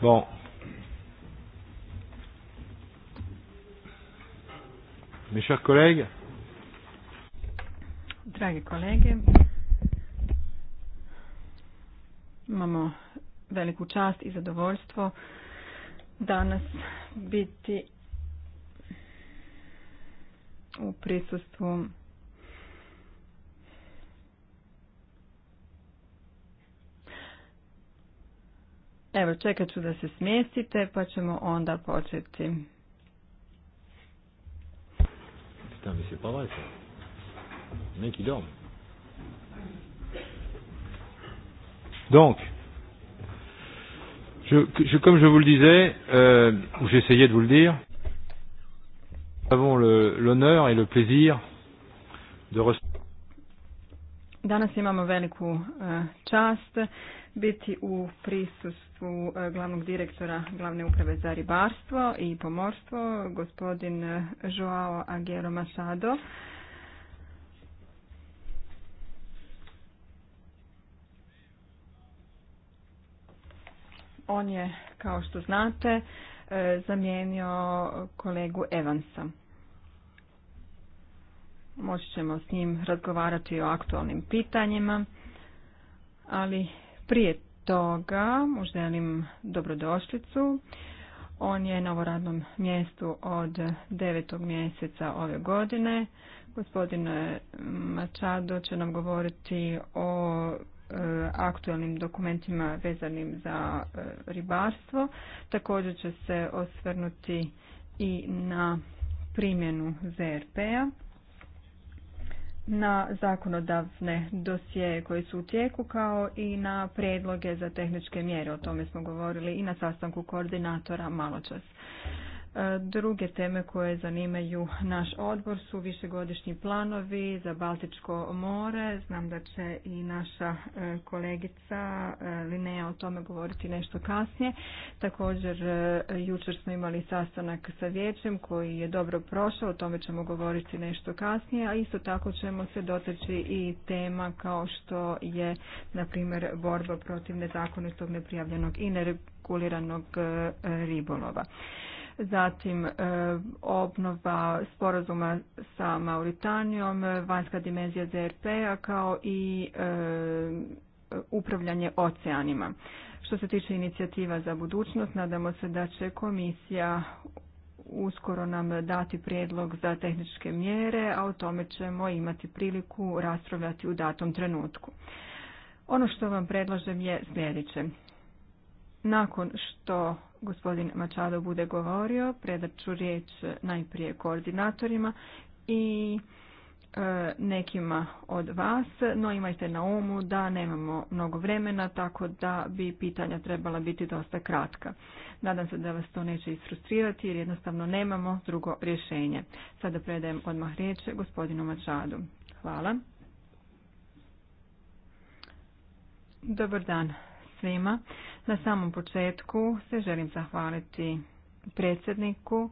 Bon. Mes chers collègues. Dragi kolege, imamo veliku čast i zadovoljstvo danas biti u prisustvu Evo, čekat ću da se smjestite, pa ćemo onda početi. Tam bi se pas vrai ça. Donc, je, je, comme je vous le disais, euh, ou j'essayais de vous le dire, nous avons l'honneur et le plaisir de recevoir. Danas imamo veliku e, čast biti u prisustvu e, glavnog direktora glavne uprave za ribarstvo i pomorstvo, gospodin e, Joao Agero Masado. On je, kao što znate, zamijenio kolegu Evansa moći ćemo s njim razgovarati o aktualnim pitanjima, ali prije toga mu želim dobrodošlicu. On je na radnom mjestu od 9. mjeseca ove godine. Gospodin eh, Mačado će nam govoriti o eh, aktualnim dokumentima vezanim za eh, ribarstvo. Također će se osvrnuti i na primjenu ZRP-a na zakonodavne dosije koji su u tijeku kao i na predloge za tehničke mjere. O tome smo govorili i na sastanku koordinatora maločas. E, druge teme koje zanimaju naš odbor su višegodišnji planovi za Baltičko more. Znam da će i naša e, kolegica e, Linea o tome govoriti nešto kasnije. Također jučer smo imali sastanak sa vijećem koji je dobro prošao, o tome ćemo govoriti nešto kasnije, a isto tako ćemo se dotaći i tema kao što je na primjer borba protiv nezakonitog, neprijavljenog i nereguliranog ribolova zatim e, obnova sporazuma sa Mauritanijom, vanjska dimenzija ZRP-a kao i e, upravljanje oceanima. Što se tiče inicijativa za budućnost, nadamo se da će komisija uskoro nam dati prijedlog za tehničke mjere, a o tome ćemo imati priliku raspravljati u datom trenutku. Ono što vam predlažem je sljedeće. Nakon što gospodin Mačado bude govorio, predat ću riječ najprije koordinatorima i e, nekima od vas, no imajte na umu da nemamo mnogo vremena, tako da bi pitanja trebala biti dosta kratka. Nadam se da vas to neće isfrustrirati jer jednostavno nemamo drugo rješenje. Sada predajem odmah riječ gospodinu Mačadu. Hvala. Dobar dan svima. Na samom početku se želim zahvaliti predsjedniku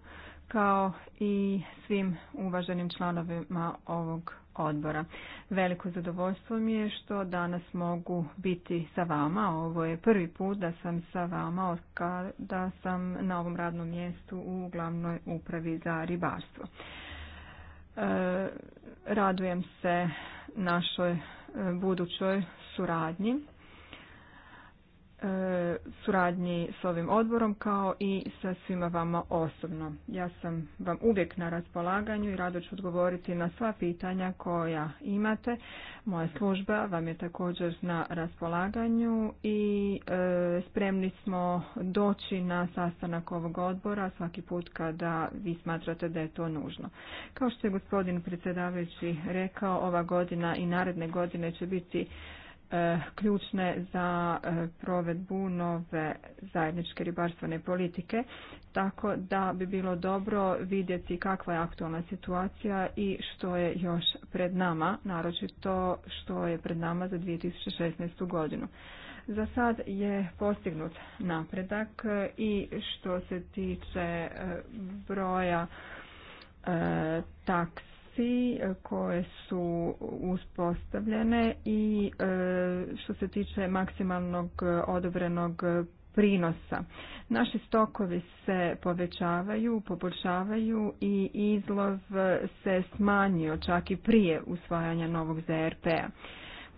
kao i svim uvaženim članovima ovog odbora. Veliko zadovoljstvo mi je što danas mogu biti sa vama. Ovo je prvi put da sam sa vama od kada sam na ovom radnom mjestu u glavnoj upravi za ribarstvo. E, radujem se našoj e, budućoj suradnji E, suradnji s ovim odborom kao i sa svima vama osobno. Ja sam vam uvijek na raspolaganju i rado ću odgovoriti na sva pitanja koja imate. Moja služba vam je također na raspolaganju i e, spremni smo doći na sastanak ovog odbora svaki put kada vi smatrate da je to nužno. Kao što je gospodin predsjedavajući rekao, ova godina i naredne godine će biti E, ključne za e, provedbu nove zajedničke ribarstvene politike, tako da bi bilo dobro vidjeti kakva je aktualna situacija i što je još pred nama, naročito što je pred nama za 2016. godinu. Za sad je postignut napredak i što se tiče e, broja tak E, koje su uspostavljene i e, što se tiče maksimalnog e, odobrenog prinosa. Naši stokovi se povećavaju, poboljšavaju i izlov se smanjio čak i prije usvajanja novog ZRP-a.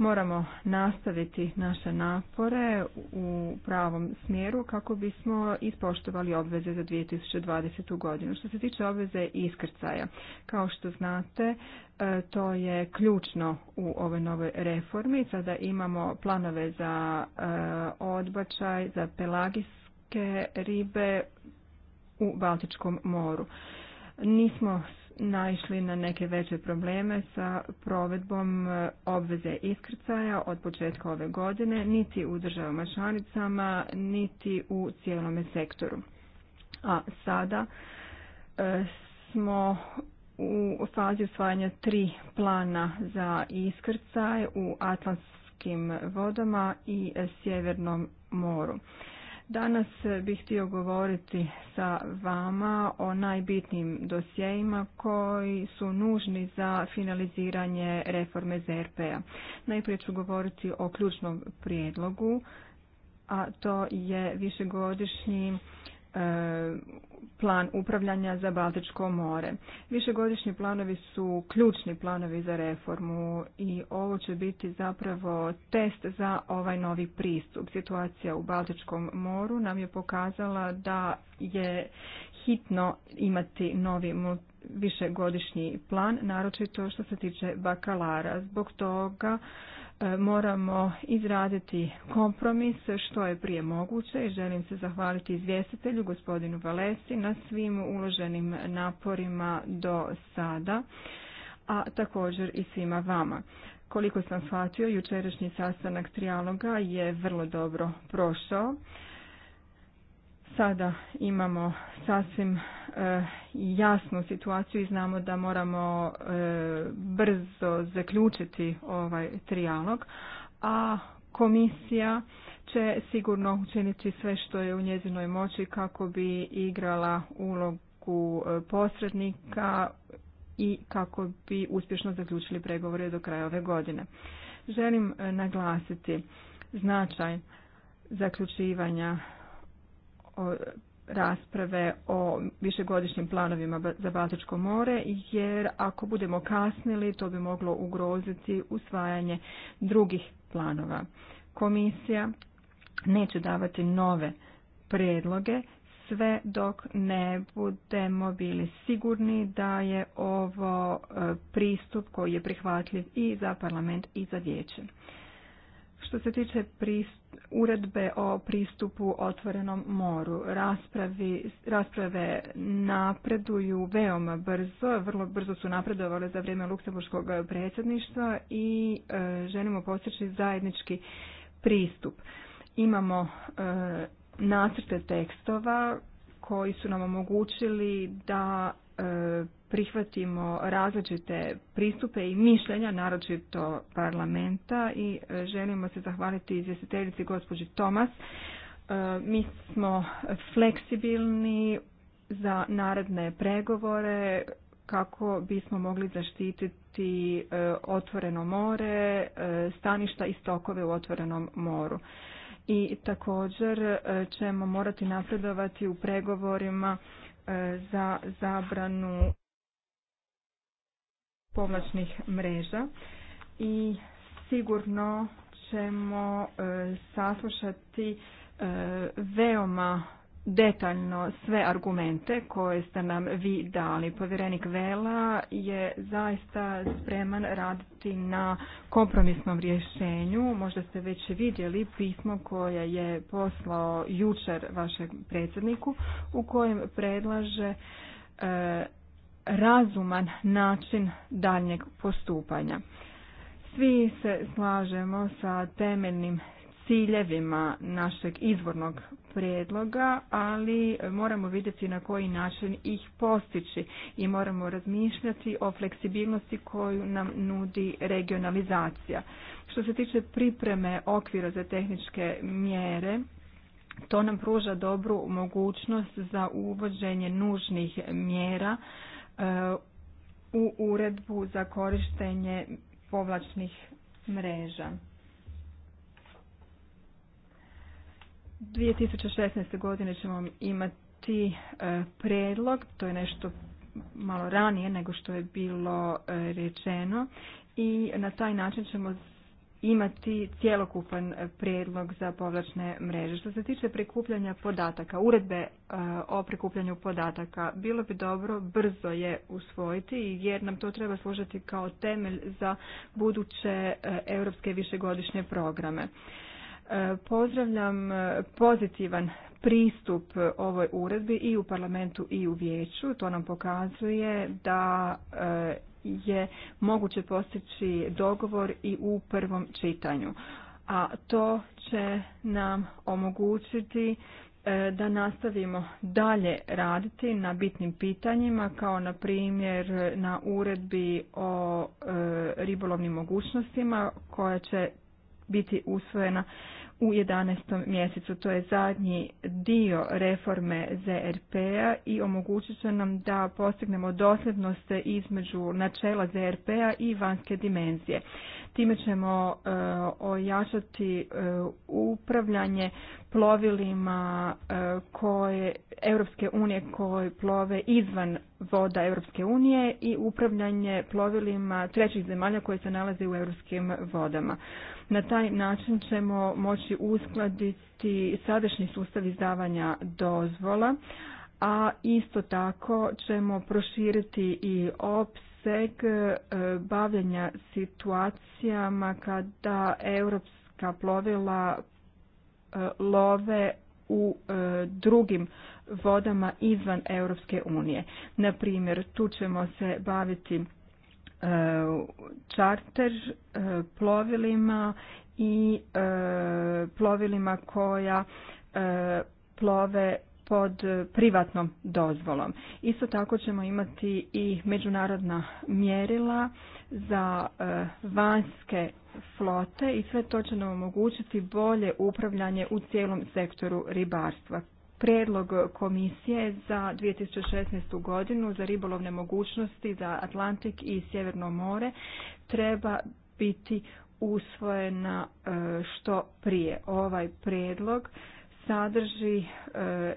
Moramo nastaviti naše napore u pravom smjeru kako bismo ispoštovali obveze za 2020. godinu. Što se tiče obveze iskrcaja, kao što znate, e, to je ključno u ovoj novoj reformi. Sada imamo planove za e, odbačaj, za pelagijske ribe u Baltičkom moru. Nismo naišli na neke veće probleme sa provedbom e, obveze iskrcaja od početka ove godine, niti u državama članicama, niti u cijelome sektoru. A sada e, smo u fazi usvajanja tri plana za iskrcaj u Atlantskim vodama i Sjevernom moru. Danas e, bih htio govoriti sa vama o najbitnijim dosjejima koji su nužni za finaliziranje reforme ZRP-a. Najprije ću govoriti o ključnom prijedlogu, a to je višegodišnji E, plan upravljanja za Baltičko more. Višegodišnji planovi su ključni planovi za reformu i ovo će biti zapravo test za ovaj novi pristup. Situacija u Baltičkom moru nam je pokazala da je hitno imati novi višegodišnji plan, naročito što se tiče bakalara. Zbog toga E, moramo izraditi kompromis što je prije moguće i želim se zahvaliti izvjestitelju gospodinu Valesi na svim uloženim naporima do sada, a također i svima vama. Koliko sam shvatio, jučerašnji sastanak trijaloga je vrlo dobro prošao sada imamo sasvim e, jasnu situaciju i znamo da moramo e, brzo zaključiti ovaj trijalog, a komisija će sigurno učiniti sve što je u njezinoj moći kako bi igrala ulogu e, posrednika i kako bi uspješno zaključili pregovore do kraja ove godine. Želim naglasiti značaj zaključivanja o rasprave o višegodišnjim planovima za Baltičko more, jer ako budemo kasnili, to bi moglo ugroziti usvajanje drugih planova. Komisija neće davati nove predloge sve dok ne budemo bili sigurni da je ovo e, pristup koji je prihvatljiv i za parlament i za vijeće. Što se tiče pristupa uredbe o pristupu otvorenom moru. rasprave napreduju veoma brzo, vrlo brzo su napredovale za vrijeme luksemburskog predsjedništva i e, želimo postići zajednički pristup. Imamo e, nacrte tekstova koji su nam omogućili da E, prihvatimo različite pristupe i mišljenja, naročito parlamenta i e, želimo se zahvaliti izvjestiteljici gospođi Tomas. E, mi smo fleksibilni za naredne pregovore kako bismo mogli zaštititi otvoreno more, staništa i stokove u otvorenom moru. I također ćemo morati napredovati u pregovorima E, za zabranu povlačnih mreža i sigurno ćemo e, saslušati e, veoma detaljno sve argumente koje ste nam vi dali. Povjerenik Vela je zaista spreman raditi na kompromisnom rješenju. Možda ste već vidjeli pismo koje je poslao jučer vašem predsjedniku u kojem predlaže e, razuman način daljnjeg postupanja. Svi se slažemo sa temeljnim ciljevima našeg izvornog prijedloga, ali moramo vidjeti na koji način ih postići i moramo razmišljati o fleksibilnosti koju nam nudi regionalizacija. Što se tiče pripreme okvira za tehničke mjere, to nam pruža dobru mogućnost za uvođenje nužnih mjera e, u uredbu za korištenje povlačnih mreža. 2016. godine ćemo imati e, predlog, to je nešto malo ranije nego što je bilo e, rečeno i na taj način ćemo imati cjelokupan predlog za povlačne mreže. Što se tiče prikupljanja podataka, uredbe e, o prikupljanju podataka, bilo bi dobro brzo je usvojiti jer nam to treba služiti kao temelj za buduće europske višegodišnje programe. E, pozdravljam e, pozitivan pristup ovoj uredbi i u parlamentu i u vijeću. To nam pokazuje da e, je moguće postići dogovor i u prvom čitanju. A to će nam omogućiti da nastavimo dalje raditi na bitnim pitanjima kao na primjer na uredbi o ribolovnim mogućnostima koja će biti usvojena u 11. mjesecu. To je zadnji dio reforme ZRP-a i omogućit će nam da postignemo dosljednost između načela ZRP-a i vanjske dimenzije. Time ćemo e, ojačati e, upravljanje plovilima e, koje Europske unije koje plove izvan voda Europske unije i upravljanje plovilima trećih zemalja koje se nalaze u europskim vodama. Na taj način ćemo moći uskladiti sadašnji sustav izdavanja dozvola, a isto tako ćemo proširiti i opseg e, bavljenja situacijama kada europska plovila E, love u e, drugim vodama izvan Europske unije. Na primjer, tu ćemo se baviti e, čarter plovilima i plovilima koja plove pod privatnom dozvolom. Isto tako ćemo imati i međunarodna mjerila za vanjske flote i sve to će nam omogućiti bolje upravljanje u cijelom sektoru ribarstva. Prijedlog komisije za 2016. godinu za ribolovne mogućnosti za Atlantik i Sjeverno more treba biti usvojena e, što prije. Ovaj prijedlog sadrži e,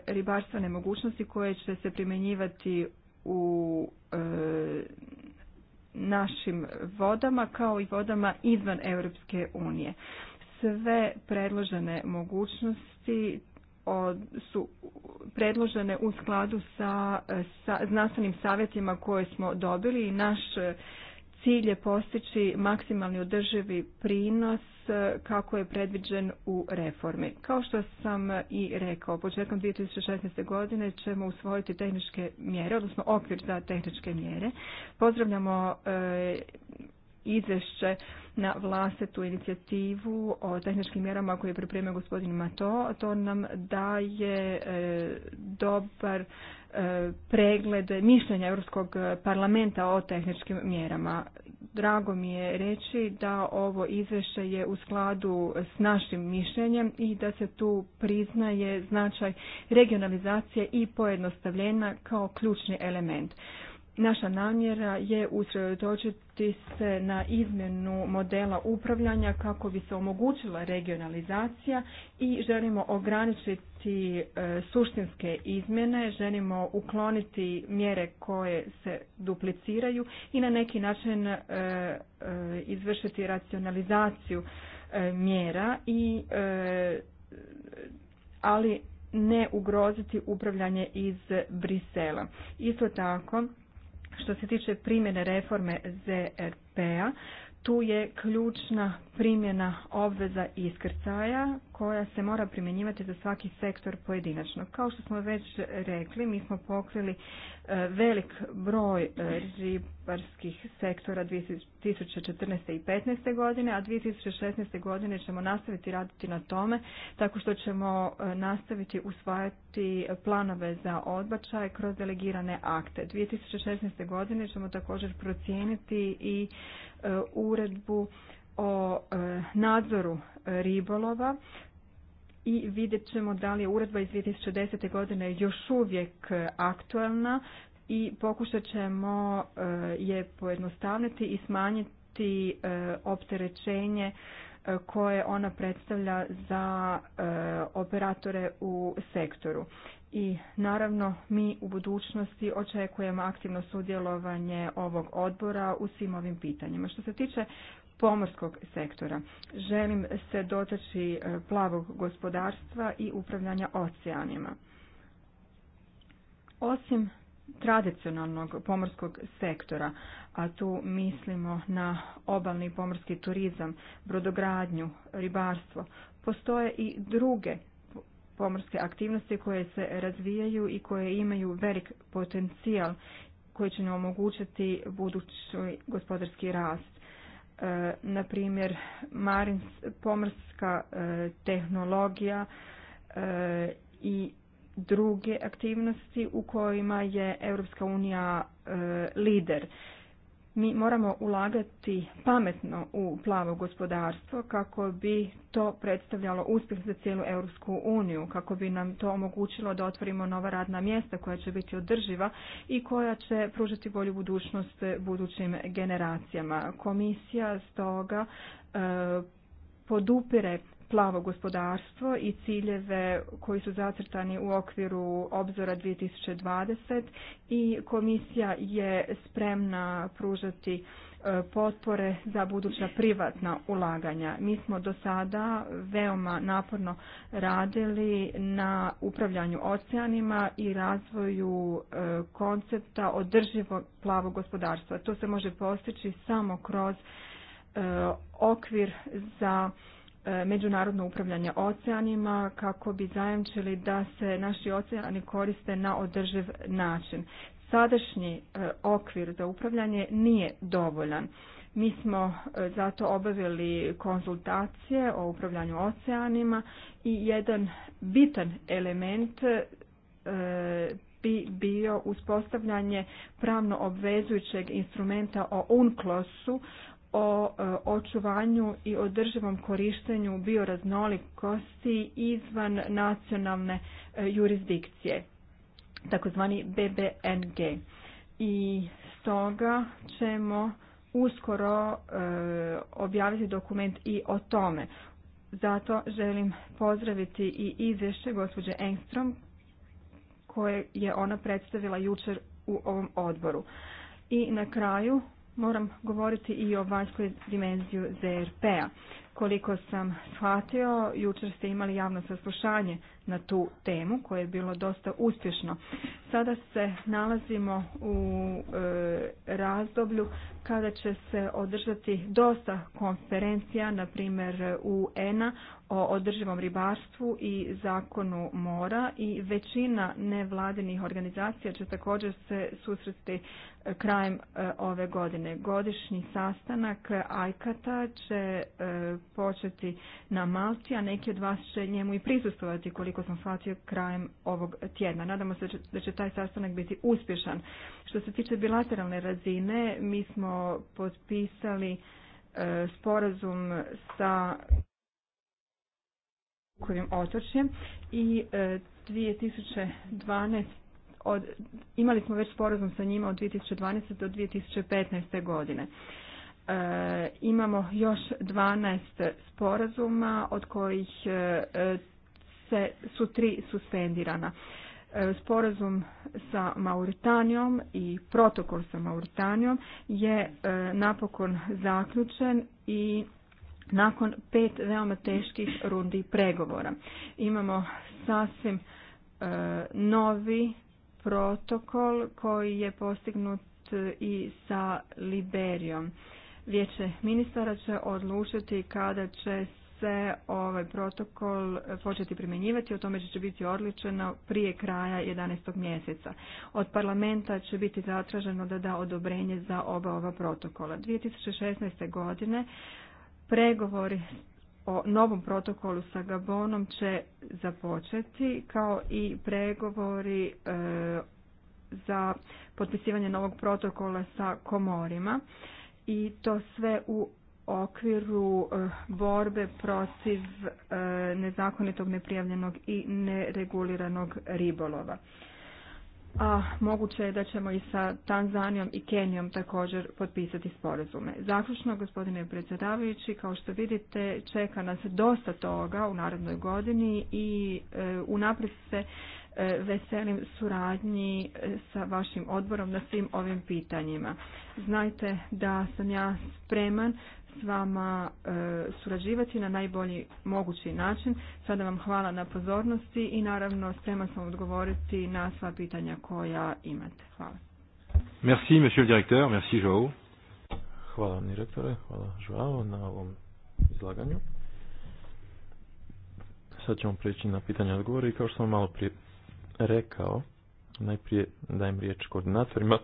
ribarstvene mogućnosti koje će se primjenjivati u e, našim vodama kao i vodama izvan Europske unije. Sve predložene mogućnosti su predložene u skladu sa znanstvenim savjetima koje smo dobili i naš Cilj je postići maksimalni održivi prinos e, kako je predviđen u reformi. Kao što sam i rekao, početkom 2016. godine ćemo usvojiti tehničke mjere, odnosno okvir za tehničke mjere. Pozdravljamo e, izvješće na vlastetu inicijativu o tehničkim mjerama koje je pripremio gospodin Mato. To nam daje e, dobar e, pregled mišljenja Europskog parlamenta o tehničkim mjerama. Drago mi je reći da ovo izvješće je u skladu s našim mišljenjem i da se tu priznaje značaj regionalizacije i pojednostavljena kao ključni element. Naša namjera je usredotočiti se na izmjenu modela upravljanja kako bi se omogućila regionalizacija i želimo ograničiti e, suštinske izmjene, želimo ukloniti mjere koje se dupliciraju i na neki način e, e, izvršiti racionalizaciju mjera i ali ne ugroziti upravljanje iz Brisela. Isto tako što se tiče primjene reforme ZRP-a, tu je ključna primjena obveza iskrcaja koja se mora primjenjivati za svaki sektor pojedinačno. Kao što smo već rekli, mi smo pokrili e, velik broj e, ribarskih sektora 2014. i 2015. godine, a 2016. godine ćemo nastaviti raditi na tome tako što ćemo e, nastaviti usvajati planove za odbačaj kroz delegirane akte. 2016. godine ćemo također procijeniti i uredbu o nadzoru ribolova i vidjet ćemo da li je uredba iz 2010. godine još uvijek aktualna i pokušat ćemo eh, je pojednostavniti i smanjiti eh, opterećenje eh, koje ona predstavlja za operatore u sektoru. I naravno mi u budućnosti očekujemo aktivno sudjelovanje ovog odbora u svim ovim pitanjima. Što se tiče pomorskog sektora. Želim se dotaći e, plavog gospodarstva i upravljanja oceanima. Osim tradicionalnog pomorskog sektora, a tu mislimo na obalni pomorski turizam, brodogradnju, ribarstvo, postoje i druge pomorske aktivnosti koje se razvijaju i koje imaju velik potencijal koji će nam omogućiti budući gospodarski rast. E, na primjer pomorska e, tehnologija e, i druge aktivnosti u kojima je Europska unija lider. Mi moramo ulagati pametno u plavo gospodarstvo kako bi to predstavljalo uspjeh za cijelu Europsku uniju, kako bi nam to omogućilo da otvorimo nova radna mjesta koja će biti održiva i koja će pružiti bolju budućnost budućim generacijama. Komisija stoga e, podupire plavo gospodarstvo i ciljeve koji su zacrtani u okviru obzora 2020 i komisija je spremna pružati e, potpore za buduća privatna ulaganja. Mi smo do sada veoma naporno radili na upravljanju oceanima i razvoju e, koncepta održivog plavog gospodarstva. To se može postići samo kroz e, okvir za E, međunarodno upravljanje oceanima kako bi zajamčili da se naši oceani koriste na održiv način. Sadašnji e, okvir za upravljanje nije dovoljan. Mi smo e, zato obavili konzultacije o upravljanju oceanima i jedan bitan element bi bio uspostavljanje pravno obvezujućeg instrumenta o UNCLOS-u o e, očuvanju i održivom korištenju bioraznolikosti izvan nacionalne e, jurisdikcije, takozvani BBNG. I stoga ćemo uskoro e, objaviti dokument i o tome. Zato želim pozdraviti i izvješće gospođe Engstrom koje je ona predstavila jučer u ovom odboru. I na kraju moram govoriti i o vanjskoj dimenziji ZRP-a. Koliko sam shvatio, jučer ste imali javno saslušanje na tu temu koje je bilo dosta uspješno. Sada se nalazimo u e, razdoblju kada će se održati dosta konferencija, na primjer un o održivom ribarstvu i zakonu mora i većina nevladinih organizacija će također se susresti e, krajem e, ove godine. Godišnji sastanak e, Ajkata će početi na Malti, a neki od vas će njemu i prisustovati koliko sam shvatio krajem ovog tjedna. Nadamo se da će taj sastanak biti uspješan. Što se tiče bilateralne razine, mi smo potpisali sporazum sa kojim otočjem i 2012 e, od, imali smo već sporazum sa njima od 2012. do 2015. godine. E, imamo još 12 sporazuma od kojih e, se, su tri suspendirana. sporazum sa Mauritanijom i protokol sa Mauritanijom je napokon zaključen i nakon pet veoma teških rundi pregovora. Imamo sasvim e, novi protokol koji je postignut i sa Liberijom. Vijeće ministara će odlučiti kada će se ovaj protokol početi primjenjivati, o tome će biti odličeno prije kraja 11. mjeseca. Od parlamenta će biti zatraženo da da odobrenje za oba ova protokola. 2016. godine Pregovori o novom protokolu sa Gabonom će započeti kao i pregovori e, za potpisivanje novog protokola sa komorima i to sve u okviru e, borbe protiv e, nezakonitog, neprijavljenog i nereguliranog ribolova a moguće je da ćemo i sa Tanzanijom i Kenijom također potpisati sporazume. Zaključno, gospodine predsjedavajući, kao što vidite, čeka nas dosta toga u narodnoj godini i e, unaprijed se e, veselim suradnji e, sa vašim odborom na svim ovim pitanjima. Znajte da sam ja spreman s vama e, surađivati na najbolji mogući način. Sada vam hvala na pozornosti i naravno spreman sam odgovoriti na sva pitanja koja imate. Hvala. Merci, monsieur le directeur. Merci, Joao. Hvala vam, direktore. Hvala, Joao, na ovom izlaganju. Sad ćemo preći na pitanje odgovore i kao što sam malo prije rekao, najprije dajem riječ koordinatorima.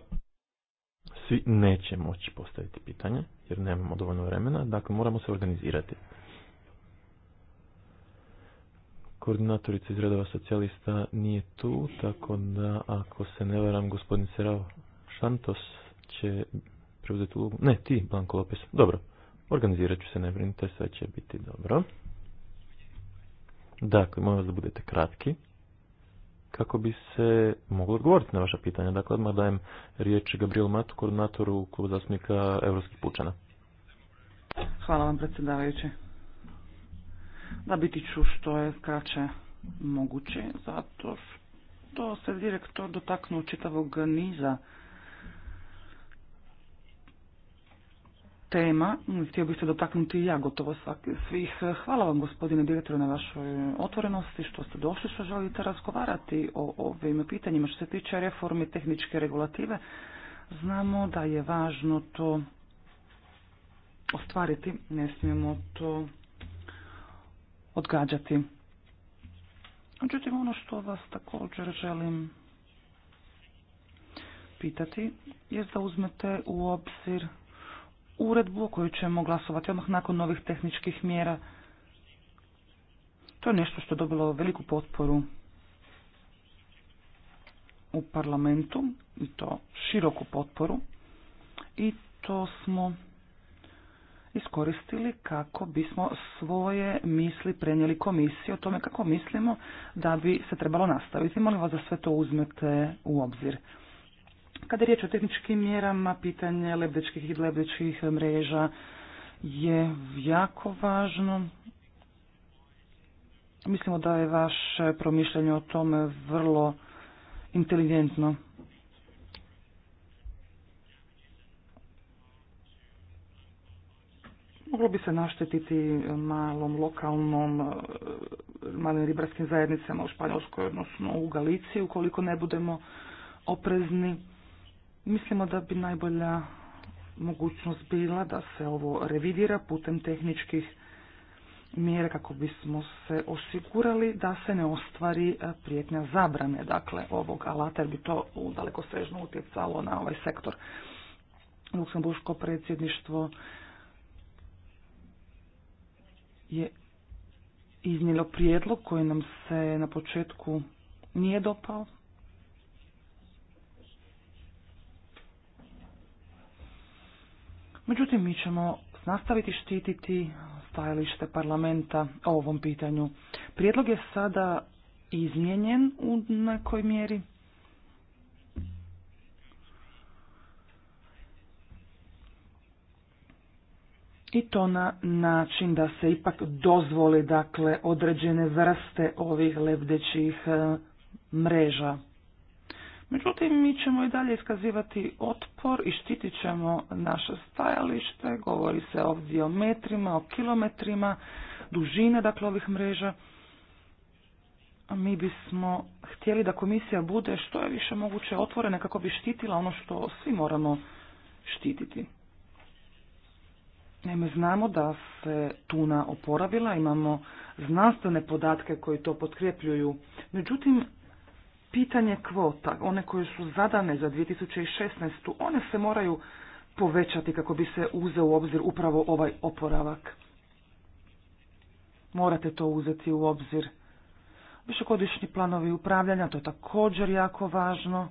Svi neće moći postaviti pitanje jer nemamo dovoljno vremena, dakle moramo se organizirati. Koordinatorica iz redova socijalista nije tu, tako da ako se ne varam, gospodin Serao Šantos će preuzeti ulogu. Ne, ti, Blanko Lopes, Dobro, organizirat ću se, ne brinite, sve će biti dobro. Dakle, molim vas da budete kratki kako bi se moglo odgovoriti na vaša pitanja. Dakle, odmah dajem riječ Gabrielu Matu, koordinatoru Kluba zastupnika Evropskih pučana. Hvala vam, predsjedavajući. Da biti ću što je kraće moguće, zato što se direktor dotaknuo čitavog niza tema. Htio bih se dotaknuti i ja gotovo svih. Hvala vam gospodine direktore na vašoj otvorenosti što ste došli, što želite razgovarati o ovim pitanjima što se tiče reforme, tehničke regulative. Znamo da je važno to ostvariti, ne smijemo to odgađati. Međutim, ono što vas također želim pitati je da uzmete u obzir uredbu o kojoj ćemo glasovati odmah nakon novih tehničkih mjera. To je nešto što je dobilo veliku potporu u parlamentu i to široku potporu i to smo iskoristili kako bismo svoje misli prenijeli komisiji o tome kako mislimo da bi se trebalo nastaviti. Molim vas da sve to uzmete u obzir. Kada je riječ o tehničkim mjerama, pitanje lebdećih i lebdečkih mreža je jako važno. Mislimo da je vaše promišljanje o tome vrlo inteligentno. Moglo bi se naštetiti malom lokalnom, malim ribarskim zajednicama u Španjolskoj, odnosno u Galiciji, ukoliko ne budemo oprezni. Mislimo da bi najbolja mogućnost bila da se ovo revidira putem tehničkih mjera kako bismo se osigurali da se ne ostvari e, prijetnja zabrane dakle ovog alata jer bi to daleko sežno utjecalo na ovaj sektor. Luksemburško predsjedništvo je iznijelo prijedlog koji nam se na početku nije dopao, Međutim, mi ćemo nastaviti štititi stajalište parlamenta o ovom pitanju. Prijedlog je sada izmijenjen u nekoj mjeri. I to na način da se ipak dozvoli dakle određene vrste ovih lebdećih eh, mreža. Međutim, mi ćemo i dalje iskazivati otpor i štitit ćemo naše stajalište. Govori se ovdje o metrima, o kilometrima, dužine dakle ovih mreža. Mi bismo htjeli da komisija bude što je više moguće otvorena kako bi štitila ono što svi moramo štititi. Naime, znamo da se tuna oporavila, imamo znanstvene podatke koji to potkrepljuju. Međutim, pitanje kvota, one koje su zadane za 2016. one se moraju povećati kako bi se uzeo u obzir upravo ovaj oporavak. Morate to uzeti u obzir. Višegodišnji planovi upravljanja, to je također jako važno.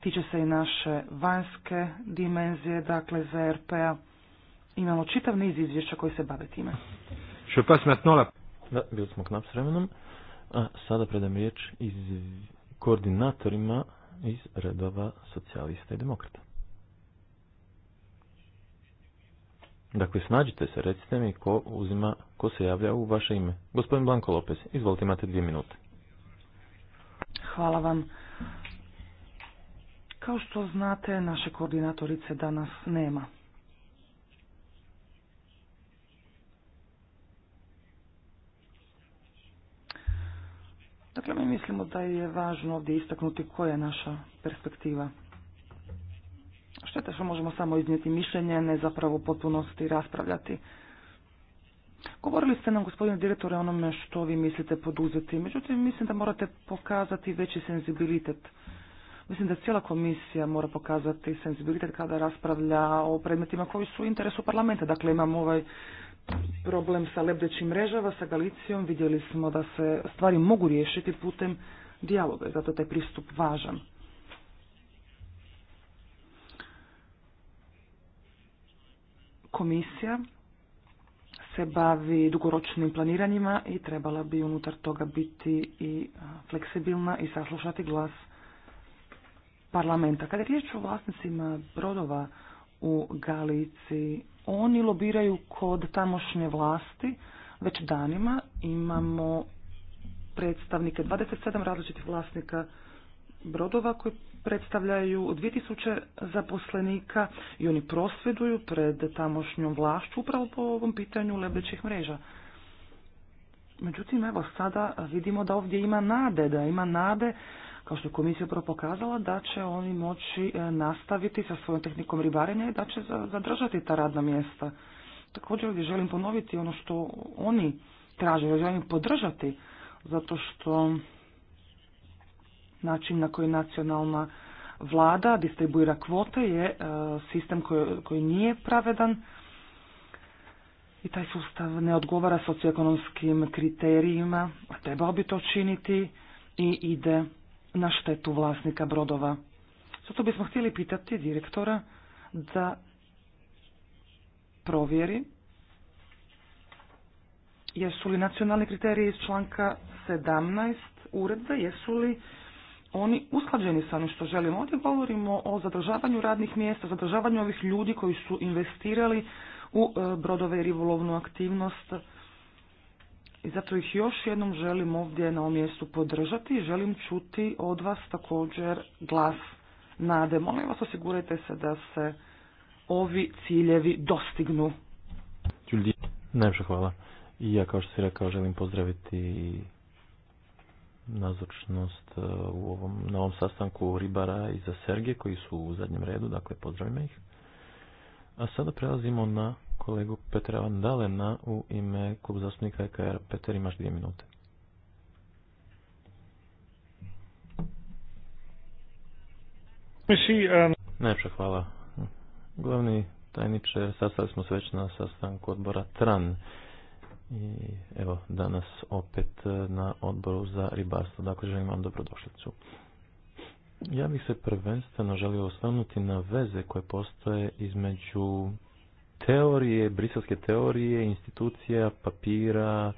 Tiče se i naše vanjske dimenzije, dakle za a p-a. Imamo čitav niz izvješća koji se bave time. Je Da, bili smo knap s vremenom. A sada predam riječ iz koordinatorima iz redova socijalista i demokrata. Dakle, snađite se, recite mi ko uzima, ko se javlja u vaše ime. Gospodin Blanko Lopez, izvolite, imate dvije minute. Hvala vam. Kao što znate, naše koordinatorice danas nema. Dakle, mi mislimo da je važno ovdje istaknuti koja je naša perspektiva. Šteta što možemo samo iznijeti mišljenje, ne zapravo potpunosti raspravljati. Govorili ste nam, gospodine direktore, onome što vi mislite poduzeti. Međutim, mislim da morate pokazati veći senzibilitet. Mislim da cijela komisija mora pokazati senzibilitet kada raspravlja o predmetima koji su u interesu parlamenta. Dakle, imamo ovaj problem sa lebdećim mrežava, sa Galicijom, vidjeli smo da se stvari mogu riješiti putem dijaloga, zato je taj pristup važan. Komisija se bavi dugoročnim planiranjima i trebala bi unutar toga biti i fleksibilna i saslušati glas parlamenta. Kada je riječ o vlasnicima brodova, u Galici, Oni lobiraju kod tamošnje vlasti već danima. Imamo predstavnike 27 različitih vlasnika brodova koji predstavljaju 2000 zaposlenika i oni prosvjeduju pred tamošnjom vlašću upravo po ovom pitanju lebećih mreža. Međutim, evo sada vidimo da ovdje ima nade, da ima nade kao što je komisija upravo pokazala, da će oni moći e, nastaviti sa svojom tehnikom ribarenja i da će zadržati ta radna mjesta. Također ovdje želim ponoviti ono što oni traže, da želim podržati, zato što način na koji nacionalna vlada distribuira kvote je e, sistem koji, koji nije pravedan i taj sustav ne odgovara socioekonomskim kriterijima, a trebao bi to činiti i ide na štetu vlasnika brodova. Zato bismo htjeli pitati direktora da provjeri jesu li nacionalni kriteriji iz članka 17 uredbe, jesu li oni usklađeni sa onim što želimo. Ovdje govorimo o zadržavanju radnih mjesta, zadržavanju ovih ljudi koji su investirali u e, brodove i rivolovnu aktivnost. I zato ih još jednom želim ovdje na ovom mjestu podržati i želim čuti od vas također glas nade. Molim vas osigurajte se da se ovi ciljevi dostignu. Najviše hvala. I ja kao što si rekao želim pozdraviti nazočnost e, u ovom, na ovom sastanku ribara i za Serge koji su u zadnjem redu, dakle pozdravimo ih. A sada prelazimo na kolegu Petra Van Dalena u ime klub zastupnika EKR. Peter, imaš dvije minute. E, Najpša hvala. Glavni tajniče, sastali smo se već na sastanku odbora TRAN. I evo, danas opet e, na odboru za ribarstvo. Dakle, želim vam dobrodošlicu. Ja bih se prvenstveno želio osvrnuti na veze koje postoje između teorije, briselske teorije, institucija, papira,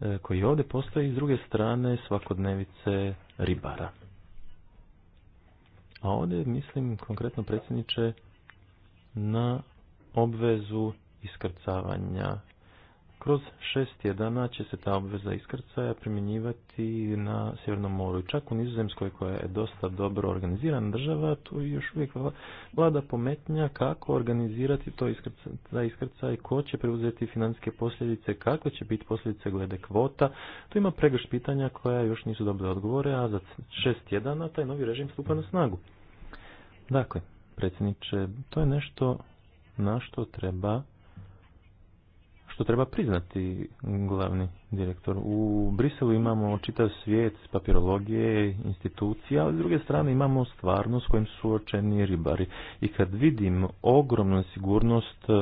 e, koji ovdje postoji s druge strane svakodnevice ribara. A ovdje mislim konkretno predsjedniče na obvezu iskrcavanja kroz šest tjedana će se ta obveza iskrcaja primjenjivati na Sjevernom moru. I čak u Nizozemskoj koja je dosta dobro organizirana država, tu još uvijek vlada pometnja kako organizirati to iskrcaj, taj iskrcaj, ko će preuzeti financijske posljedice, kakve će biti posljedice glede kvota. Tu ima pregrš pitanja koja još nisu dobile odgovore, a za šest tjedana taj novi režim stupa na snagu. Dakle, predsjedniče, to je nešto na što treba što treba priznati glavni direktor. U Briselu imamo čitav svijet papirologije, institucija, ali s druge strane imamo stvarnost s kojim su očeni ribari. I kad vidim ogromnu sigurnost e,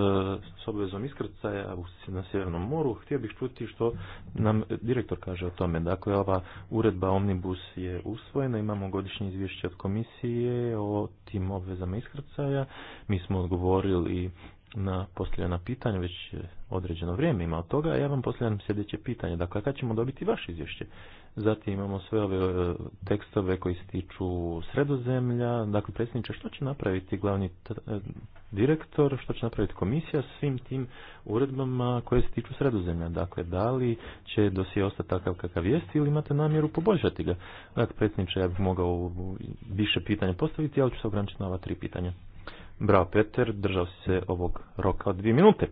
s obvezom iskrcaja na Sjevernom moru, htio bih čuti što nam direktor kaže o tome. Dakle, ova uredba Omnibus je usvojena, imamo godišnje izvješće od komisije o tim obvezama iskrcaja. Mi smo odgovorili na postavljena pitanja, već e, određeno vrijeme ima od toga, a ja vam postavljam sljedeće pitanje. Dakle, kad ćemo dobiti vaše izvješće? Zatim imamo sve ove e, tekstove koji se tiču sredozemlja. Dakle, predsjedniče, što će napraviti glavni e, direktor, što će napraviti komisija svim tim uredbama koje se tiču sredozemlja? Dakle, da li će dosije ostati takav kakav jest ili imate namjeru poboljšati ga? Dakle, predsjedniče, ja bih mogao više pitanja postaviti, ali ću se ograničiti na ova tri pitanja. Bravo Peter, držao si se ovog roka od dvije minute.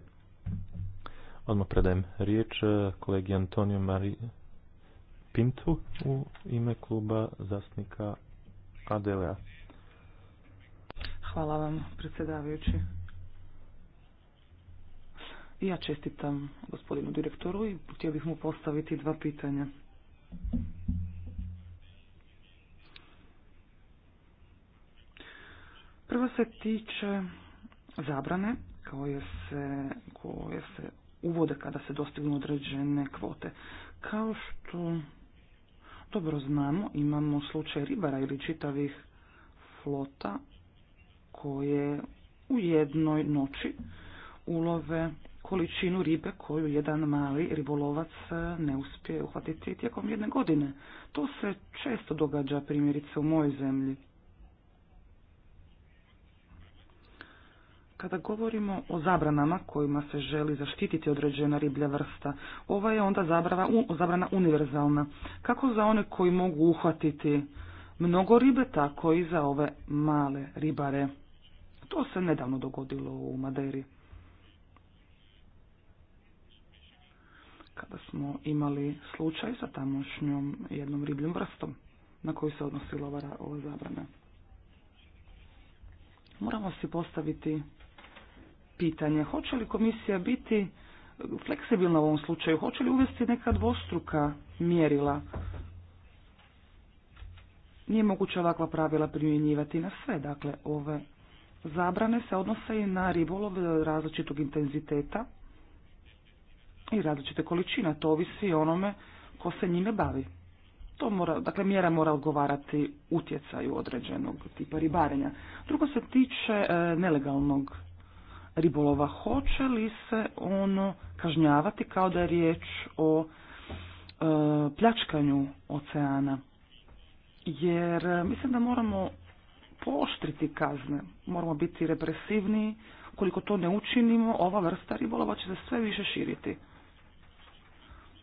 Odmah predajem riječ e, kolegi Antonio Mari Pintu u ime kluba zastupnika ADLA. Hvala vam, predsjedavajući. Ja čestitam gospodinu direktoru i htio bih mu postaviti dva pitanja. Prvo se tiče zabrane koje se, koje se uvode kada se dostignu određene kvote. Kao što dobro znamo, imamo slučaj ribara ili čitavih flota koje u jednoj noći ulove količinu ribe koju jedan mali ribolovac ne uspije uhvatiti tijekom jedne godine. To se često događa primjerice u mojoj zemlji. Kada govorimo o zabranama kojima se želi zaštititi određena riblja vrsta, ova je onda zabrava, zabrana univerzalna, kako za one koji mogu uhvatiti mnogo ribe, tako i za ove male ribare. To se nedavno dogodilo u Maderi. Kada smo imali slučaj sa tamošnjom jednom ribljom vrstom na koju se odnosila ova, ova zabrana. Moramo si postaviti pitanje. Hoće li komisija biti fleksibilna u ovom slučaju? Hoće li uvesti neka dvostruka mjerila? Nije moguće ovakva pravila primjenjivati na sve, dakle ove zabrane se odnose i na ribolov različitog intenziteta i različite količina, to ovisi onome ko se njime bavi. To mora, dakle, mjera mora odgovarati utjecaju određenog tipa ribarenja. Drugo se tiče e, nelegalnog ribolova. Hoće li se ono kažnjavati kao da je riječ o e, pljačkanju oceana? Jer e, mislim da moramo pooštriti kazne, moramo biti represivniji. Koliko to ne učinimo, ova vrsta ribolova će se sve više širiti.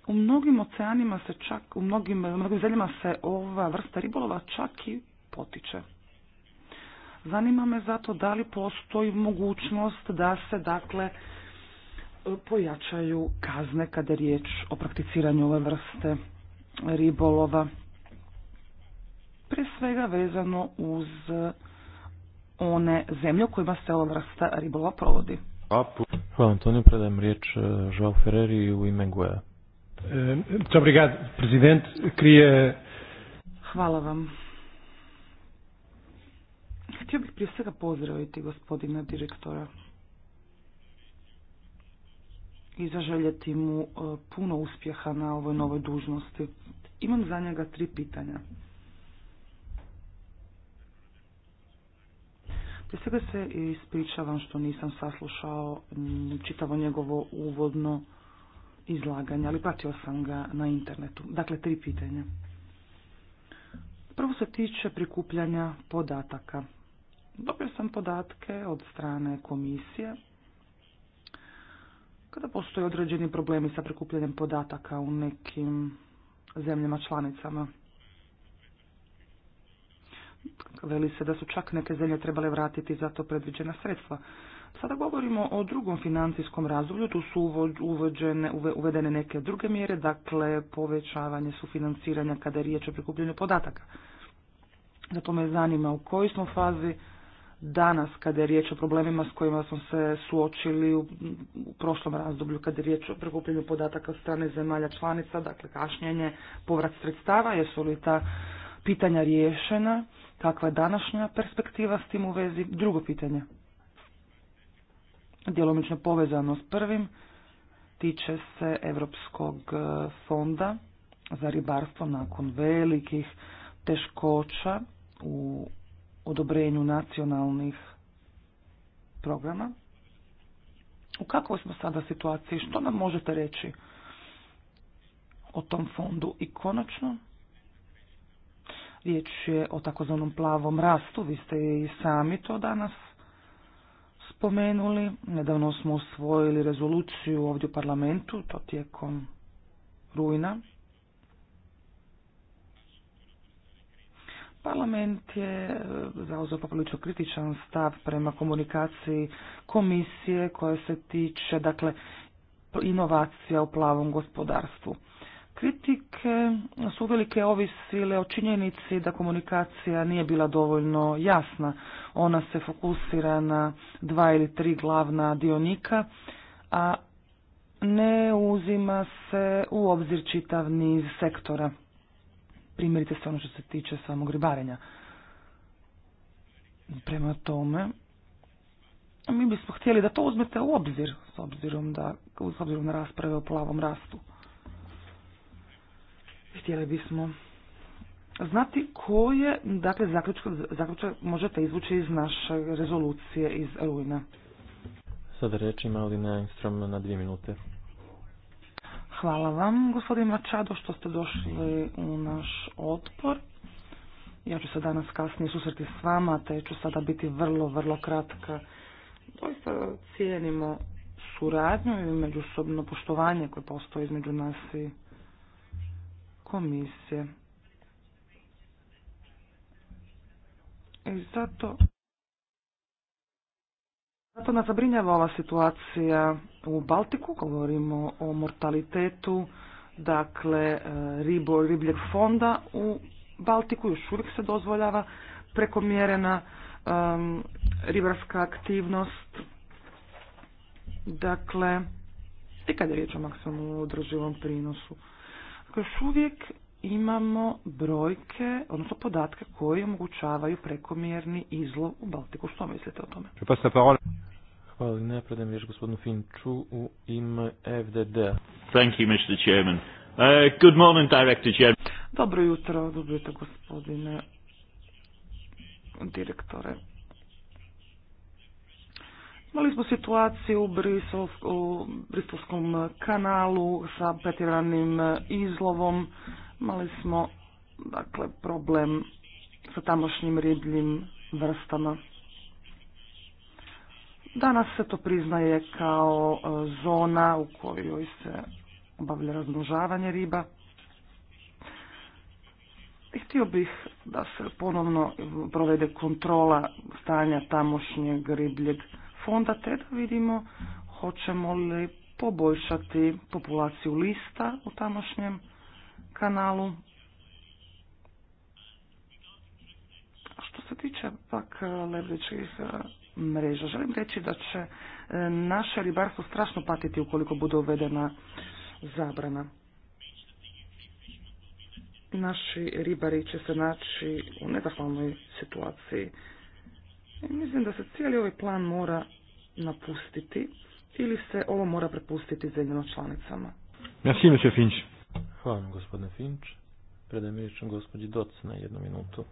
U mnogim oceanima se čak, u mnogim, u mnogim zemljama se ova vrsta ribolova čak i potiče. Zanima me zato da li postoji mogućnost da se dakle pojačaju kazne kada je riječ o prakticiranju ove vrste ribolova. Prije svega vezano uz one zemlje u kojima se ova vrsta ribolova provodi. Hvala Antonio, predajem riječ e, Ferreri u ime e, Hvala vam. Htio bih prije svega pozdraviti gospodina direktora i zaželjeti mu e, puno uspjeha na ovoj novoj dužnosti. Imam za njega tri pitanja. Prije svega se ispričavam što nisam saslušao čitavo njegovo uvodno izlaganje, ali pratio sam ga na internetu. Dakle, tri pitanja. Prvo se tiče prikupljanja podataka. Dobio sam podatke od strane komisije. Kada postoje određeni problemi sa prikupljanjem podataka u nekim zemljama članicama, veli se da su čak neke zemlje trebale vratiti za to predviđena sredstva. Sada govorimo o drugom financijskom razdoblju, tu su uvođene, uvedene neke druge mjere, dakle povećavanje sufinanciranja kada je riječ o prikupljenju podataka. Zato me zanima u kojoj smo fazi danas kada je riječ o problemima s kojima smo se suočili u, u prošlom razdoblju kada je riječ o prikupljenju podataka od strane zemalja članica, dakle kašnjenje, povrat sredstava, jesu li ta pitanja riješena, kakva je današnja perspektiva s tim u vezi? Drugo pitanje djelomično povezano s prvim, tiče se Europskog e, fonda za ribarstvo nakon velikih teškoća u odobrenju nacionalnih programa. U kakvoj smo sada situaciji? Što nam možete reći o tom fondu? I konačno, riječ je o takozvanom plavom rastu. Vi ste i sami to danas spomenuli. Nedavno smo usvojili rezoluciju ovdje u parlamentu, to tijekom rujna. Parlament je e, zauzeo poprilično kritičan stav prema komunikaciji komisije koja se tiče dakle, inovacija u plavom gospodarstvu. Kritike su uvelike ovisile o činjenici da komunikacija nije bila dovoljno jasna. Ona se fokusira na dva ili tri glavna dionika, a ne uzima se u obzir čitav niz sektora. Primjerite se ono što se tiče samog ribarenja. Prema tome, mi bismo htjeli da to uzmete u obzir, s obzirom, da, s obzirom na rasprave o plavom rastu. Htjeli bismo znati koje dakle, zaključke, možete izvući iz naše rezolucije iz rujna. Sada reč ima na dvije minute. Hvala vam, gospodin Mačado, što ste došli u naš otpor. Ja ću se danas kasnije susreti s vama, te ću sada biti vrlo, vrlo kratka. Doista cijenimo suradnju i međusobno poštovanje koje postoji između nas i komisije. I zato... nas zabrinjava ova situacija u Baltiku, govorimo o mortalitetu, dakle e, ribo, ribljeg fonda u Baltiku, još uvijek se dozvoljava prekomjerena ribarska aktivnost. Dakle, i kad je riječ o maksimalnom održivom prinosu još uvijek imamo brojke, odnosno podatke koje omogućavaju prekomjerni izlov u Baltiku. Što mislite o tome? Hvala, ne predam riječ gospodinu Finču u ime FDD. Thank you, Mr. Chairman. Uh, good morning, Director Chairman. Dobro jutro, dobro jutro gospodine direktore. Imali smo situaciju u, Bristolskom kanalu sa pretjeranim izlovom. Imali smo dakle, problem sa tamošnjim ribljim vrstama. Danas se to priznaje kao e, zona u kojoj se obavlja razmnožavanje riba. I htio bih da se ponovno provede kontrola stanja tamošnjeg ribljeg fonda te da vidimo hoćemo li poboljšati populaciju lista u tamošnjem kanalu. Što se tiče pak e, lebdećih e, mreža, želim reći da će e, naše ribarstvo strašno patiti ukoliko bude uvedena zabrana. Naši ribari će se naći u nezahvalnoj situaciji. Mislim da se cijeli ovaj plan mora napustiti ili se ovo mora prepustiti zemljeno članicama. Merci, monsieur Finch. Hvala vam, gospodine Finch. Predajem riječ gospođi Doc na jednu minutu.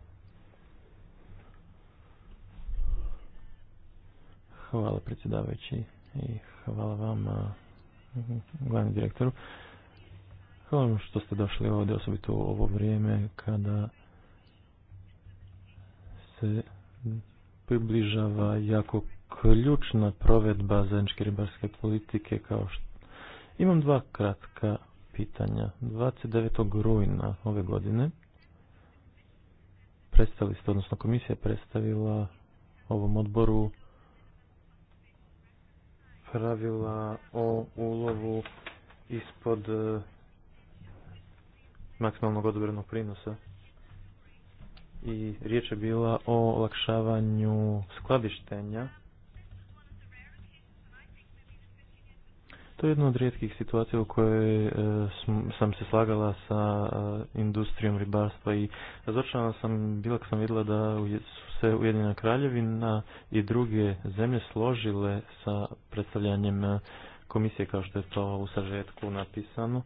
Hvala predsjedavajući i hvala vam glavni direktoru. Hvala vam što ste došli ovdje, osobito u ovo vrijeme kada se približava jako ključna provedba zajedničke ribarske politike kao što... Imam dva kratka pitanja. 29. rujna ove godine predstavili ste, odnosno komisija predstavila ovom odboru pravila o ulovu ispod eh, maksimalnog odobrenog prinosa i riječ je bila o olakšavanju skladištenja. To je jedna od rijetkih situacija u kojoj e, sam se slagala sa e, industrijom ribarstva i razočarana sam bila kad sam vidjela da su se Ujedinjena kraljevina i druge zemlje složile sa predstavljanjem e, komisije kao što je to u sažetku napisano.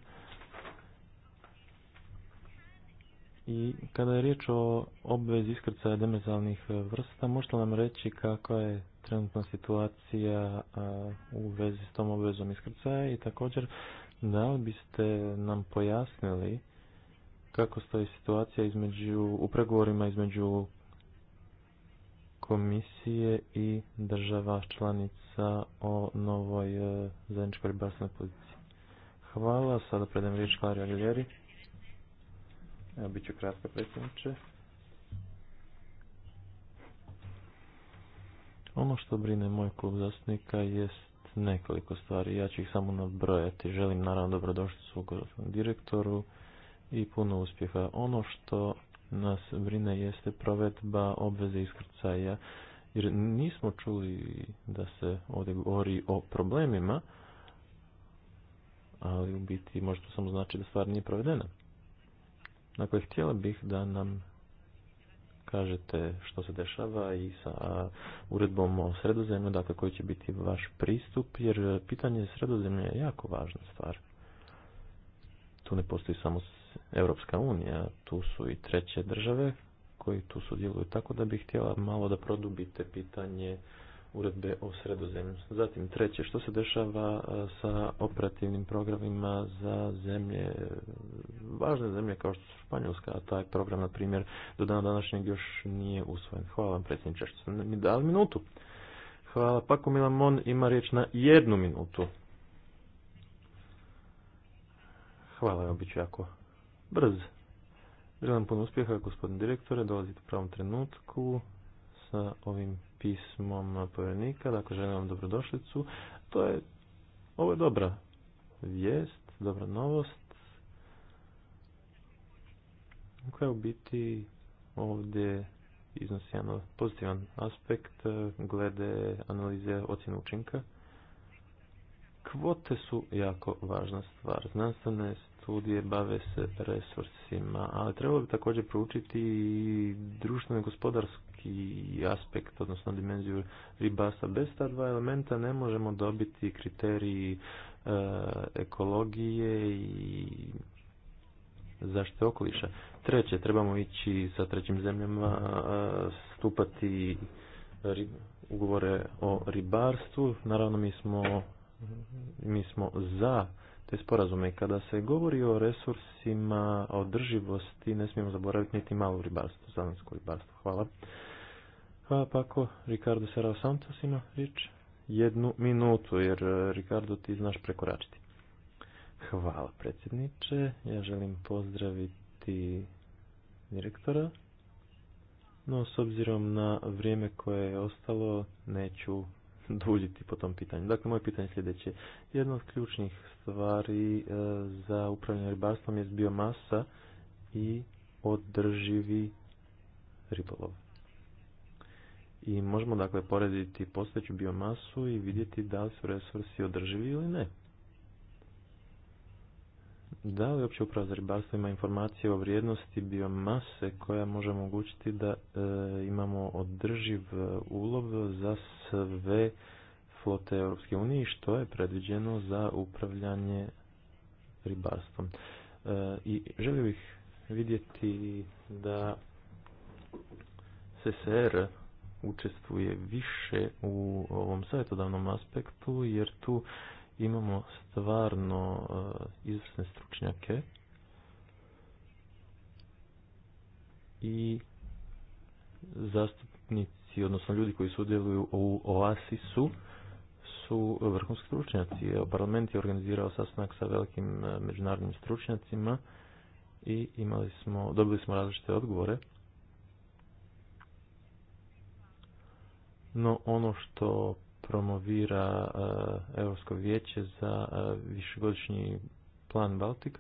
I kada je riječ o obvezi iskrcaja demezalnih e, vrsta, možete nam reći kakva je trenutna situacija u vezi s tom obvezom iskrcaja i također da li biste nam pojasnili kako stoji situacija između, u pregovorima između komisije i država članica o novoj e, zajedničkoj ribarstvenoj poziciji? Hvala, sada predam riječ Klari Alijeri. Evo, bit ću predsjedniče. Ono što brine moj klub zastupnika jest nekoliko stvari. Ja ću ih samo nabrojati. Želim naravno dobrodošlicu direktoru i puno uspjeha. Ono što nas brine jeste provedba obveze iskrcaja. Jer nismo čuli da se ovdje govori o problemima, ali u biti možda samo znači da stvar nije provedena. Dakle, htjela bih da nam kažete što se dešava i sa uredbom o sredozemlju, dakle koji će biti vaš pristup, jer pitanje sredozemlja je jako važna stvar. Tu ne postoji samo Europska unija, tu su i treće države koji tu sudjeluju, tako da bih htjela malo da produbite pitanje uredbe o sredozemlju. Zatim treće, što se dešava e, sa operativnim programima za zemlje, e, važne zemlje kao što su Španjolska, a taj program, na primjer, do dana današnjeg još nije usvojen. Hvala vam, predsjedniče, što ste mi dali minutu. Hvala, Pako Milamon ima riječ na jednu minutu. Hvala, evo bit ću jako brz. Želim puno uspjeha, gospodin direktore, dolazite u pravom trenutku sa ovim pismom povjerenika, dakle želim vam dobrodošlicu. To je, ovo je dobra vijest, dobra novost, koja u biti ovdje iznosi jedan pozitivan aspekt eh, glede analize ocjene učinka. Kvote su jako važna stvar. Znanstvene studije bave se resursima, ali trebalo bi također proučiti i društveno i aspekt, odnosno dimenziju ribarstva. Bez ta dva elementa ne možemo dobiti kriteriji e, ekologije i zaštite okoliša. Treće, trebamo ići sa trećim zemljama e, stupati ugovore o ribarstvu. Naravno, mi smo, mi smo za te sporazume. Kada se govori o resursima, o ne smijemo zaboraviti niti malo ribarstvo, zavinsko ribarstvo. Hvala. Hvala Pako. Ricardo Serao Santos ima riječ. Jednu minutu, jer e, Ricardo ti znaš prekoračiti. Hvala predsjedniče. Ja želim pozdraviti direktora. No, s obzirom na vrijeme koje je ostalo, neću duljiti po tom pitanju. Dakle, moje pitanje je sljedeće. Jedna od ključnih stvari e, za upravljanje ribarstvom je biomasa i održivi ribolov i možemo dakle porediti postojeću biomasu i vidjeti da li su resursi održivi ili ne. Da li uopće uprava za ribarstvo ima informacije o vrijednosti biomase koja može omogućiti da e, imamo održiv ulov za sve flote Europske unije i što je predviđeno za upravljanje ribarstvom. E, I želio bih vidjeti da CSR učestvuje više u ovom savjetodavnom aspektu, jer tu imamo stvarno eh, izvrsne stručnjake i zastupnici, odnosno ljudi koji sudjeluju u OASIS-u, su vrhunski stručnjaci. Evo, parlament je organizirao sastanak sa velikim eh, međunarodnim stručnjacima i imali smo, dobili smo različite odgovore no ono što promovira eh, Europsko vijeće za eh, višegodišnji plan Baltika.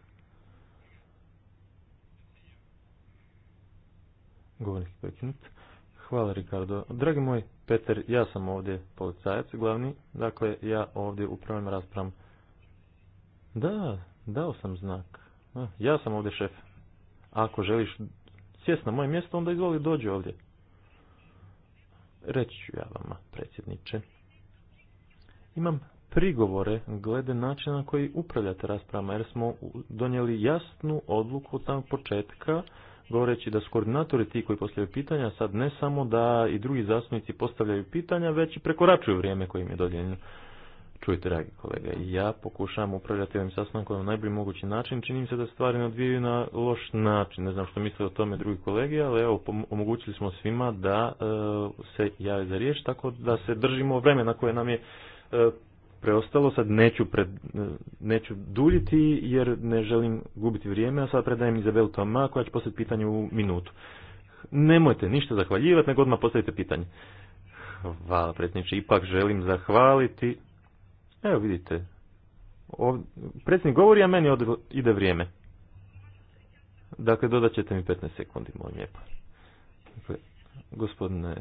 Govornik Hvala Ricardo. Dragi moj Peter, ja sam ovdje policajac glavni, dakle ja ovdje upravljam raspravom. Da, dao sam znak. Eh, ja sam ovdje šef. Ako želiš sjest na moje mjesto, onda izvoli dođi ovdje. Reći ću ja vama, predsjedniče. Imam prigovore glede načina na koji upravljate raspravama, jer smo donijeli jasnu odluku od samog početka, govoreći da su koordinatori ti koji postavljaju pitanja, sad ne samo da i drugi zastupnici postavljaju pitanja, već i prekoračuju vrijeme koje im je dodijeljeno. Čujte, dragi kolega, ja pokušavam upravljati ovim sastankom na najbolji mogući način. Činim se da stvari ne odvijaju na loš način. Ne znam što misle o tome drugi kolege, ali evo, omogućili smo svima da e, se jave za riječ, tako da se držimo vremena koje nam je e, preostalo. Sad neću, pred, e, neću duljiti jer ne želim gubiti vrijeme, a sad predajem Izabelu Toma koja će postaviti pitanje u minutu. Nemojte ništa zahvaljivati, nego odmah postavite pitanje. Hvala, predsjedniče. Ipak želim zahvaliti Evo vidite, predsjednik govori, a meni ide vrijeme. Dakle, dodat ćete mi 15 sekundi, molim lijepo. Dakle, gospodine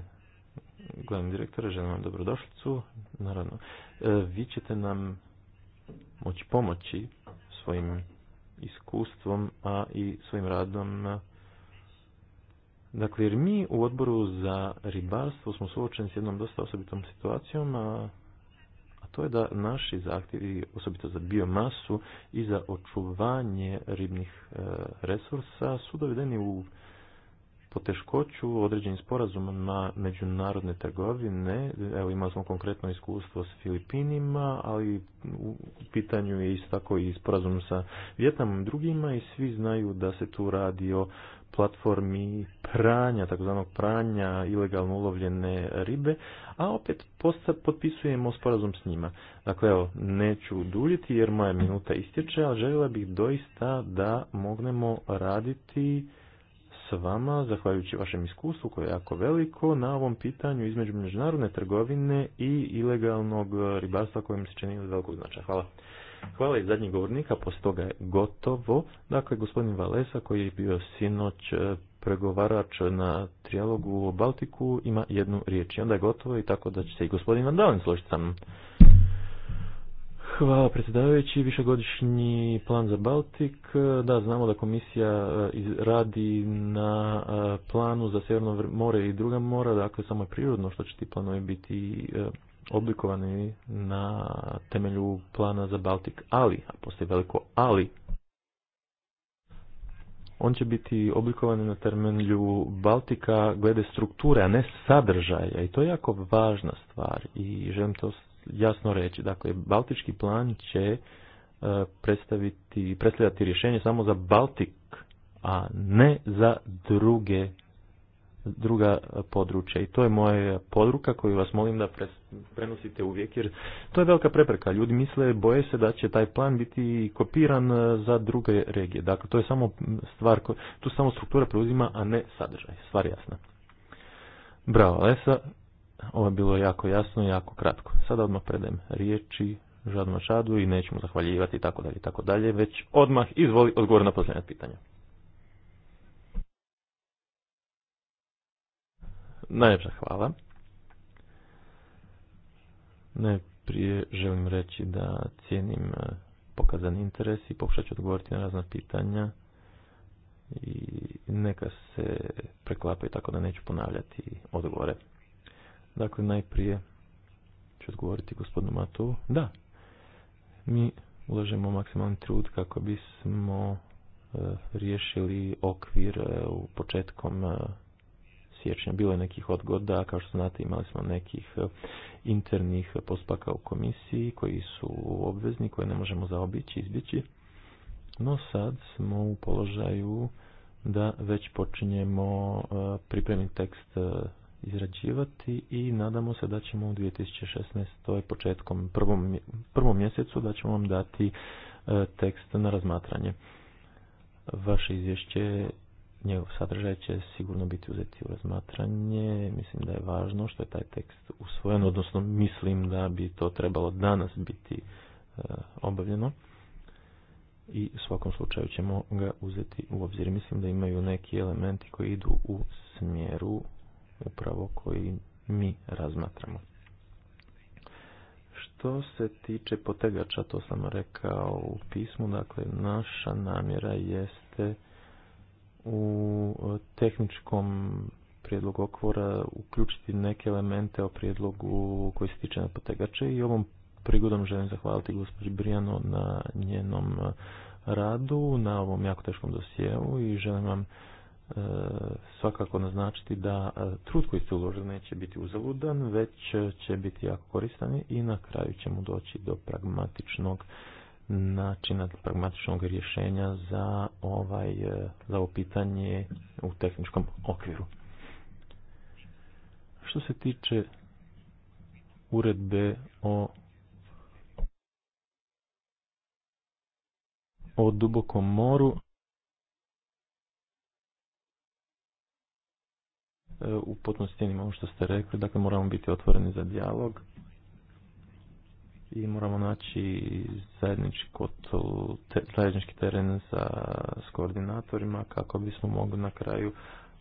glavni direktore, želim vam dobrodošlicu. Naravno, e, vi ćete nam moći pomoći svojim iskustvom, a i svojim radom. Dakle, jer mi u odboru za ribarstvo smo suočeni s jednom dosta osobitom situacijom, a to je da naši zahtjevi, osobito za biomasu i za očuvanje ribnih e, resursa, su dovedeni u poteškoću određenim na međunarodne trgovine. Evo imali smo konkretno iskustvo s Filipinima, ali u pitanju je isto tako i sporazum sa Vjetnamom i drugima i svi znaju da se tu radi o platformi pranja, takozvanog pranja ilegalno ulovljene ribe, a opet potpisujemo sporazum s njima. Dakle, evo, neću duljiti jer moja minuta istječe, ali željela bih doista da mognemo raditi s vama, zahvaljujući vašem iskustvu koje je jako veliko, na ovom pitanju između međunarodne trgovine i ilegalnog ribarstva kojim se čini veliko značaj. Hvala. Hvala i zadnjih govornika, poslije toga je gotovo. Dakle, gospodin Valesa koji je bio sinoć e, pregovarač na trijalogu o Baltiku ima jednu riječ i onda je gotovo i tako da će se i gospodin Van složiti sa mnom. Hvala predsjedavajući. Višegodišnji plan za Baltik. Da, znamo da komisija e, radi na e, planu za Sjeverno more i druga mora, dakle samo je prirodno što će ti planovi biti oblikovani na temelju plana za Baltik, ali, a veliko ali, on će biti oblikovan na temelju Baltika glede strukture, a ne sadržaja. I to je jako važna stvar i želim to jasno reći. Dakle, Baltički plan će e, predstaviti, predstavljati rješenje samo za Baltik, a ne za druge druga područja. I to je moja podruka koju vas molim da prenosite uvijek, jer to je velika prepreka. Ljudi misle, boje se da će taj plan biti kopiran e, za druge regije. Dakle, to je samo stvar, tu samo struktura preuzima, a ne sadržaj. Stvar jasna. Bravo, Lesa. Ovo je bilo jako jasno i jako kratko. Sada odmah predajem riječi Žadu šadu i nećemo zahvaljivati i tako dalje i tako dalje, već odmah izvoli odgovor na posljednje pitanje. Najljepša hvala. Najprije želim reći da cijenim e, pokazan interes i pokušat ću odgovoriti na razna pitanja i neka se preklapaju tako da neću ponavljati odgovore. Dakle, najprije ću odgovoriti gospodinu Matovu. Da, mi ulažemo maksimalni trud kako bismo e, riješili okvir e, u početkom siječnja. Bilo je nekih odgoda, kao što znate imali smo nekih eh, internih postupaka u komisiji koji su obvezni, koje ne možemo zaobići, izbjeći. No sad smo u položaju da već počinjemo eh, pripremni tekst eh, izrađivati i nadamo se da ćemo u 2016. početkom prvom, prvom mjesecu da ćemo vam dati tekst na razmatranje. Vaše izvješće njegov sadržaj će sigurno biti uzeti u razmatranje. Mislim da je važno što je taj tekst usvojen, odnosno mislim da bi to trebalo danas biti eh, obavljeno i u svakom slučaju ćemo ga uzeti u obzir. Mislim da imaju neki elementi koji idu u smjeru upravo koji mi razmatramo. Što se tiče potegača, to sam rekao u pismu, dakle naša namjera jeste u e, tehničkom prijedlogu okvora uključiti neke elemente o prijedlogu koji se tiče napotegače i ovom prigodom želim zahvaliti gospođi Brijano na njenom e, radu, na ovom jako teškom dosjeu i želim vam e, svakako naznačiti da trud koji ste uložili neće biti uzaludan, već će biti jako koristan i na kraju ćemo doći do pragmatičnog načina pragmatičnog rješenja za, ovaj, e, za ovo pitanje u tehničkom okviru. Što se tiče uredbe o o dubokom moru e, u potpunosti što ste rekli, dakle moramo biti otvoreni za dijalog i moramo naći zajednički teren sa s koordinatorima kako bismo mogli na kraju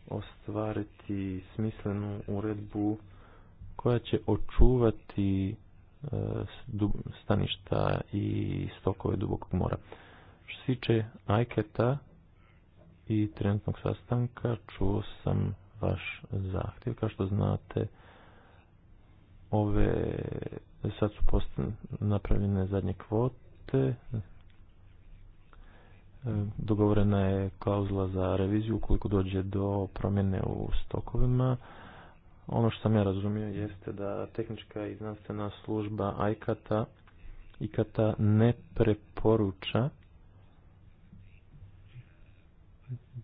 ostvariti smislenu uredbu koja će očuvati e, staništa i stokove dubokog mora. Što se tiče ajketa i trenutnog sastanka, čuo sam vaš zahtjev. Kao što znate, ove E, sad su napravljene zadnje kvote. E, dogovorena je klauzula za reviziju ukoliko dođe do promjene u stokovima. Ono što sam ja razumio jeste da tehnička i znanstvena služba ICAT-a ne preporuča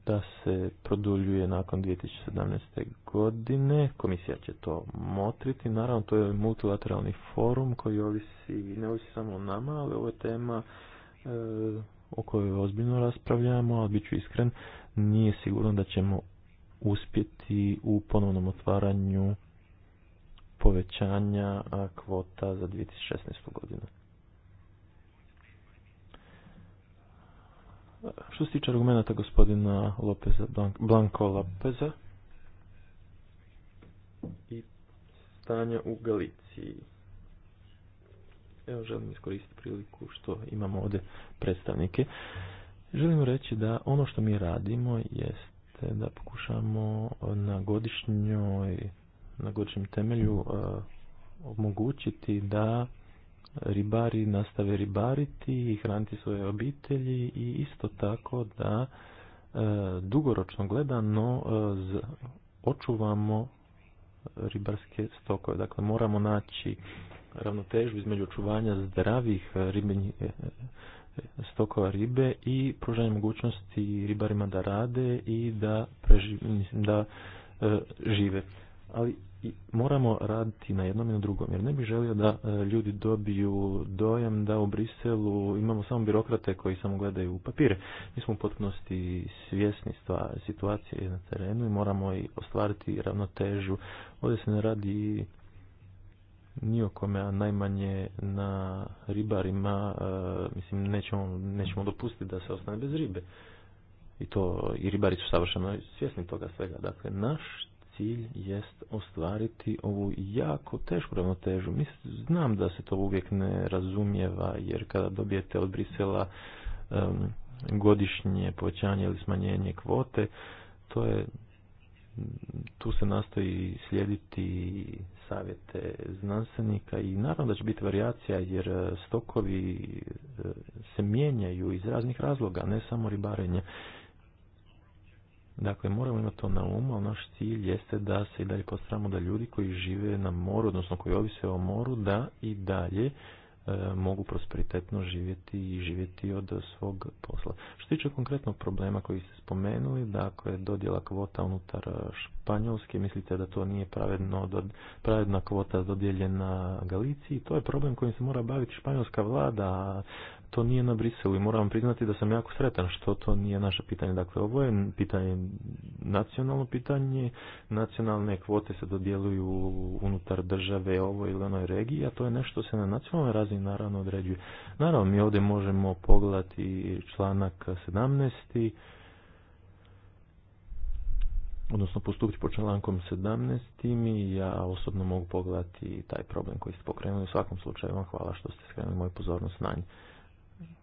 da se produljuje nakon 2017. godine. Komisija će to motriti. Naravno, to je multilateralni forum koji ovisi, ne ovisi samo o nama, ali ovo je tema e, o kojoj ozbiljno raspravljamo, ali bit ću iskren, nije sigurno da ćemo uspjeti u ponovnom otvaranju povećanja kvota za 2016. godinu. Što se tiče argumenta gospodina Lopeza, Blanco Lopeza i stanja u Galiciji. Evo želim iskoristiti priliku što imamo ovdje predstavnike. Želim reći da ono što mi radimo jeste da pokušamo na godišnjoj na godišnjem temelju e, omogućiti da ribari nastave ribariti i hraniti svoje obitelji i isto tako da e, dugoročno gledano e, očuvamo ribarske stokove. Dakle, moramo naći ravnotežu između očuvanja zdravih e, stokova ribe i pružanje mogućnosti ribarima da rade i da, mislim, da žive ali i moramo raditi na jednom i na drugom, jer ne bih želio da e, ljudi dobiju dojam da u Briselu imamo samo birokrate koji samo gledaju u papire. Mi smo u potpunosti svjesni situacije na terenu i moramo i ostvariti ravnotežu. Ovdje se ne radi ni o kome, a najmanje na ribarima, e, mislim, nećemo, nećemo dopustiti da se ostane bez ribe. I to i ribari su savršeno svjesni toga svega. Dakle, naš cilj jest ostvariti ovu jako tešku ravnotežu. Mislim, znam da se to uvijek ne razumijeva, jer kada dobijete od Brisela godišnje povećanje ili smanjenje kvote, to je tu se nastoji slijediti savjete znanstvenika i naravno da će biti varijacija jer stokovi eh, se mijenjaju iz raznih razloga, ne samo ribarenje. Dakle, moramo imati to na umu, ali naš cilj jeste da se i dalje postramo da ljudi koji žive na moru, odnosno koji ovise o moru, da i dalje e, mogu prosperitetno živjeti i živjeti od svog posla. Što tiče konkretnog problema koji ste spomenuli, dakle dodjela kvota unutar Španjolske, mislite da to nije pravedno, pravedna kvota dodijeljena Galiciji, to je problem kojim se mora baviti španjolska vlada, to nije na Briselu i moram priznati da sam jako sretan što to nije naše pitanje. Dakle, ovo je pitanje, nacionalno pitanje, nacionalne kvote se dodjeluju unutar države ovoj ili onoj regiji, a to je nešto se na nacionalnoj razini naravno određuje. Naravno, mi ovdje možemo pogledati članak 17 odnosno postupiti po člankom 17. i ja osobno mogu pogledati taj problem koji ste pokrenuli. U svakom slučaju vam hvala što ste skrenuli moju pozornost na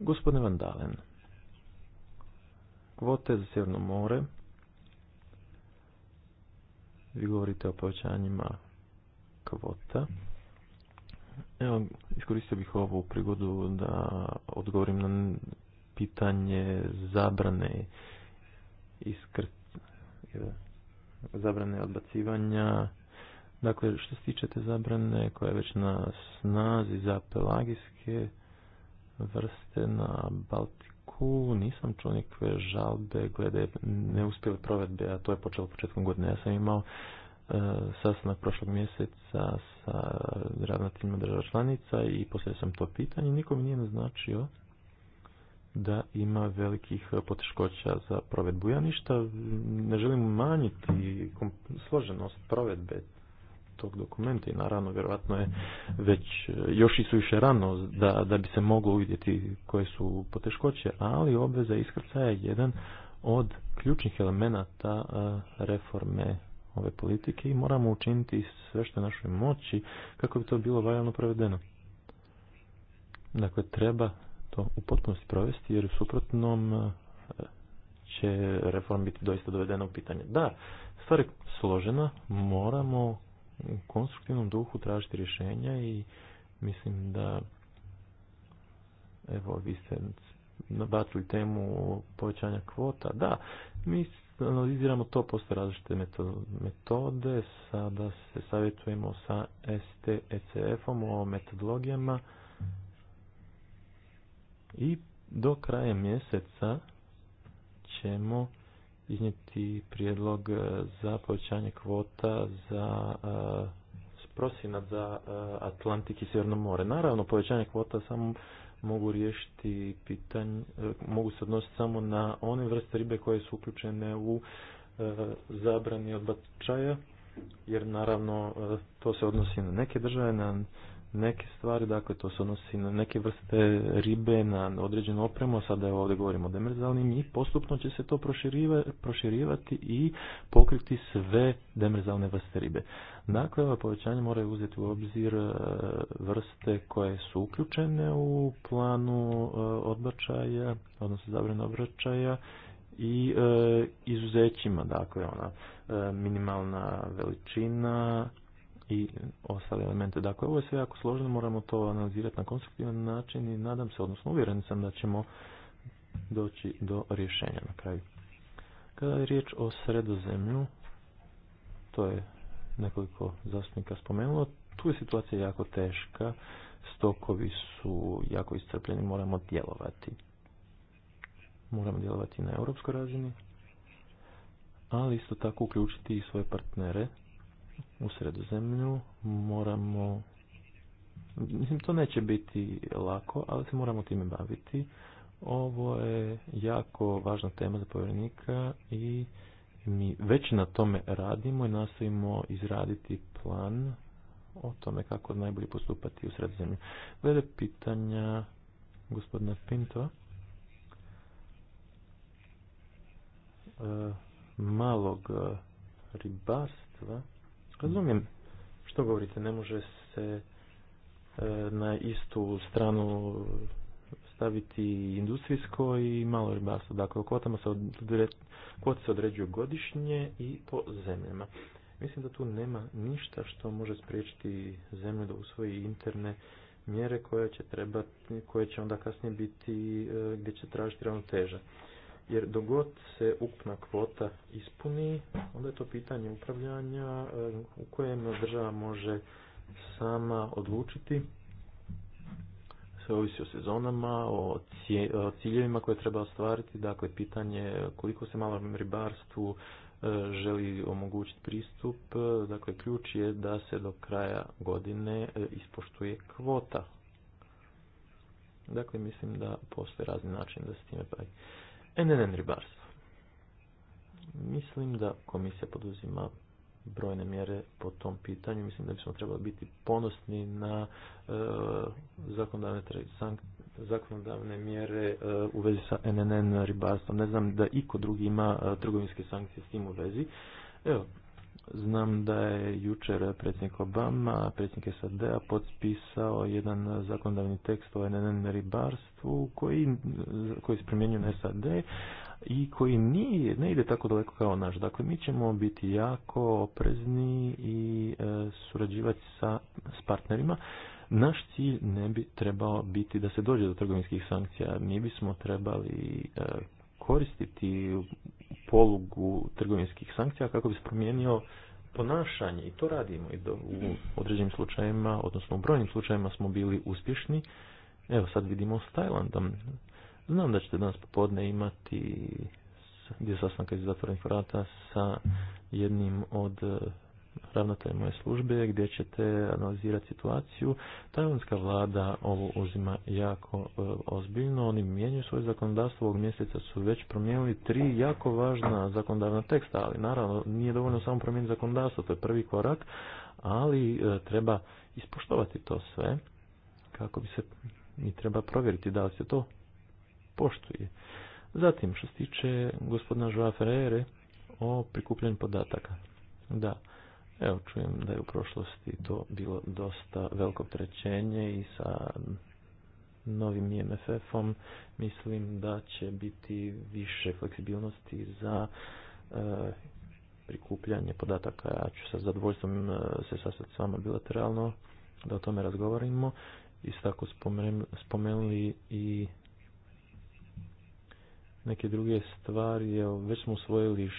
Gospodine Van Dalen, kvote za Sjeverno more, vi govorite o povećanjima kvota. Evo, iskoristio bih ovu prigodu da odgovorim na pitanje zabrane iskrt, zabrane odbacivanja. Dakle, što se tiče te zabrane koja je već na snazi za pelagijske vrste na Baltiku. Nisam čuo nekakve žalbe glede neuspjele provedbe, a to je počelo početkom godine. Ja sam imao e, sastanak prošlog mjeseca sa ravnateljima država članica i poslije sam to pitanje. Niko mi nije naznačio da ima velikih poteškoća za provedbu. Ja ništa ne želim umanjiti složenost provedbe tog dokumenta i naravno vjerojatno je već eh, još i suviše rano da, da bi se moglo uvidjeti koje su poteškoće, ali obveza iskrcaja je jedan od ključnih elemenata eh, reforme ove politike i moramo učiniti sve što je našoj moći kako bi to bilo valjano provedeno. Dakle, treba to u potpunosti provesti jer u suprotnom eh, će reform biti doista dovedena u pitanje. Da, stvar je složena, moramo u konstruktivnom duhu tražiti rješenja i mislim da evo vi ste nabacili temu povećanja kvota. Da, mi analiziramo to, posle različite metode, sada se savjetujemo sa STECF-om o metodologijama i do kraja mjeseca ćemo iznijeti prijedlog e, za povećanje kvota za e, prosinac za e, Atlantik i Sjeverno more. Naravno, povećanje kvota samo mogu riješiti pitanje, mogu se odnositi samo na one vrste ribe koje su uključene u zabrani odbačaja, jer naravno to se odnosi na neke države, na neke stvari, dakle to se odnosi na neke vrste ribe, na određenu opremu, sada je ovdje govorimo o demerzalnim i postupno će se to proširivati i pokriti sve demerzalne vrste ribe. Dakle, ovo povećanje moraju uzeti u obzir e, vrste koje su uključene u planu e, odbačaja, odnosno zabrane obračaja i e, izuzećima, dakle ona minimalna veličina, i ostale elemente. Dakle, ovo je sve jako složeno, moramo to analizirati na konstruktivan način i nadam se, odnosno uvjeren sam da ćemo doći do rješenja na kraju. Kada je riječ o sredozemlju, to je nekoliko zastupnika spomenulo, tu je situacija jako teška, stokovi su jako iscrpljeni, moramo djelovati. Moramo djelovati na europskoj razini, ali isto tako uključiti i svoje partnere u sredozemlju moramo mislim to neće biti lako ali se moramo time baviti ovo je jako važna tema za povjerenika i mi već na tome radimo i nastojimo izraditi plan o tome kako najbolje postupati u sredozemlju glede pitanja gospodina Pinto e, malog ribarstva Razumijem što govorite, ne može se e, na istu stranu staviti industrijsko i malo ribarstvo. Dakle, kvotama se kvote se određuju godišnje i po zemljama. Mislim da tu nema ništa što može spriječiti zemlju da usvoji interne mjere koje će trebati, koje će onda kasnije biti e, gdje će tražiti ravnoteža. teža jer dogod se ukupna kvota ispuni, onda je to pitanje upravljanja eh, u kojem država može sama odlučiti. Sve ovisi o sezonama, o ciljevima koje treba ostvariti, dakle pitanje koliko se malom ribarstvu eh, želi omogućiti pristup, dakle ključ je da se do kraja godine eh, ispoštuje kvota. Dakle, mislim da postoje razni način da se time pravi. NNN ribarstvo. Mislim da komisija poduzima brojne mjere po tom pitanju. Mislim da bismo trebali biti ponosni na e, zakonodavne, mjere e, u vezi sa NNN ribarstvom. Ne znam da iko drugi ima e, trgovinske sankcije s tim u vezi. Evo, Znam da je jučer predsjednik Obama, predsjednik SAD-a, potpisao jedan zakonodavni tekst o NNN ribarstvu koji, koji se primjenjuje na SAD i koji nije, ne ide tako daleko kao naš. Dakle, mi ćemo biti jako oprezni i e, surađivati sa, s partnerima. Naš cilj ne bi trebao biti da se dođe do trgovinskih sankcija. Mi bismo trebali e, koristiti polugu trgovinskih sankcija kako bi se promijenio ponašanje i to radimo i u određenim slučajevima, odnosno u brojnim slučajevima smo bili uspješni. Evo sad vidimo s Tajlandom. Znam da ćete danas popodne imati gdje sastanka iz zatvorenih vrata sa jednim od ravnatelj moje službe gdje ćete analizirati situaciju. Tajlandska vlada ovo uzima jako e, ozbiljno. Oni mijenjaju svoje zakonodavstvo. Ovog mjeseca su već promijenili tri jako važna zakonodavna teksta, ali naravno nije dovoljno samo promijeniti zakonodavstvo. To je prvi korak, ali e, treba ispoštovati to sve kako bi se i treba provjeriti da li se to poštuje. Zatim, što se tiče gospodina Joa Ferreira o prikupljanju podataka. Da, Evo, čujem da je u prošlosti to bilo dosta veliko trećenje i sa novim imff om mislim da će biti više fleksibilnosti za e, prikupljanje podataka. Ja ću sa zadovoljstvom e, se sastati s vama bilateralno da o tome razgovarimo. Isto tako spomenuli i neke druge stvari. Evo, već smo usvojili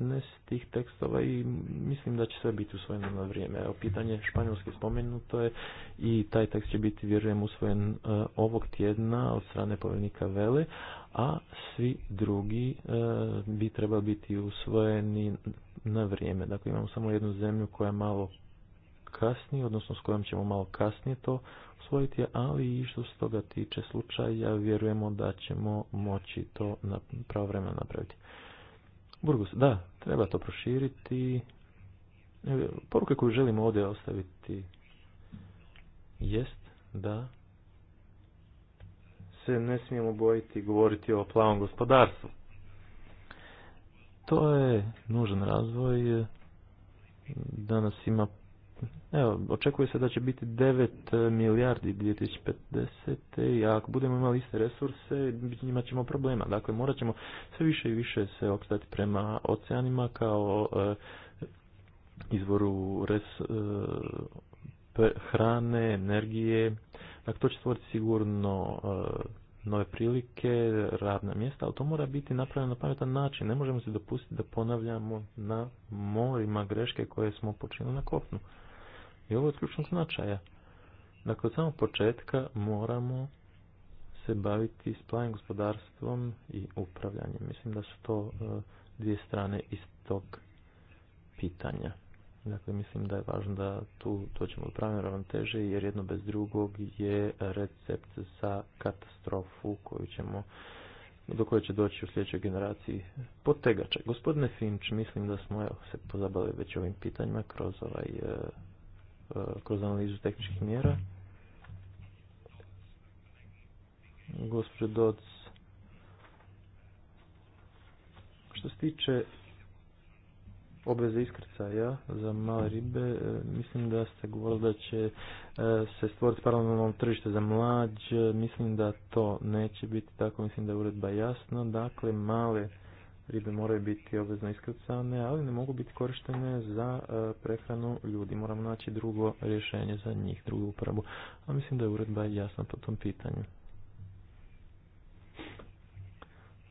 16 tih tekstova i mislim da će sve biti usvojeno na vrijeme. Evo, pitanje španjolske spomenuto je i taj tekst će biti, vjerujem, usvojen e, ovog tjedna od strane povjednika Vele, a svi drugi e, bi trebali biti usvojeni na vrijeme. Dakle, imamo samo jednu zemlju koja malo kasnije, odnosno s kojom ćemo malo kasnije to usvojiti, ali i što se toga tiče slučaja, vjerujemo da ćemo moći to na pravo vremena napraviti. Burgus, da, treba to proširiti. Poruka koju želimo ovdje ostaviti jest da se ne smijemo bojiti govoriti o plavom gospodarstvu. To je nužan razvoj. Danas ima Evo, očekuje se da će biti 9 e, milijardi 2050. I ako budemo imali iste resurse, imat ćemo problema. Dakle, morat ćemo sve više i više se opstati prema oceanima kao e, izvoru res, e, hrane, energije. Dakle, to će stvoriti sigurno nove prilike, radna mjesta, ali to mora biti napravljeno na pametan način. Ne možemo se dopustiti da ponavljamo na morima greške koje smo počinili na kopnu. I ovo je ključnog značaja. Dakle, od samog početka moramo se baviti s gospodarstvom i upravljanjem. Mislim da su to e, dvije strane istog pitanja. Dakle, mislim da je važno da tu ćemo u pravne ravnoteže, jer jedno bez drugog je recept za katastrofu koju ćemo, do koje će doći u sljedećoj generaciji potegača. Gospodine Finč, mislim da smo se pozabali već ovim pitanjima kroz ovaj e, Eh, kroz analizu tehničkih mjera. Gospođo Doc, što se tiče obveze iskrcaja za male ribe, eh, mislim da ste govorili da će eh, se stvoriti paralelno tržište za mlađ, mislim da to neće biti tako, mislim da je uredba jasna, dakle male ribe moraju biti obvezno iskrcane, ali ne mogu biti korištene za e, prehranu ljudi. Moramo naći drugo rješenje za njih, drugu uporabu. A mislim da je uredba jasna po tom pitanju.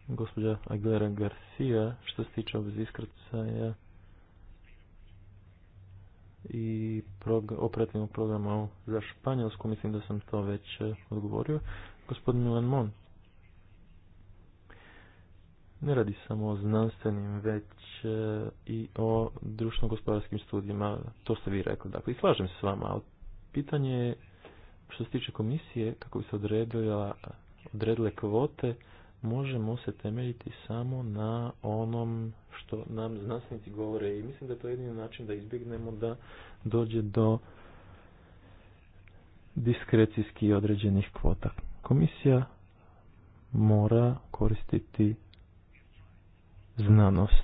Gospođa Aguilera Garcia, što se tiče obvez iskrcaja i operativnog programa za Španjolsku, mislim da sam to već e, odgovorio. Gospodin Milan ne radi samo o znanstvenim, već e, i o društveno-gospodarskim studijima, to ste vi rekli. Dakle, i slažem se s vama, ali pitanje je što se tiče komisije, kako bi se odredila, odredile kvote, možemo se temeljiti samo na onom što nam znanstvenici govore i mislim da je to jedini način da izbjegnemo da dođe do diskrecijski određenih kvota. Komisija mora koristiti znanost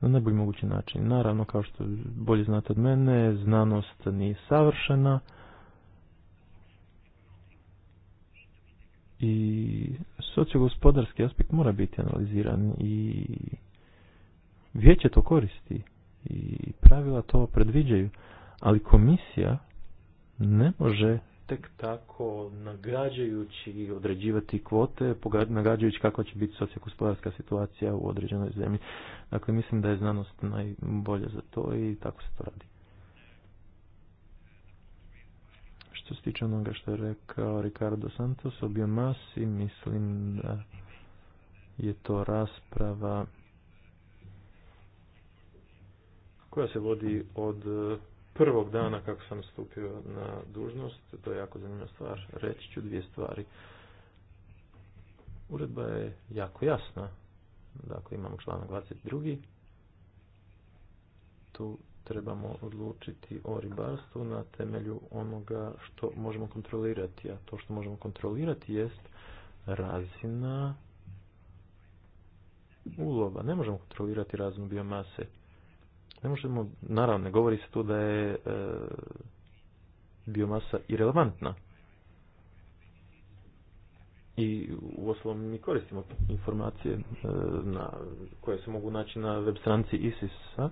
na najbolji mogući način. Naravno, kao što bolje znate od mene, znanost nije savršena i sociogospodarski aspekt mora biti analiziran i vijeće to koristi i pravila to predviđaju, ali komisija ne može tek tako nagrađajući određivati kvote, nagrađajući kako će biti sociokospodarska situacija u određenoj zemlji. Dakle, mislim da je znanost najbolja za to i tako se to radi. Što se tiče onoga što je rekao Ricardo Santos o biomasi, mislim da je to rasprava koja se vodi od prvog dana kako sam stupio na dužnost, to je jako zanimljiva stvar, reći ću dvije stvari. Uredba je jako jasna. Dakle, imamo članak 22. Tu trebamo odlučiti o ribarstvu na temelju onoga što možemo kontrolirati. A to što možemo kontrolirati jest razina ulova. Ne možemo kontrolirati razinu biomase. Ne možemo, naravno, ne govori se tu da je e, biomasa irelevantna. I u osnovom mi koristimo informacije e, na, koje se mogu naći na web stranci ISIS-a.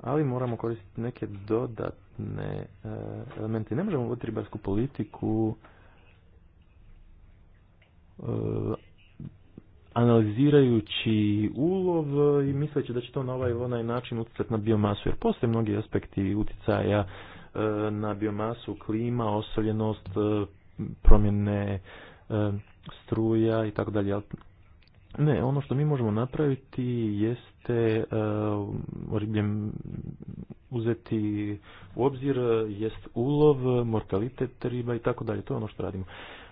ali moramo koristiti neke dodatne e, elemente. Ne možemo voditi ribarsku politiku analizirajući ulov i misleći da će to na ovaj onaj način utjecati na biomasu, jer postoje mnogi aspekti utjecaja e, na biomasu, klima, osoljenost, e, promjene e, struja i tako dalje. Ne, ono što mi možemo napraviti jeste uzeti u obzir jest ulov, mortalitet riba i tako dalje. To je ono što radimo.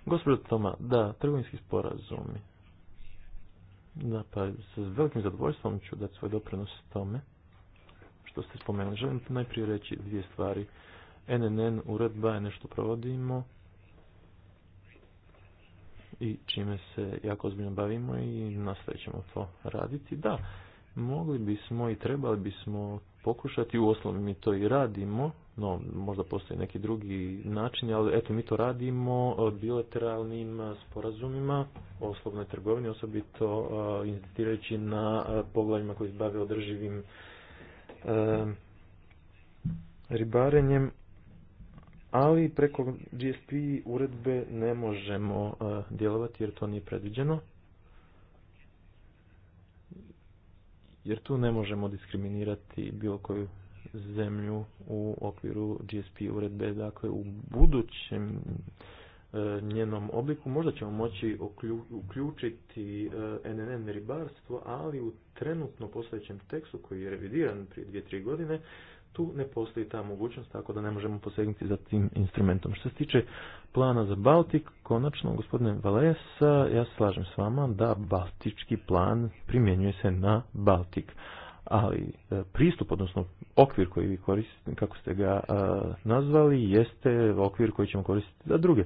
Gospodin Toma, da, trgovinski sporazumi. Da, pa s velikim zadovoljstvom ću dati svoj doprinos tome što ste spomenuli. Želim najprije reći dvije stvari. NNN uredba je nešto provodimo i čime se jako ozbiljno bavimo i nastavit ćemo to raditi. Da, mogli bismo i trebali bismo pokušati, uostalom mi to i radimo, no možda postoji neki drugi način, ali eto mi to radimo e, bilateralnim e, sporazumima o slobodnoj trgovini, osobito e, inzistirajući na poglavljima koji se bave održivim ribarenjem, ali preko GSP uredbe ne možemo djelovati jer to nije predviđeno. jer tu ne možemo diskriminirati bilo koju zemlju u okviru GSP uredbe, dakle u budućem e, njenom obliku možda ćemo moći uključiti NNN e, ribarstvo, ali u trenutno postojećem tekstu koji je revidiran prije dvije, tri godine, tu ne postoji ta mogućnost, tako da ne možemo posegnuti za tim instrumentom. Što se tiče plana za Baltik, konačno, gospodine Valesa, ja se slažem s vama da baltički plan primjenjuje se na Baltik. Ali e, pristup, odnosno okvir koji vi koristite, kako ste ga e, nazvali, jeste okvir koji ćemo koristiti za druge.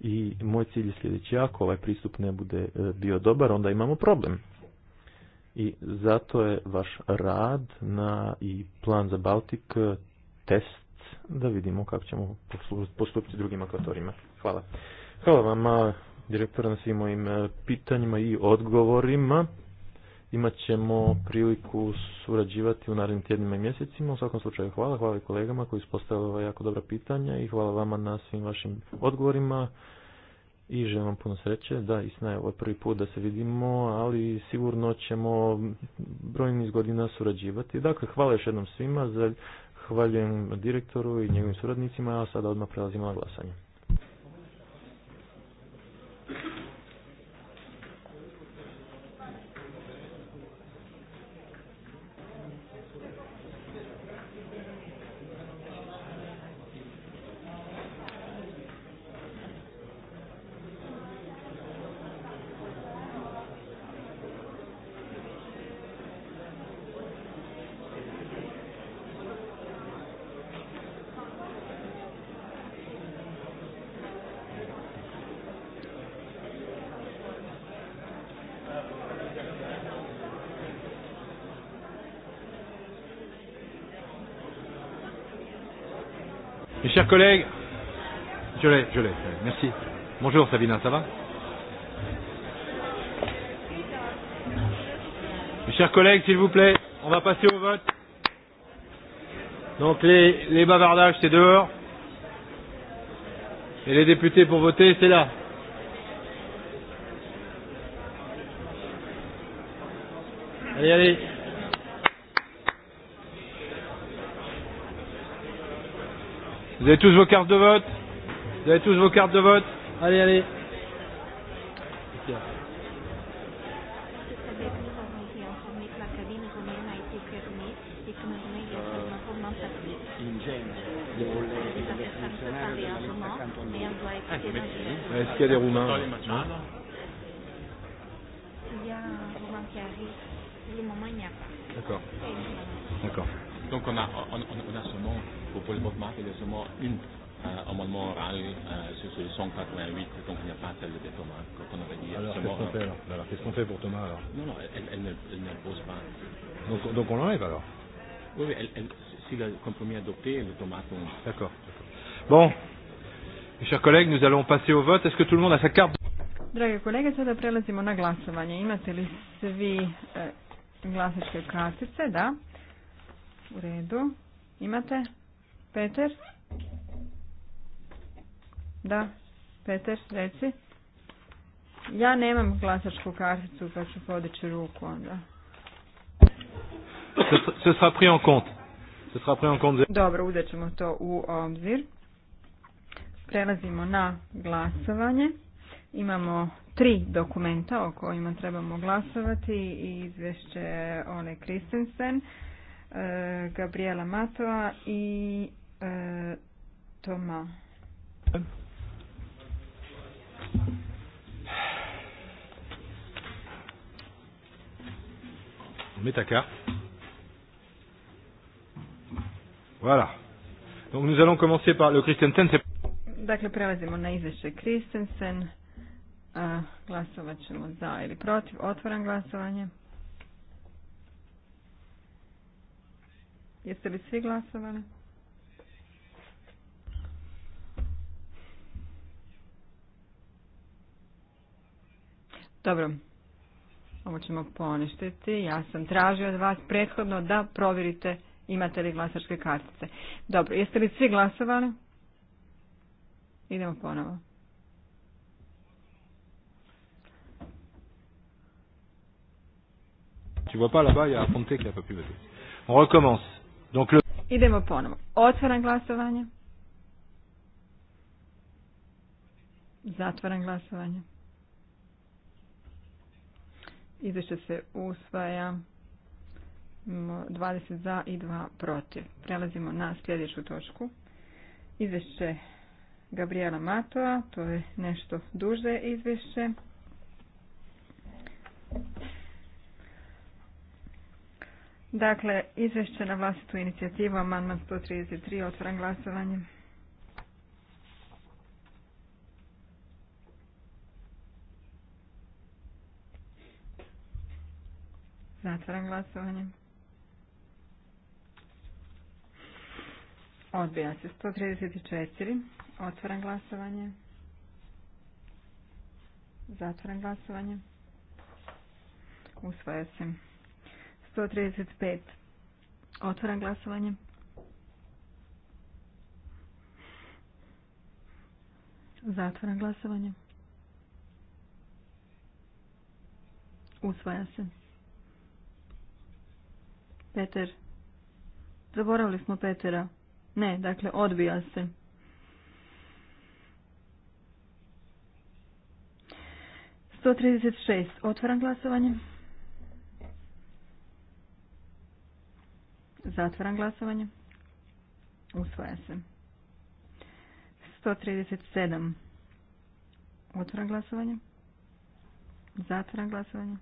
I moj cilj je sljedeći, ako ovaj pristup ne bude e, bio dobar, onda imamo problem. I zato je vaš rad na i plan za Baltik test da vidimo kako ćemo postupiti drugim akvatorima. Hvala. Hvala vama direktora na svim mojim e, pitanjima i odgovorima. Imat ćemo priliku surađivati u narednim tjednima i mjesecima. U svakom slučaju hvala, hvala i kolegama koji su postavili ova jako dobra pitanja i hvala vama na svim vašim odgovorima i želim vam puno sreće. Da, istina je ovo prvi put da se vidimo, ali sigurno ćemo brojnih godina surađivati. Dakle, hvala još jednom svima. za... Zahvaljujem direktoru i njegovim suradnicima, a sada odmah prelazimo na glasanje. Mes chers collègues, je l'ai, je l'ai, merci. Bonjour Sabina, ça va Mes chers collègues, s'il vous plaît, on va passer au vote. Donc les, les bavardages, c'est dehors. Et les députés pour voter, c'est là. Allez, allez. Vous avez tous vos cartes de vote Vous avez tous vos cartes de vote Allez, allez. Ah, Est-ce qu'il y a des Roumains D'accord. D'accord. Donc on a, on, on a ce pour le vote marque, il y a une euh, amendement oral euh, sur le 188, donc il n'y a pas celle de Thomas. Quand on avait dit alors, qu'est-ce qu'on fait alors, alors Qu'est-ce qu'on fait pour Thomas alors Non, non, elle, elle, ne, elle ne pose pas. Donc, donc on l'enlève alors Oui, oui elle, elle, si le compromis est adopté, le Thomas tombe. D'accord. Bon, mes chers collègues, nous allons passer au vote. Est-ce que tout le monde a sa carte Drage kolege, sada prelazimo na glasovanje. Imate li svi e, glasačke kartice? Da. U redu. Imate? Peter? Da, Peter, reci. Ja nemam glasačku karticu, pa ću podići ruku onda. sera pris en compte. Dobro, uzet ćemo to u obzir. Prelazimo na glasovanje. Imamo tri dokumenta o kojima trebamo glasovati e, i izvješće One Kristensen, Gabriela Matova i e, Toma. Mets ta carte. Voilà. Donc nous allons commencer par le Christensen. Dakle, prelazimo na izvješće Christensen. A, glasovaćemo za ili protiv. Otvaram glasovanje. Jeste li svi glasovali? Dobro. Ovo ćemo poništiti. Ja sam tražio od vas prethodno da provjerite imate li glasačke kartice. Dobro, jeste li svi glasovali? Idemo ponovo. Idemo ponovo. Otvaram glasovanje. Zatvaram glasovanje. Izvješće se usvaja 20 za i 2 protiv. Prelazimo na sljedeću točku. Izvješće Gabriela Matoa, to je nešto duže izvješće. Dakle, izvješće na vlastitu inicijativu, amandman 133, otvoran glasovanje. Zatvaram glasovanje. Odbija se 134. Otvaram glasovanje. Zatvaram glasovanje. Usvaja se. 135. Otvaram glasovanje. Zatvaram glasovanje. Usvaja se. Peter. Zaboravili smo Petera. Ne, dakle, odbija se. Sto trideset šest. Otvaram glasovanje. Zatvaram glasovanje. Usvaja se. sedam Otvaram glasovanje. Zatvaram glasovanje.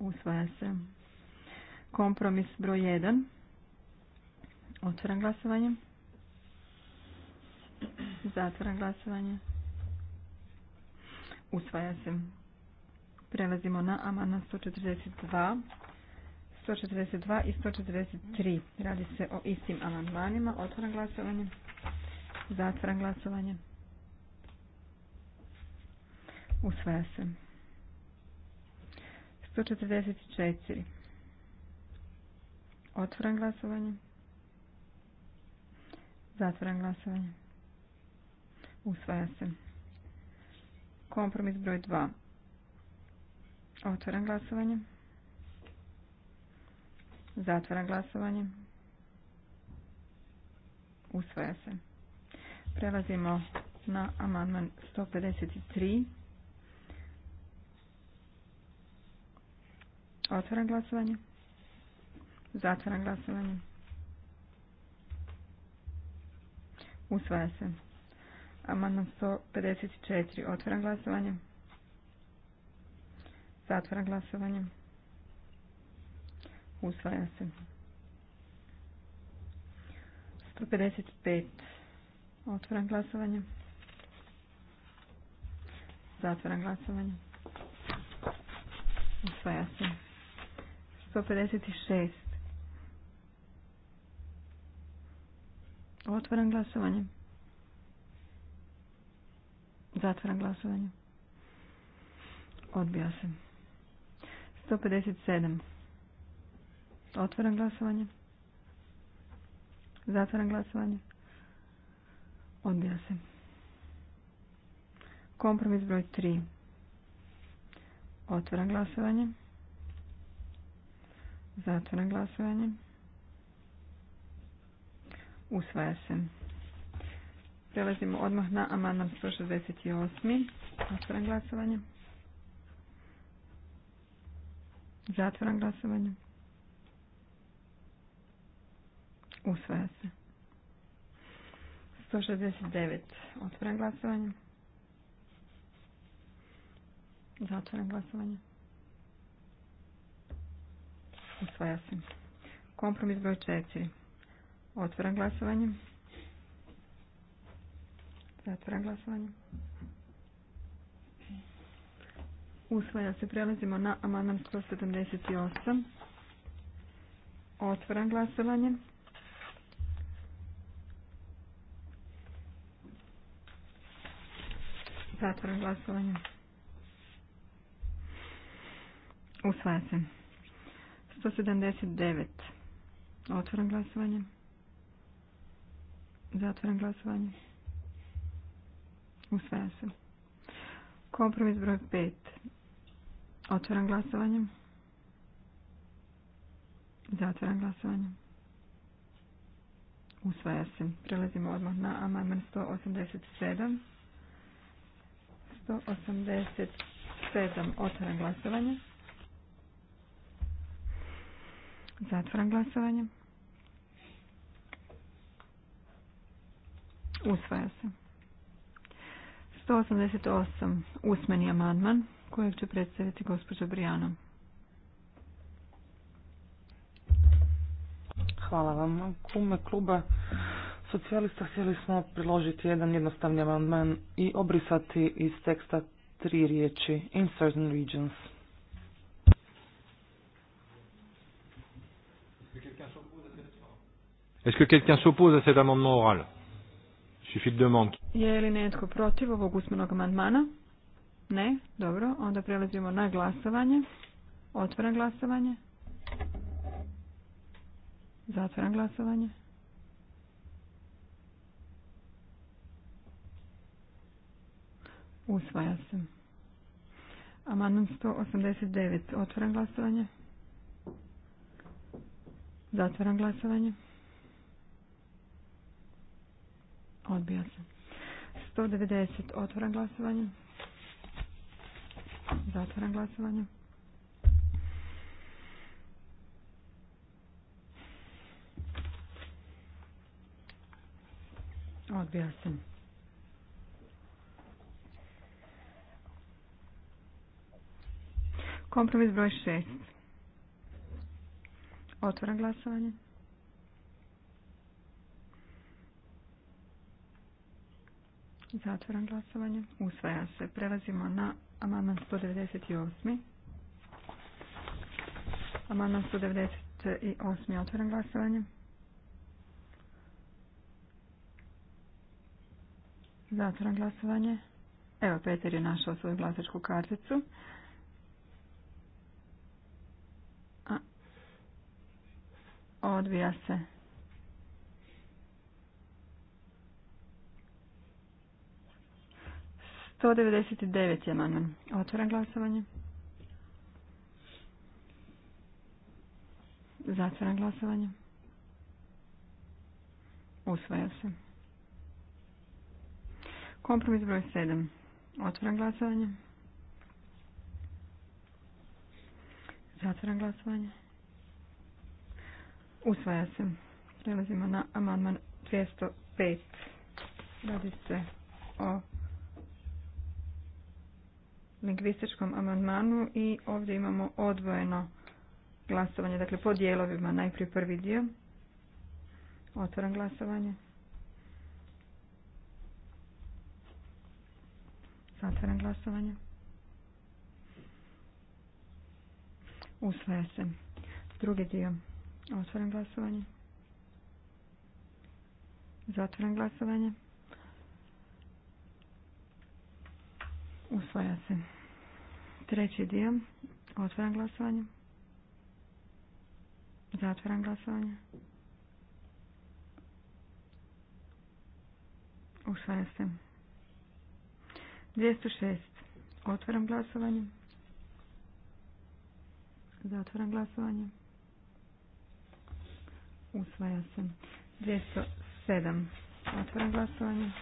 Usvaja se. Kompromis broj 1. Otvaram glasovanje. Zatvaram glasovanje. Usvaja se. Prelazimo na amandman 142. 142 i 143. Radi se o istim amandmanima. Otvaram glasovanje. Zatvaram glasovanje. Usvaja se. 144. Otvoren glasovanje. Zatvoren glasovanje. Usvaja se. Kompromis broj 2. Otvoren glasovanje. Zatvoren glasovanje. Usvaja se. Prelazimo na amandman 153. Otvaram glasovanje. Zatvaram glasovanje. Usvaja se. Amandman 154. Otvaram glasovanje. Zatvaram glasovanje. Usvaja se. 155. Otvaram glasovanje. Zatvaram glasovanje. Usvaja se. 156. Otvaram glasovanje. Zatvaram glasovanje. Odbija se. 157. Otvaram glasovanje. Zatvaram glasovanje. Odbija se. Kompromis broj 3. Otvaram glasovanje. Zatvoram glasovanje. Usvaja se. Prelazimo odmah na amandman 168. Zatvoram glasovanje. Zatvoram glasovanje. Usvaja se. 169. Otvoram glasovanje. Zatvoram glasovanje. Usvaja se. Kompromis broj četiri. Otvaram glasovanje. Zatvaram glasovanje. Usvaja se. Prelazimo na amandman 178. Otvaram glasovanje. Zatvaram glasovanje. Usvaja se. 179. Otvoram glasovanje. Zatvoram glasovanje. Usvaja se. Kompromis broj 5. Otvoram glasovanje. Zatvoram glasovanje. Usvaja se. Prelazimo odmah na amandman 187. 187. Otvoram glasovanje. Zatvaram glasovanje. Usvaja se. 188. Usmeni amandman kojeg će predstaviti gospođa Brijana. Hvala vam. Kume kluba socijalista htjeli smo priložiti jedan jednostavni amandman i obrisati iz teksta tri riječi certain Regions. Est-ce que quelqu'un s'oppose à cet amendement oral Suffit Je li netko protiv ovog usmenog amandmana? Ne, dobro. Onda prelazimo na glasovanje. Otvaram glasovanje. Zatvaram glasovanje. Usvaja se. Amandman 189. Otvaram glasovanje. Zatvaram glasovanje. Odbija se. 190. Otvoram glasovanje. Zatvoram glasovanje. Odbija se. Kompromis broj 6. Otvoram glasovanje. Zatvoram glasovanje. Usvaja se. Prelazimo na amandman 198. Amandman 198. Otvoram glasovanje. Zatvoram glasovanje. Evo, Peter je našao svoju glasačku karticu. odvija se 199. amandman. Otvaram glasovanje. Zatvaram glasovanje. Usvaja se. Kompromis broj 7. Otvaram glasovanje. Zatvaram glasovanje. Usvaja se. Prelazimo na amandman 205. Radi se o lingvističkom amandmanu i ovdje imamo odvojeno glasovanje, dakle po dijelovima najprije prvi dio. otvoram glasovanje. Zatvaram glasovanje. Usvaja se. Drugi dio. Otvaram glasovanje. Zatvoram glasovanje. Usvaja se. Treći dio. Otvaram glasovanje. Zatvaram glasovanje. Usvaja se. 206. Otvaram glasovanje. Zatvaram glasovanje. Usvaja se. 207. Otvaram glasovanje.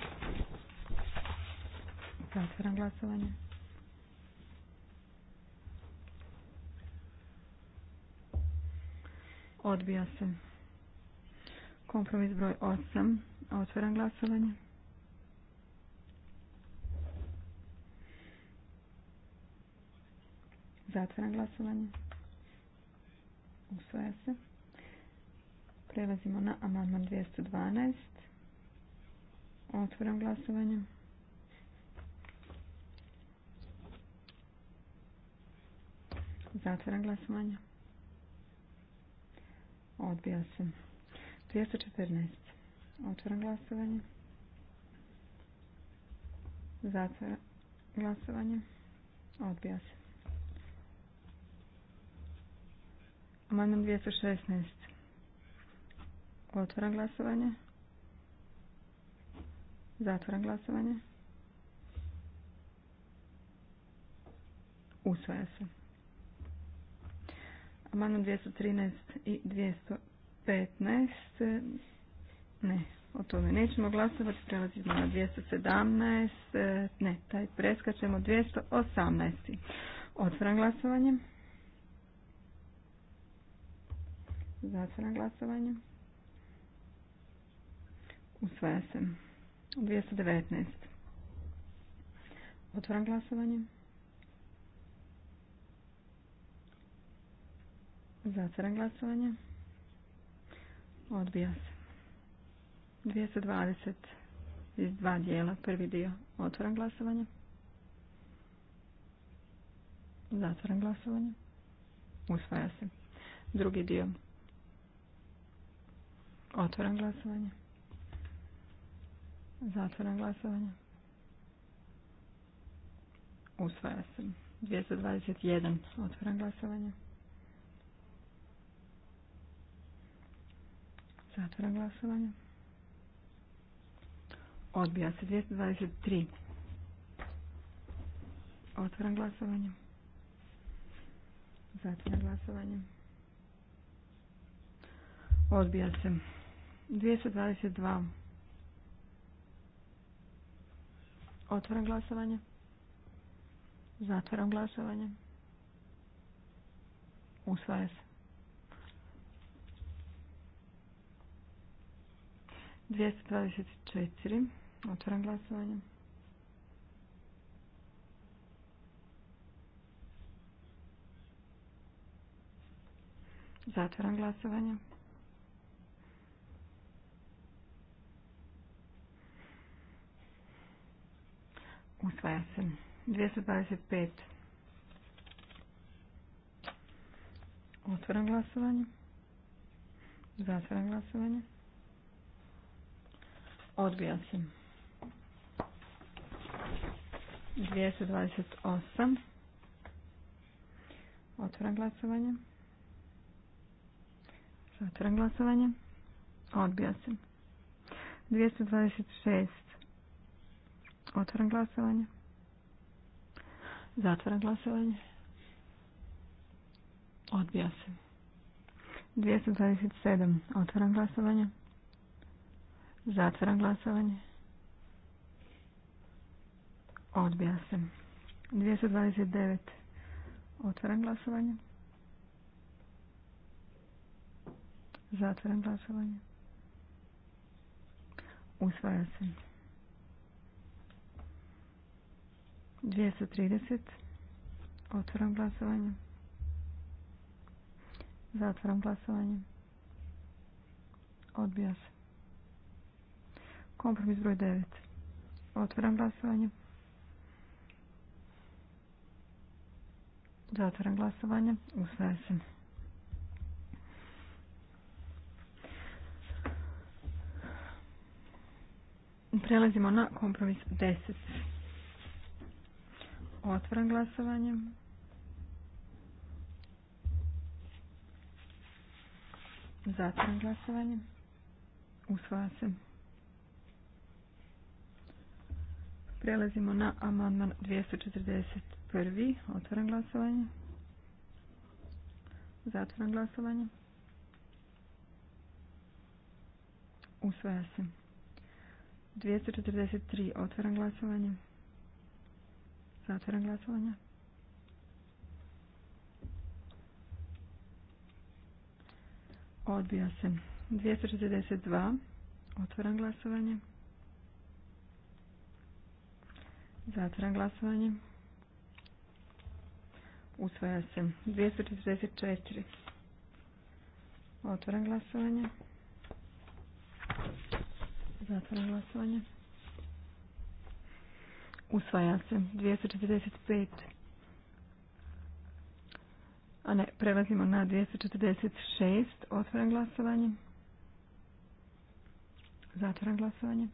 Zatvaram glasovanje. Odbija se. Kompromis broj 8. Otvaram glasovanje. Zatvaram glasovanje. Usvaja se. Prelazimo na amandman 212. Otvaram glasovanje. Zatvaram glasovanje. Odbija se. 214. Otvaram glasovanje. Zatvaram glasovanje. Odbija se. Amandman 216. Otvaram glasovanje. Zatvaram glasovanje. Usvaja se. Amandman 213 i 215. Ne, o tome nećemo glasovati. Prelazimo na 217. Ne, taj preskačemo 218. Otvoram glasovanje. Zatvoram glasovanje. Usvaja se. 219. Otvoram glasovanje. Zatvaram glasovanje. Odbija se. 220 iz dva dijela. Prvi dio. Otvaram glasovanje. Zatvaram glasovanje. Usvaja se. Drugi dio. Otvaram glasovanje. Zatvaram glasovanje. Usvaja se. 221. Otvaram glasovanje. Zatvoram glasovanje. Odbija se 223. Otvoram glasovanje. Zatvoram glasovanje. Odbija se. 222. Otvoram glasovanje. Zatvoram glasovanje. Usvaja se. 224. Otvaram glasovanje. Zatvaram glasovanje. Usvaja se. 225. Otvaram glasovanje. Zatvaram glasovanje. Odbija se. 228. Otvoram glasovanje. Zatvoram glasovanje. Odbija se. 226. Otvoram glasovanje. Zatvoram glasovanje. Odbija se. 227. Otvoram glasovanje. Zatvaram glasovanje. Odbija se. 229. Otvaram glasovanje. Zatvaram glasovanje. Usvaja se. 230. Otvaram glasovanje. Zatvaram glasovanje. Odbija se. Kompromis broj 9. Otvaram glasovanje. Zatvaram glasovanje. Usvaja se. Prelazimo na kompromis 10. Otvaram glasovanje. Zatvaram glasovanje. Usvaja se. Prelazimo na amandman 241. Otvaram glasovanje. Zatvaram glasovanje. Usvaja se. 243. Otvaram glasovanje. Zatvaram glasovanje. Odbija se. 242. Otvaram glasovanje. Zatvaram glasovanje. Usvaja se. 244. Otvaram glasovanje. Zatvaram glasovanje. Usvaja se. 245. A ne, prelazimo na 246. Otvaram glasovanje. Zatvaram glasovanje.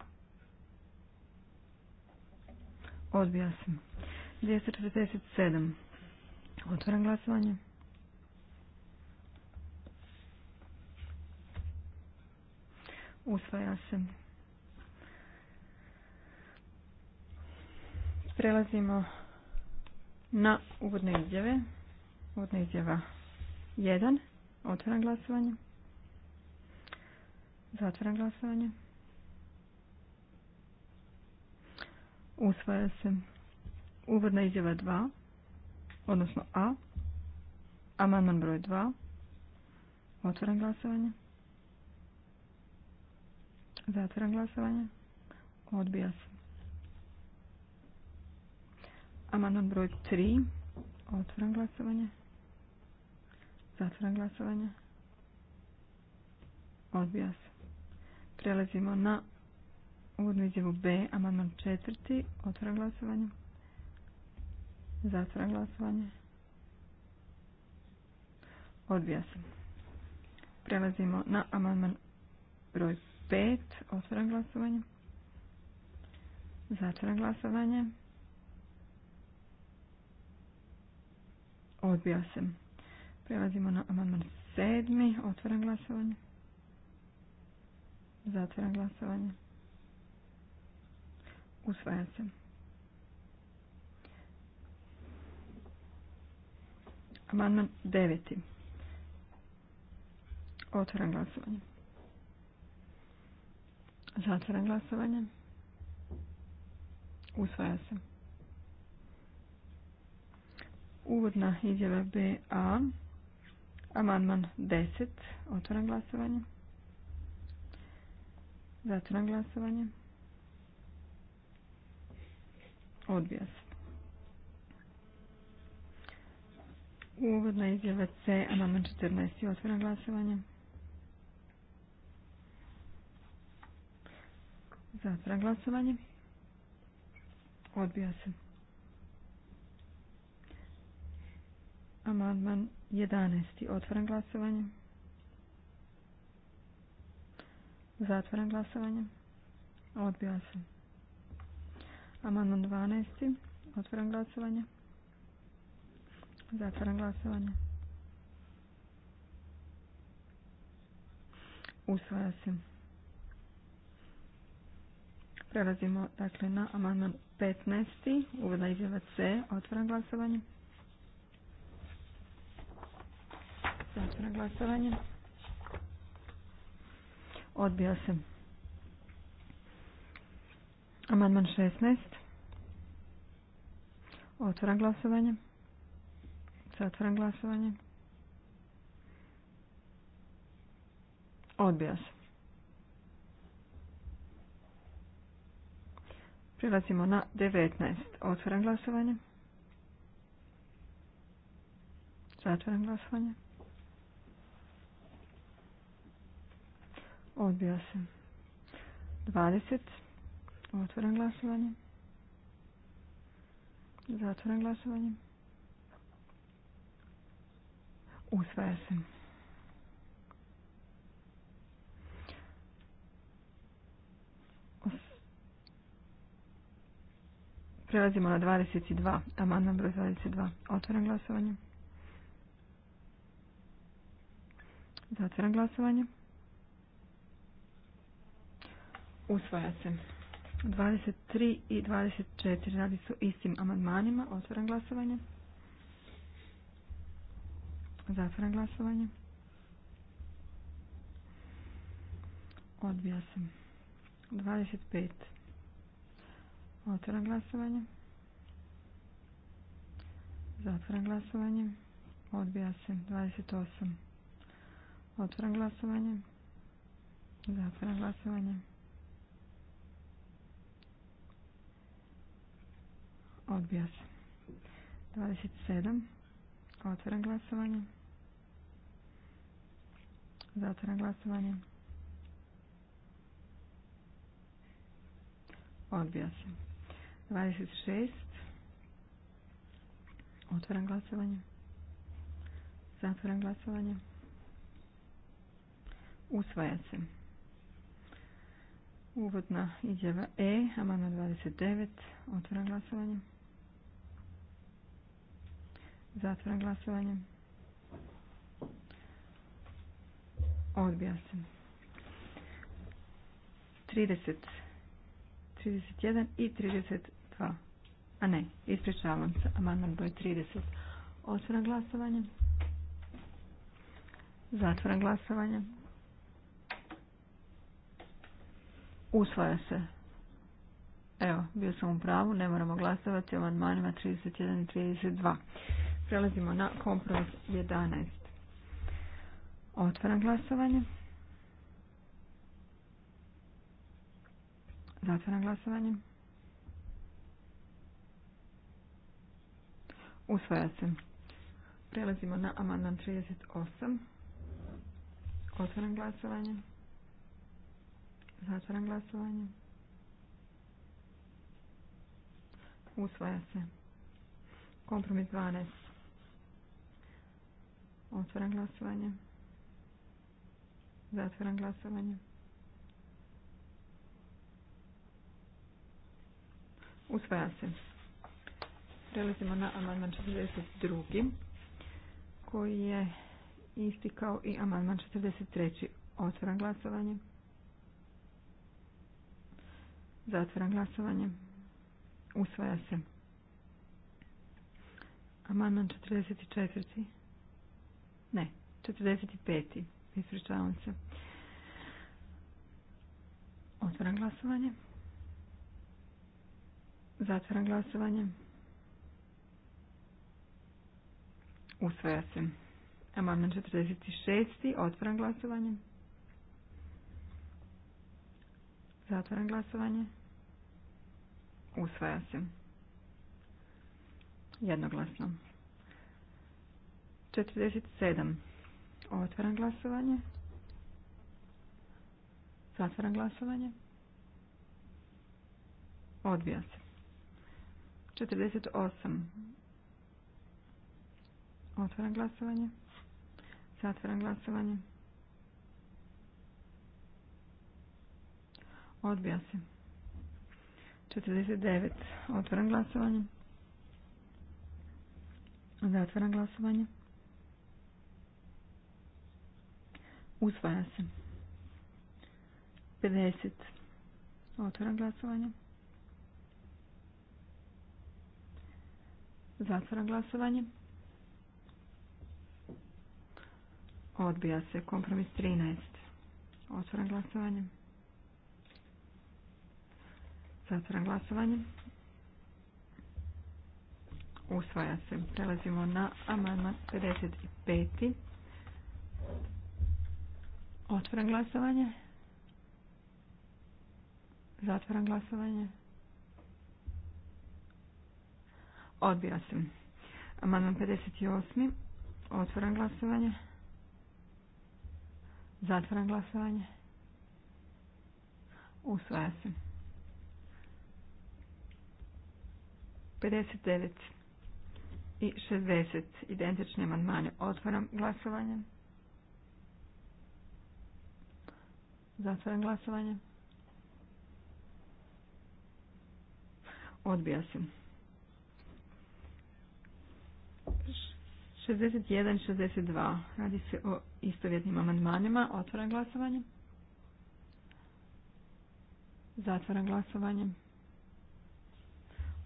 Odbija se. 247. Otvaram glasovanje. Usvaja se. Prelazimo na uvodne izjave. Uvodna izjava 1. otvoram glasovanje. Zatvaram glasovanje. Usvaja se. Uvodna izjava 2, odnosno A. Amandman broj 2. Otvaram glasovanje. Zatvaram glasovanje. Odbija se. Amandman broj 3. Otvaram glasovanje. Zatvaram glasovanje. Odbija se. Prelazimo na Uvodnu izjavu B, amandman četvrti, otvara glasovanje. Zatvara glasovanje. Odbija se. Prelazimo na amandman broj 5, otvara glasovanje. Zatvara glasovanje. Odbija se. Prelazimo na amandman sedmi. otvara glasovanje. Zatvara glasovanje. Usvaja se. Amandman deveti. Otvaram glasovanje. Zatvaram glasovanje. Usvaja se. Uvodna izjava BA. Amandman deset. Otvaram glasovanje. Zatvaram glasovanje. Odbija se. Uvodna izjava C, amandman 14. Otvoram glasovanje. Zatvoreno glasovanje. Odbija se. Amandman 11. Otvoren glasovanje. Zatvoram glasovanje. Odbija se. Amandman 12. Otvaram glasovanje. Zatvaram glasovanje. Usvaja se. Prelazimo dakle na amandman 15. Uvodna izjava C. Otvaram glasovanje. Zatvaram glasovanje. Odbija se. Amandman 16. Otvoram glasovanje. Zatvoram glasovanje. Odbija se. Prelazimo na 19. Otvoram glasovanje. Zatvoram glasovanje. Odbija se. 20. Otvoren glasovanje. Zatvoren glasovanje. Usvaja se. Prelazimo na 22. Amandman broj 22. Otvoren glasovanje. Zatvoren glasovanje. Usvaja se. 23 i 24 radi su istim amandmanima. otvoram glasovanje. Zatvaram glasovanje. Odbija se. 25. Otvaram glasovanje. Zatvoram glasovanje. Odbija se. 28. Otvaram glasovanje. Zatvoram glasovanje. Odbija se. 27. Otvoren glasovanje. Zatvoren glasovanje. Odbija se. 26. Otvoren glasovanje. Zatvoren glasovanje. Usvaja se. Uvodna izjava E, amandman 29. Otvoren glasovanje. Zatvoram glasovanje. Odbija se. 30, 31 i 32. A ne, ispričavam se. Amandman broj 30. Otvoram glasovanje. Zatvoram glasovanje. Usvaja se. Evo, bio sam u pravu, ne moramo glasovati o amandmanima 31 i 32. Prelazimo na kompromis 11. Otvaram glasovanje. Zatvaram glasovanje. Usvaja se. Prelazimo na amandman 38. Otvaram glasovanje. Zatvaram glasovanje. Usvaja se. Kompromis 12. Otvaram glasovanje. Zatvaram glasovanje. Usvaja se. Prelazimo na amandman 42. koji je isti kao i amandman 43. Otvaram glasovanje. Zatvaram glasovanje. Usvaja se. Amandman 44. Ne, 45. Ispričavam se. Otvaram glasovanje. Zatvaram glasovanje. Usvaja se. Amandman 46. Otvaram glasovanje. Zatvaram glasovanje. Usvaja se. Jednoglasno. 47. Otvaram glasovanje. Zatvaram glasovanje. Odbija se. 48. Otvaram glasovanje. Zatvaram glasovanje. Odbija se. 49. Otvaram glasovanje. Zatvaram glasovanje. Usvaja se. 50. Otvoram glasovanje. Zatvoram glasovanje. Odbija se kompromis 13. Otvoram glasovanje. Zatvoram glasovanje. Usvaja se. Prelazimo na amandman 55. Otvaram glasovanje. Zatvaram glasovanje. Odbija se. Amandman 58. Otvaram glasovanje. Zatvaram glasovanje. Usvaja se. 59 i 60 identični amandmani. Otvaram glasovanje. Zatvaram glasovanje. Odbija se. 61 i 62. Radi se o istovjetnim amandmanima. Otvaram glasovanje. Zatvaram glasovanje.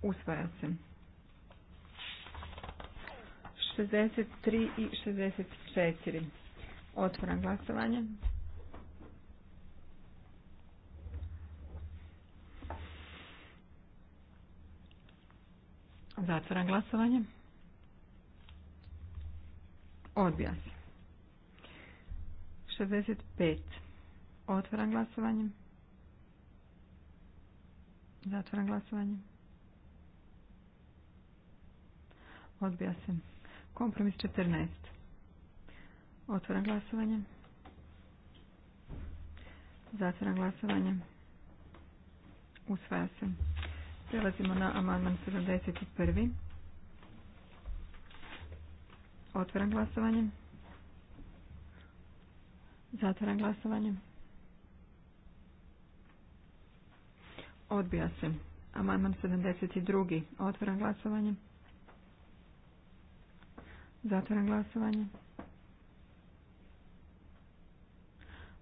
Usvaja se. 63 i 64. Otvaram glasovanje. Zatvaram glasovanje. Odbija se. 65. Otvaram glasovanje. Zatvaram glasovanje. Odbija se. Kompromis 14. Otvaram glasovanje. Zatvaram glasovanje. Usvaja se. Prelazimo na amandman 71. Otvaram glasovanje. Zatvaram glasovanje. Odbija se. Amandman 72. Otvaram glasovanje. Zatvaram glasovanje.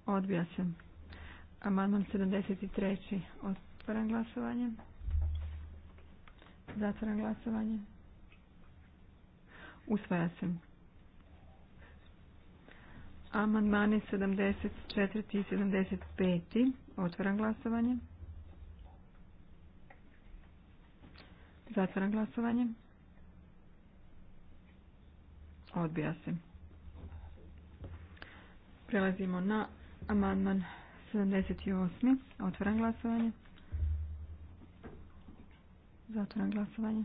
Odbija se. Amandman 73. Otvaram glasovanje. Zatvaram glasovanje. Usvaja se. Amandmani 74. i 75. Otvaram glasovanje. Zatvaram glasovanje. Odbija se. Prelazimo na amandman 78. Otvaram glasovanje. Zatvoram glasovanje.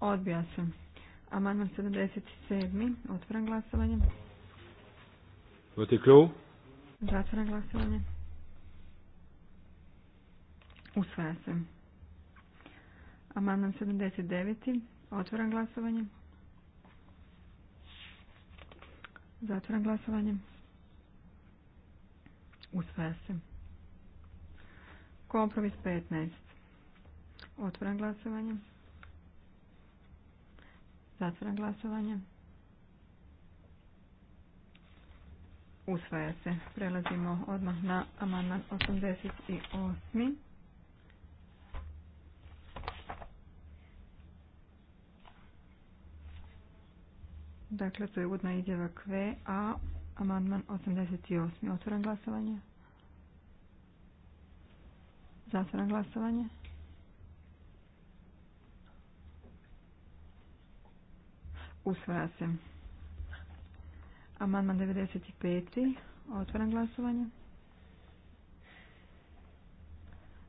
Odbija se. Amandman 77. Otvoram glasovanje. Votiklju. Zatvoram glasovanje. Usvaja se. Amandman 79. Otvoram glasovanje. Zatvoram glasovanje. Usvaja se. Kompromis 15. Otvoram glasovanje. Zatvoram glasovanje. Usvaja se. Prelazimo odmah na amandman 88. Dakle, to je uvodna izjava kve a amandman 88. Otvoram glasovanje. Zatvoram glasovanje. Usvaja se. Amandman 95. Otvoram glasovanje.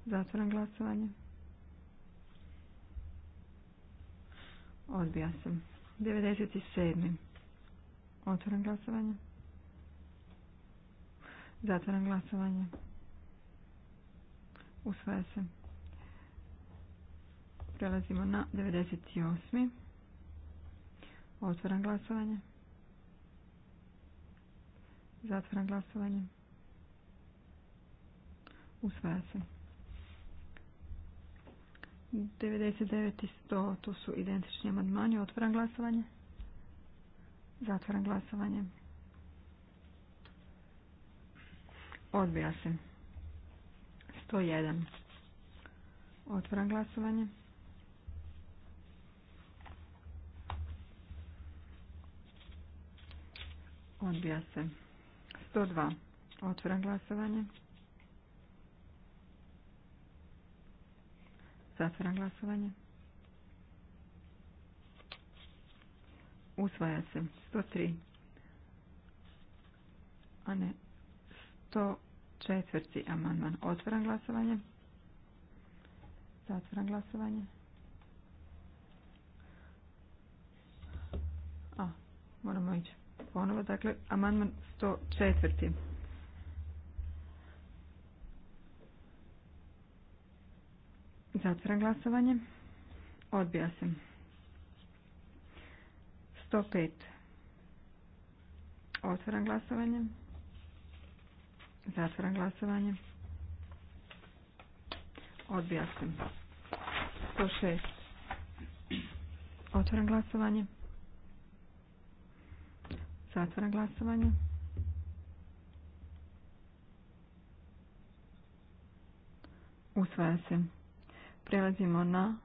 Zatvoram glasovanje. Odbija se. 97. Otvoram glasovanje. Zatvoram glasovanje. Usvaja se. Prelazimo na 98. Otvaram glasovanje. Zatvaram glasovanje. Usvaja se. 99 i 100 tu su identični amandmani. Otvaram glasovanje. Zatvaram glasovanje. Odbija se. 101. Otvoram glasovanje. Odbija se. 102. Otvoram glasovanje. Zatvoram glasovanje. Usvaja se. 103. A ne. 103. Četvrti amandman. Otvaram glasovanje. Zatvaram glasovanje. A, moramo ići ponovo. Dakle, amandman 104. Zatvaram glasovanje. Odbija se. 105. Otvaram glasovanje. Zatvaram glasovanje. Odbija se. 106. Otvaram glasovanje. Zatvaram glasovanje. Usvaja se. Prelazimo na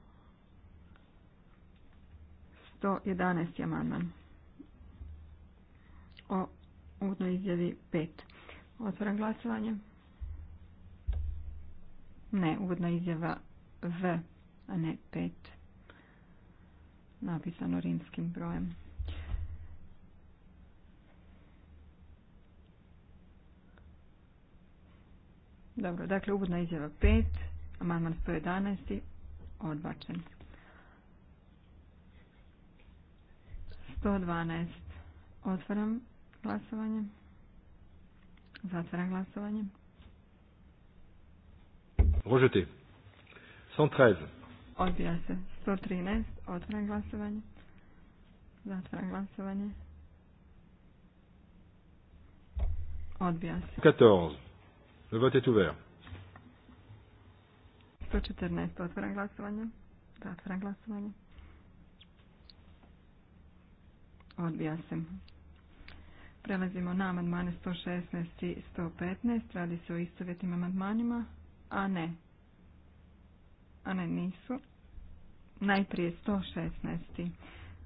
111. amandman. O uvodnoj izjavi 5. Otvoram glasovanje. Ne, uvodna izjava V, a ne 5. Napisano rimskim brojem. Dobro, dakle uvodna izjava 5, a amandman 111, odbačen. 112. Otvaram glasovanje. Zatvara glasovanje. Rožete. 113. Odbija se. 113. Otvara glasovanje. Zatvara glasovanje. Odbija se. 14. Le vote est ouvert. 114. Otvara glasovanje. Zatvara glasovanje. Odbija se. Prelazimo na amandmane 116 i 115. Radi se o istovjetnim amandmanima. A ne. A ne, nisu. Najprije 116.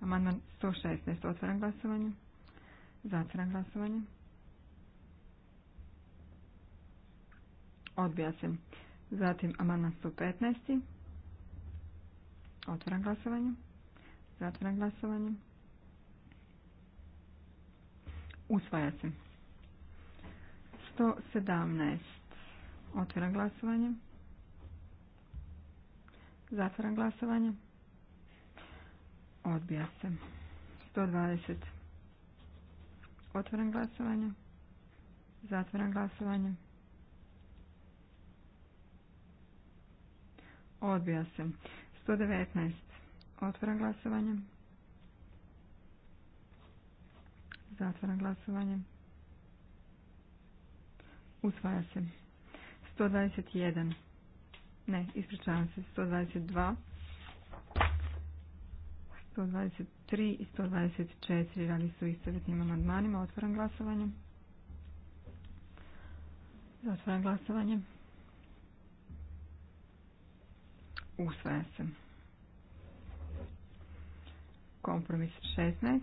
Amandman 116. Otvaram glasovanje. Zatvaram glasovanje. Odbija se. Zatim amandman 115. Otvaram glasovanje. Zatvaram glasovanje. Usvaja se. 117. Otvaram glasovanje. Zatvaram glasovanje. Odbija se. 120. Otvaram glasovanje. Zatvaram glasovanje. Odbija se. 119. Otvaram glasovanje. Zatvaram glasovanje. Usvaja se. 121. Ne, ispričavam se. 122. 123 i 124 radi su istovjetnim amandmanima. Otvaram glasovanje. Zatvaram glasovanje. Usvaja se. Kompromis 16.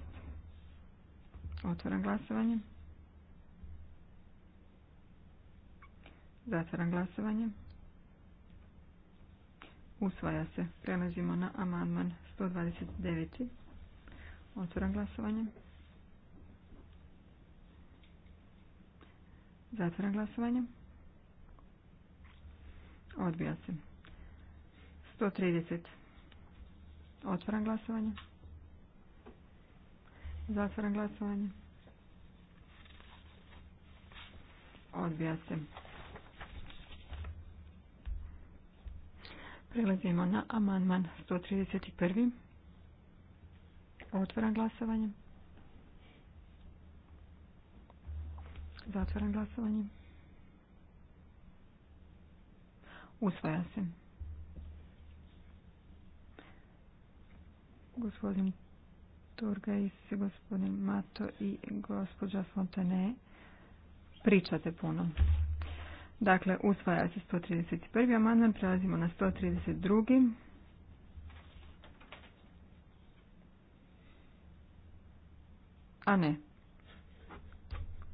Otvaram glasovanje. Zatvaram glasovanje. Usvaja se. Prelazimo na amandman 129. Otvaram glasovanje. Zatvaram glasovanje. Odbija se. 130. Otvaram glasovanje. Zatvaram glasovanje. Odbija se. Prelazimo na amandman 131. Otvaram glasovanje. Zatvaram glasovanje. Usvaja se. Gospodin se gospodin Mato i gospođa Fontane. Pričate puno. Dakle, usvaja se 131. amandman, prelazimo na 132. A ne.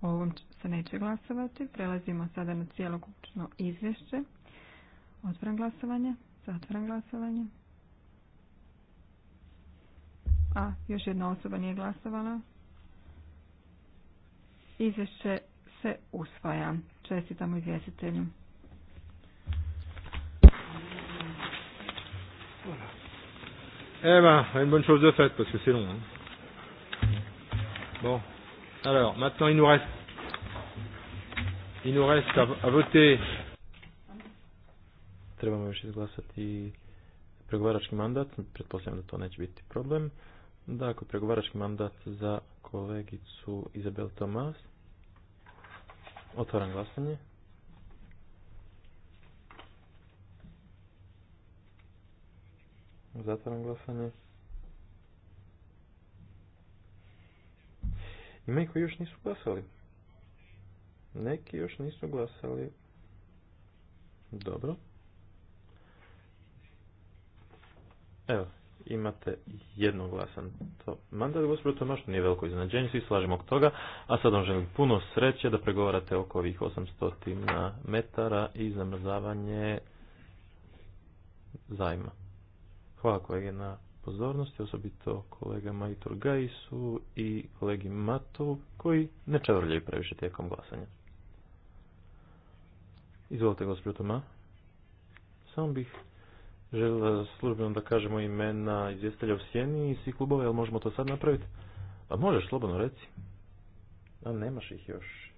O ovom se neće glasovati. Prelazimo sada na cijelokupno izvješće. Otvaram glasovanje. Zatvaram glasovanje. A, još jedna osoba nije glasovala. Izvješće se usvaja. Čestitamo izvjestitelju. Eh une bonne chose de faite, parce que c'est long. Hein. Bon. Alors, maintenant, il nous reste... Il nous reste à, à voter... Trebamo još izglasati pregovarački mandat, pretpostavljam da to neće biti problem. Dakle, pregovarački mandat za kolegicu Izabel Tomas. Otvaram glasanje. Zatvaram glasanje. Ima i koji još nisu glasali. Neki još nisu glasali. Dobro. Evo, imate jednoglasan to mandat, gospodin Tomaš, nije veliko iznenađenje, svi slažemo oko toga, a sad vam želim puno sreće da pregovarate oko ovih 800 metara i zamrzavanje zajma. Hvala kolege na pozornosti, osobito kolega i Turgajisu i kolegi Matu, koji ne čevrljaju previše tijekom glasanja. Izvolite, gospodin Toma. Samo bih da službeno da kažemo imena izvjestelja u sjeni i svih klubova, jel možemo to sad napraviti? Pa možeš, slobodno reci. A nemaš ih još.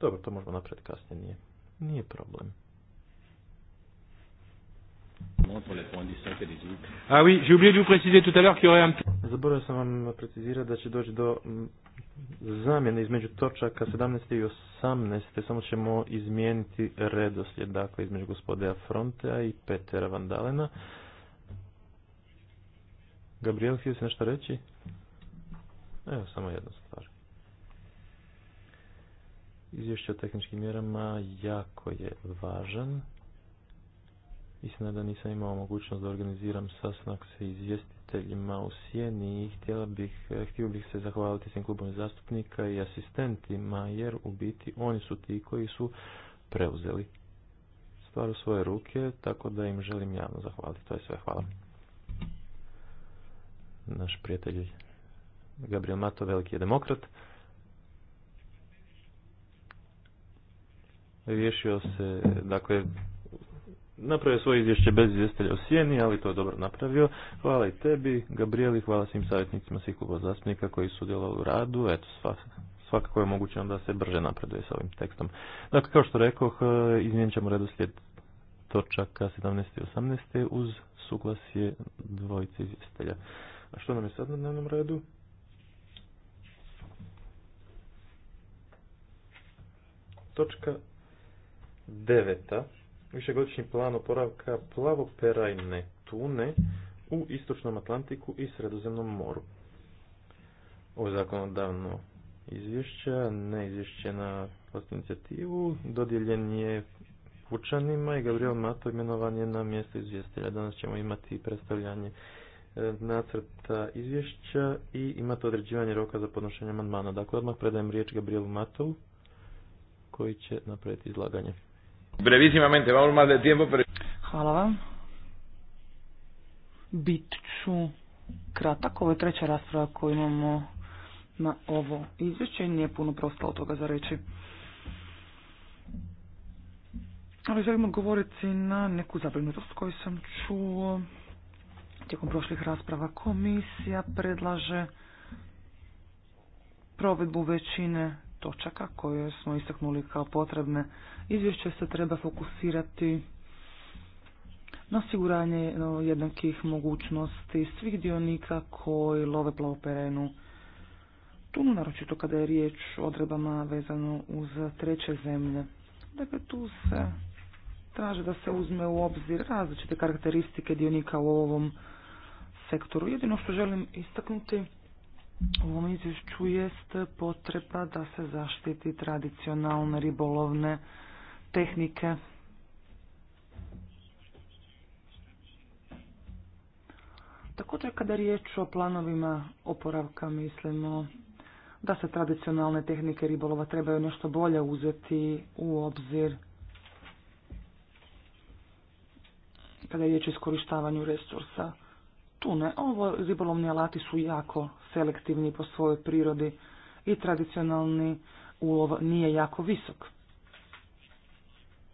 Dobro, to možemo napraviti kasnije, nije. Nije problem. Ah Zaboravio sam vam precizirati da će doći do zamjene između točaka 17. i 18. samo ćemo izmijeniti redoslijed, dakle između gospodina Frontea i Petera Vandalena. Gabriel, htio si nešto reći? Evo, samo jedna stvar. Izvješće o tehničkim mjerama jako je važan. Mislim da nisam imao mogućnost da organiziram sasnak se izvijesti gledateljima u Sijeni i htio bih se zahvaliti svim klubom zastupnika i asistentima jer u biti oni su ti koji su preuzeli stvar u svoje ruke, tako da im želim javno zahvaliti. To je sve, hvala. Naš prijatelj Gabriel Mato, veliki je demokrat. Riješio se, dakle, napravio svoje izvješće bez izvjestelja o sjeni, ali to je dobro napravio. Hvala i tebi, Gabrieli, hvala svim savjetnicima svih kluba zastupnika koji su djelovali u radu. Eto, svakako je moguće da se brže napreduje s ovim tekstom. Dakle, kao što rekoh, e, izmijenit ćemo redoslijed točaka 17. i 18. uz suglasje dvojice izvjestelja. A što nam je sad na dnevnom redu? Točka deveta višegodišnji plan oporavka plavoperajne tune u Istočnom Atlantiku i Sredozemnom moru. Ovo je zakonodavno izvješća, ne izvješće na vlastnu inicijativu, dodijeljen je Pučanima i Gabriel Mato imenovan je na mjesto izvjestelja. Danas ćemo imati predstavljanje e, nacrta izvješća i imate određivanje roka za podnošenje amandmana. Dakle, odmah predajem riječ Gabrielu Matovu koji će napraviti izlaganje. Brevisimamente, vamos más de tiempo, pero... Hvala vam. Bit ću kratak. Ovo je treća rasprava koju imamo na ovo izvješće nije puno od toga za reći. Ali želim odgovoriti na neku zabrinutost koju sam čuo tijekom prošlih rasprava. Komisija predlaže provedbu većine točaka koje smo istaknuli kao potrebne. Izvješće se treba fokusirati na osiguranje jednakih mogućnosti svih dionika koji love plavoperenu tunu, naročito kada je riječ o odrebama vezano uz treće zemlje. Dakle, tu se traže da se uzme u obzir različite karakteristike dionika u ovom sektoru. Jedino što želim istaknuti u ovom izvješću jest potreba da se zaštiti tradicionalne ribolovne tehnike. Također kada je riječ o planovima oporavka mislimo da se tradicionalne tehnike ribolova trebaju nešto bolje uzeti u obzir kada je riječ o iskorištavanju resursa tune. Ovo ribolovni alati su jako selektivni po svojoj prirodi i tradicionalni ulov nije jako visok.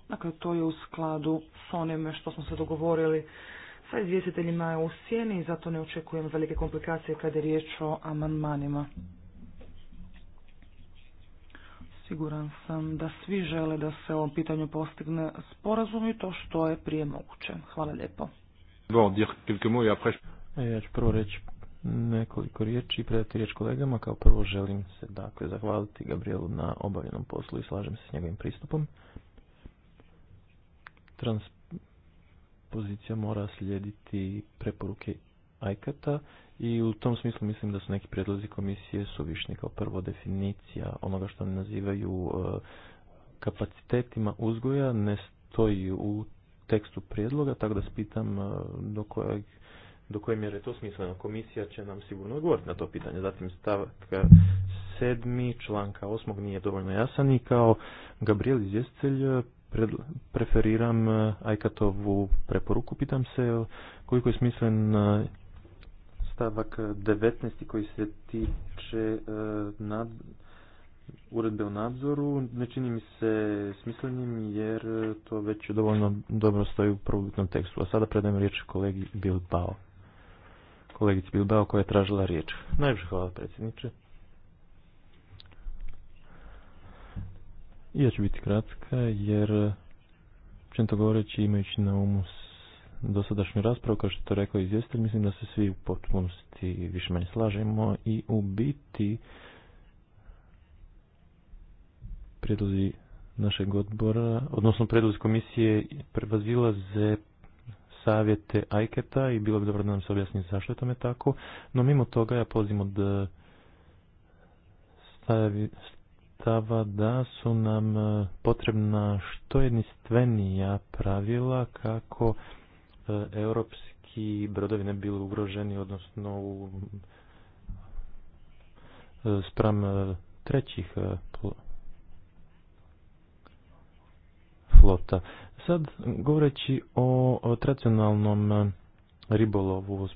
Dakle, to je u skladu s onime što smo se dogovorili sa izvjestiteljima u sjeni i zato ne očekujem velike komplikacije kada je riječ o amandmanima. Siguran sam da svi žele da se ovom pitanju postigne sporazum i to što je prije moguće. Hvala lijepo. Bon, dire E, ja ću prvo reći nekoliko riječi i predati riječ kolegama. Kao prvo želim se dakle zahvaliti Gabrielu na obavljenom poslu i slažem se s njegovim pristupom. Transpozicija mora slijediti preporuke Ajkata i u tom smislu mislim da su neki predlozi komisije suvišni kao prvo definicija onoga što nazivaju e, kapacitetima uzgoja ne stoji u tekstu prijedloga, tako da spitam e, do kojeg do koje mjere je to smisleno. Komisija će nam sigurno odgovoriti na to pitanje. Zatim stavak sedmi članka osmog nije dovoljno jasan i kao Gabriel izvjestitelj eh, preferiram eh, Ajkatovu preporuku. Pitam se eh, koliko je smislen stavak 19. koji se tiče nad, uredbe o nadzoru. Ne čini mi se smislenim jer to već dovoljno dobro stoji u prvobitnom tekstu. A sada predajem riječ kolegi Bilbao kolegici Bilbao koja je tražila riječ. Najviše hvala predsjedniče. ja ću biti kratka jer čem to govoreći imajući na umu dosadašnju raspravu, kao što je to rekao izvjestelj, mislim da se svi u potpunosti više manje slažemo i u biti predlozi našeg odbora, odnosno predlozi komisije prevazilaze savjete Ajketa i bilo bi dobro da nam se objasni zašto je tome tako, no mimo toga ja pozivam od eh, stava da su nam eh, potrebna što jedinstvenija pravila kako eh, europski brodovi ne bili ugroženi, odnosno u, spram trećih flota. Sad, govoreći o, tradicionalnom e, ribolovu,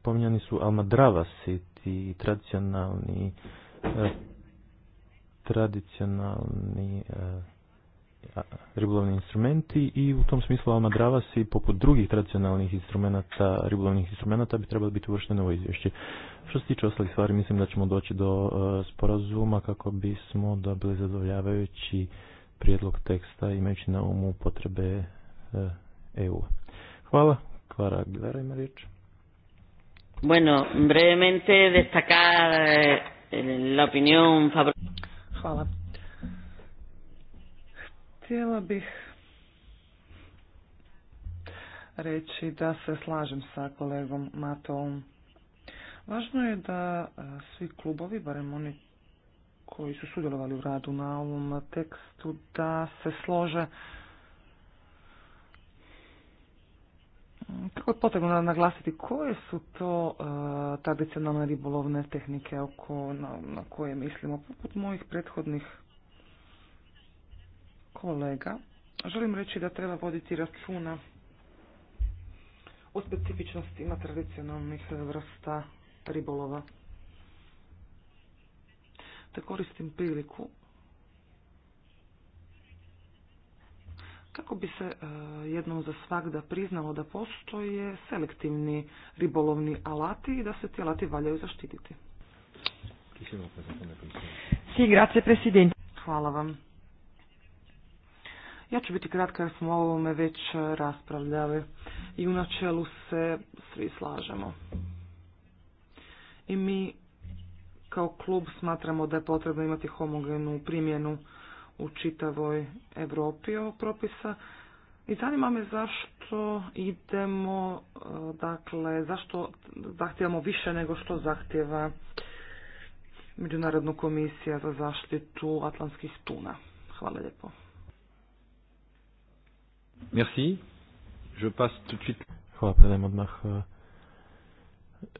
spominjani su almadravasi, ti tradicionalni e, tradicionalni e, ribolovni instrumenti i u tom smislu Almadravasi poput drugih tradicionalnih instrumenata, ribolovnih instrumenata bi trebali biti uvršteno u izvješće. Što se tiče ostalih stvari, mislim da ćemo doći do sporazuma kako bismo dobili zadovoljavajući prijedlog teksta imajući na umu potrebe EU. E Hvala. Klara Aguilera ima riječ. Bueno, brevemente destacar eh, la opinión Hvala. Htjela bih reći da se slažem sa kolegom Matovom. Važno je da eh, svi klubovi, barem oni koji su sudjelovali u radu na ovom tekstu da se slože kako je potrebno naglasiti koje su to e, tradicionalne ribolovne tehnike oko, na, na koje mislimo poput mojih prethodnih kolega. Želim reći da treba voditi računa o specifičnostima tradicionalnih vrsta ribolova koristim priliku kako bi se e, jednom za svakda priznalo da postoje selektivni ribolovni alati i da se ti alati valjaju zaštititi. Hvala vam. Ja ću biti kratka jer smo o ovome već raspravljali i u načelu se svi slažemo. I mi kao klub smatramo da je potrebno imati homogenu primjenu u čitavoj Europi ovog propisa. I zanima me zašto idemo, e, dakle, zašto zahtijevamo više nego što zahtjeva Međunarodna komisija za zaštitu atlantskih stuna. Hvala lijepo. Merci. Je passe tout de suite. Hvala, predajem odmah e,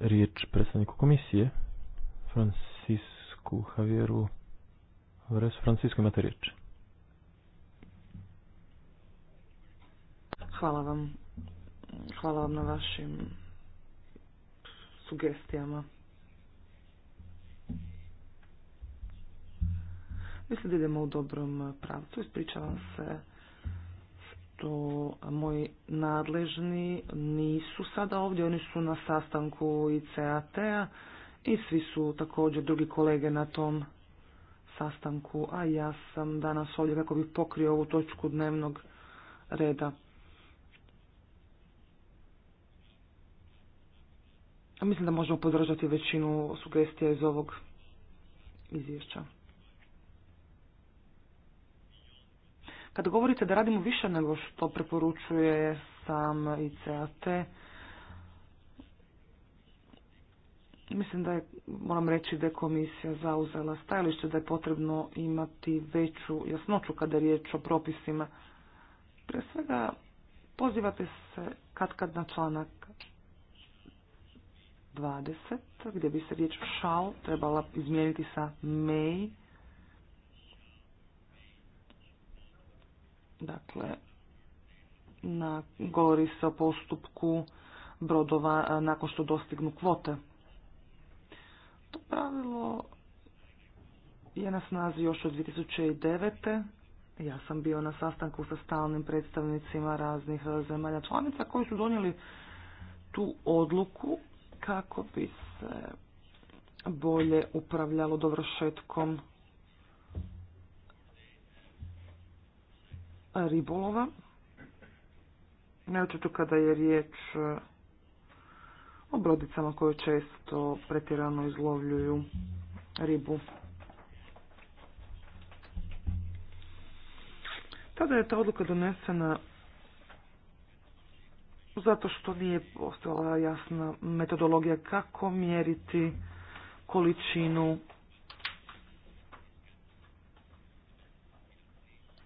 riječ predstavniku komisije. Francisku Javieru Vres. Francisku, imate riječ. Hvala vam. Hvala vam na vašim sugestijama. Mislim da idemo u dobrom pravcu. Ispričavam se što moji nadležni nisu sada ovdje. Oni su na sastanku ICAT-a i svi su također drugi kolege na tom sastanku, a ja sam danas ovdje kako bih pokrio ovu točku dnevnog reda. A mislim da možemo podržati većinu sugestija iz ovog izvješća. Kad govorite da radimo više nego što preporučuje sam ICAT, Mislim da je, moram reći da je komisija zauzela stajalište da je potrebno imati veću jasnoću kada je riječ o propisima. Pre svega pozivate se kad kad na članak 20, gdje bi se riječ šao, trebala izmijeniti sa may. Dakle, na, govori se o postupku brodova nakon što dostignu kvote. To pravilo je na snazi još od 2009. Ja sam bio na sastanku sa stalnim predstavnicima raznih e, zemalja članica koji su donijeli tu odluku kako bi se bolje upravljalo dovršetkom ribolova. neočito kada je riječ e, o brodicama koje često pretjerano izlovljuju ribu. Tada je ta odluka donesena zato što nije postala jasna metodologija kako mjeriti količinu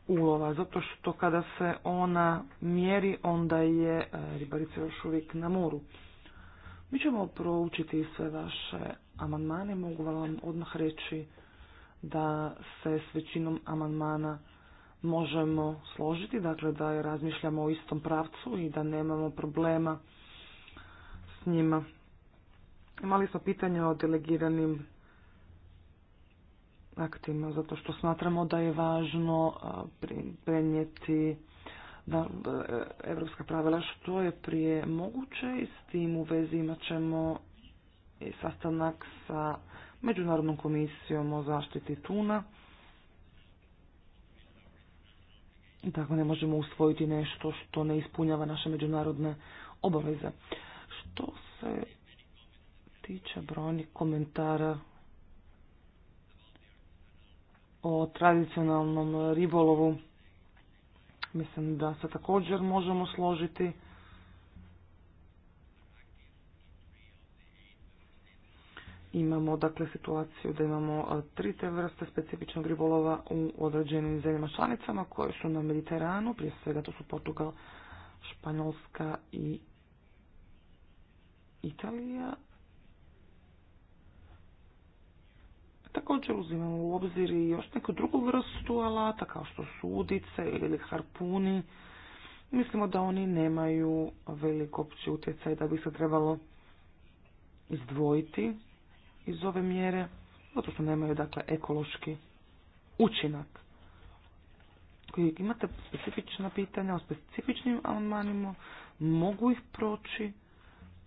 ulova, zato što kada se ona mjeri, onda je e, ribarica još uvijek na moru. Mi ćemo proučiti sve vaše amandmane. Mogu vam odmah reći da se s većinom amandmana možemo složiti, dakle da razmišljamo o istom pravcu i da nemamo problema s njima. Imali smo pitanje o delegiranim aktima, zato što smatramo da je važno prenijeti da e, evropska pravila što je prije moguće i s tim u vezi imat ćemo sastanak sa Međunarodnom komisijom o zaštiti tuna. Tako ne možemo usvojiti nešto što ne ispunjava naše međunarodne obaveze. Što se tiče brojnih komentara o tradicionalnom ribolovu, Mislim da se također možemo složiti. Imamo dakle situaciju da imamo tri te vrste specifičnog ribolova u određenim zemljama članicama koje su na Mediteranu, prije svega to su Portugal, Španjolska i Italija, Također uzimamo u obzir i još neku drugu vrstu alata kao što su udice ili harpuni. Mislimo da oni nemaju velik opći utjecaj da bi se trebalo izdvojiti iz ove mjere, zato što nemaju dakle ekološki učinak. Koji imate specifična pitanja o specifičnim amandmanima, mogu ih proći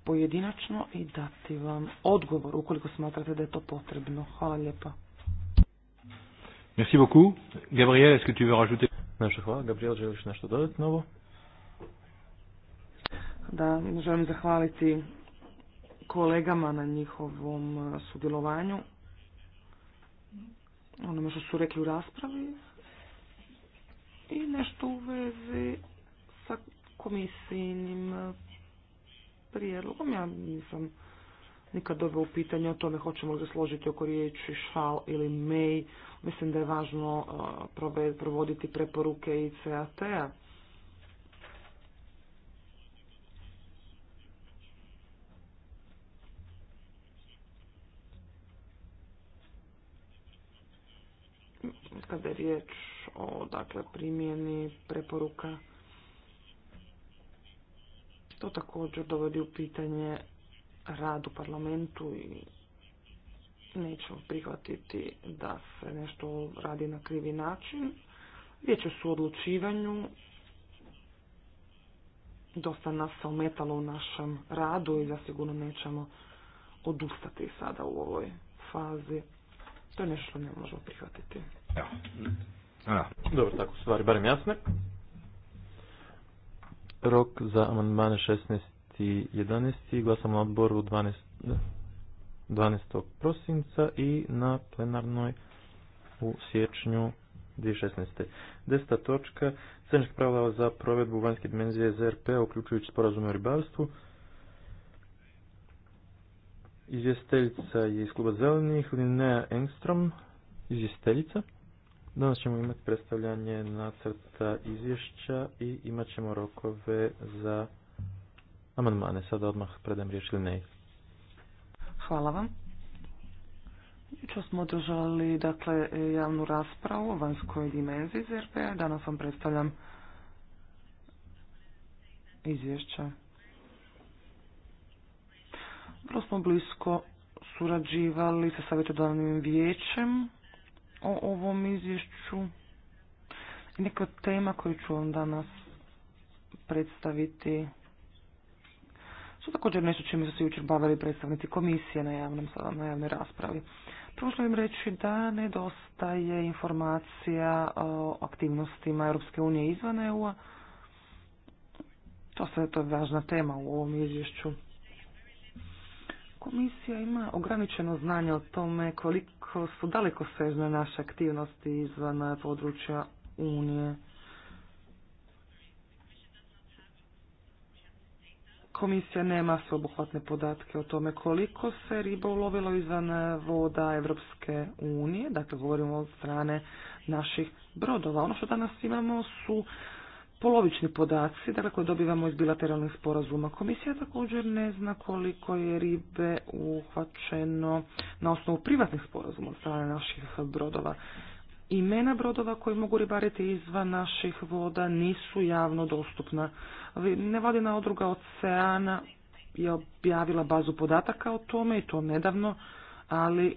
pojedinačno i dati vam odgovor ukoliko smatrate da je to potrebno. Hvala lijepa. Merci beaucoup. Gabriel, est-ce que tu veux rajouter hvala. Gabriel, želiš nešto dodati novo? Da, želim zahvaliti kolegama na njihovom sudjelovanju. Onome što su rekli u raspravi. I nešto u vezi sa komisijnim prijedlogom. Ja nisam nikad dobio u pitanje o tome hoćemo li se složiti oko riječi ŠAL ili may. Mislim da je važno uh, provoditi preporuke i CAT-a. Kada je riječ o dakle, primjeni preporuka to također dovodi u pitanje rad u parlamentu i nećemo prihvatiti da se nešto radi na krivi način. Riječ su odlučivanju. Dosta nas se ometalo u našem radu i sigurno nećemo odustati sada u ovoj fazi. To je nešto ne možemo prihvatiti. Dobro, tako stvari barem jasne rok za amandmane 16 i 11. na odboru 12. 12. prosinca i na plenarnoj u siječnju 2016. Deseta točka, crnička pravila za provedbu vanjske dimenzije ZRP, uključujući sporazum o ribarstvu. Izvjesteljica je iz kluba zelenih, Linnea Engstrom, izvjesteljica. Danas ćemo imati predstavljanje nacrta izvješća i imat ćemo rokove za amandmane. Sada odmah predam riječ ne. Hvala vam. Jučer smo održali dakle, javnu raspravu o vanjskoj dimenziji ZRP. Danas vam predstavljam izvješća. Vrlo smo blisko surađivali sa savjetodavnim vijećem o ovom izvješću i neka tema koju ću vam danas predstaviti su također nešto čime su se jučer bavili predstavnici komisije na, javnom, na javnoj raspravi. Prvo želim reći da nedostaje informacija o aktivnostima Europske unije izvan EU-a. To sve to važna tema u ovom izvješću. Komisija ima ograničeno znanje o tome koliko su daleko sežne naše aktivnosti izvan područja Unije. Komisija nema sveobuhvatne podatke o tome koliko se riba ulovilo izvan voda Evropske unije, dakle govorimo od strane naših brodova. Ono što danas imamo su polovični podaci, dakle koje dobivamo iz bilateralnih sporazuma. Komisija također ne zna koliko je ribe uhvaćeno na osnovu privatnih sporazuma od strane naših brodova. Imena brodova koji mogu ribariti izvan naših voda nisu javno dostupna. Nevladina odruga Oceana je objavila bazu podataka o tome i to nedavno, ali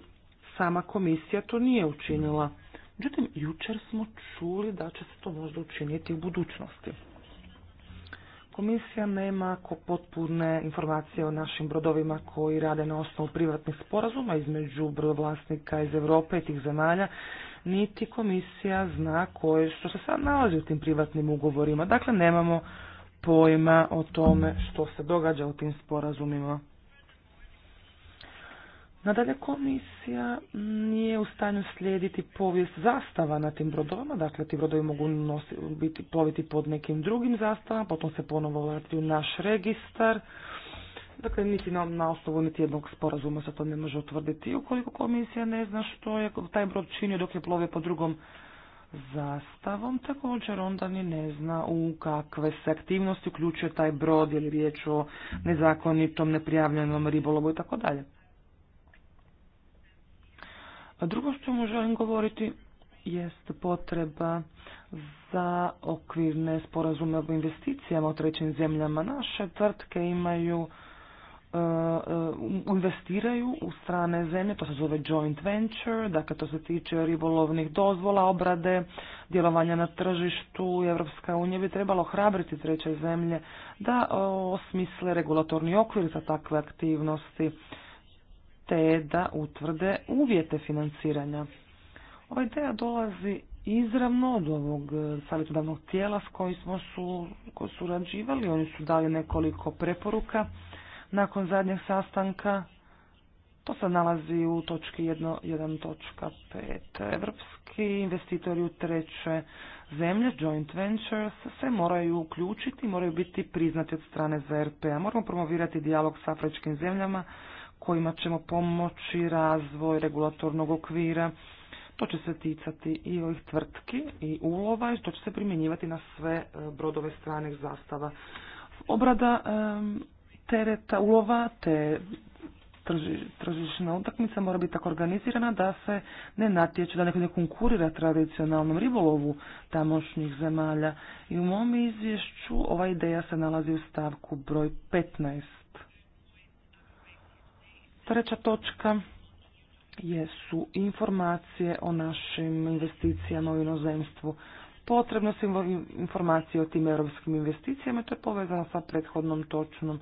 sama komisija to nije učinila. Međutim, jučer smo čuli da će se to možda učiniti u budućnosti. Komisija nema potpune informacije o našim brodovima koji rade na osnovu privatnih sporazuma između brodovlasnika iz Europe i tih zemalja, niti komisija zna koje što se sad nalazi u tim privatnim ugovorima. Dakle, nemamo pojma o tome što se događa u tim sporazumima. Nadalje, komisija nije u stanju slijediti povijest zastava na tim brodovima, dakle ti brodovi mogu biti, ploviti pod nekim drugim zastavama, potom se ponovo vrati u naš registar, dakle niti na, na osnovu niti jednog sporazuma se to ne može utvrditi. Ukoliko komisija ne zna što je taj brod činio dok je plove pod drugom zastavom, također onda ni ne zna u kakve se aktivnosti uključuje taj brod ili riječ o nezakonitom, neprijavljenom ribolovu i tako dalje. A drugo što mu želim govoriti jest potreba za okvirne sporazume o investicijama u trećim zemljama. Naše tvrtke imaju e, e, investiraju u strane zemlje, to se zove joint venture, dakle to se tiče ribolovnih dozvola, obrade, djelovanja na tržištu, Evropska unija bi trebalo hrabriti treće zemlje da osmisle regulatorni okvir za takve aktivnosti te da utvrde uvjete financiranja. Ova ideja dolazi izravno od ovog savjetodavnog tijela s kojim smo su, koji su Oni su dali nekoliko preporuka nakon zadnjeg sastanka. To se nalazi u točki 1.5. Evropski investitori u treće zemlje, joint ventures, se moraju uključiti, moraju biti priznati od strane ZRP-a. Moramo promovirati dijalog s afričkim zemljama kojima ćemo pomoći razvoj regulatornog okvira. To će se ticati i ovih tvrtki i ulova i to će se primjenjivati na sve e, brodove stranih zastava. Obrada e, tereta ulova te tržišna utakmica mora biti tako organizirana da se ne natječe, da neko ne konkurira tradicionalnom ribolovu tamošnjih zemalja. I u mom izvješću ova ideja se nalazi u stavku broj 15. Treća točka jesu informacije o našim investicijama u inozemstvu. Potrebno su informacije o tim europskim investicijama, to je povezano sa prethodnom točnom.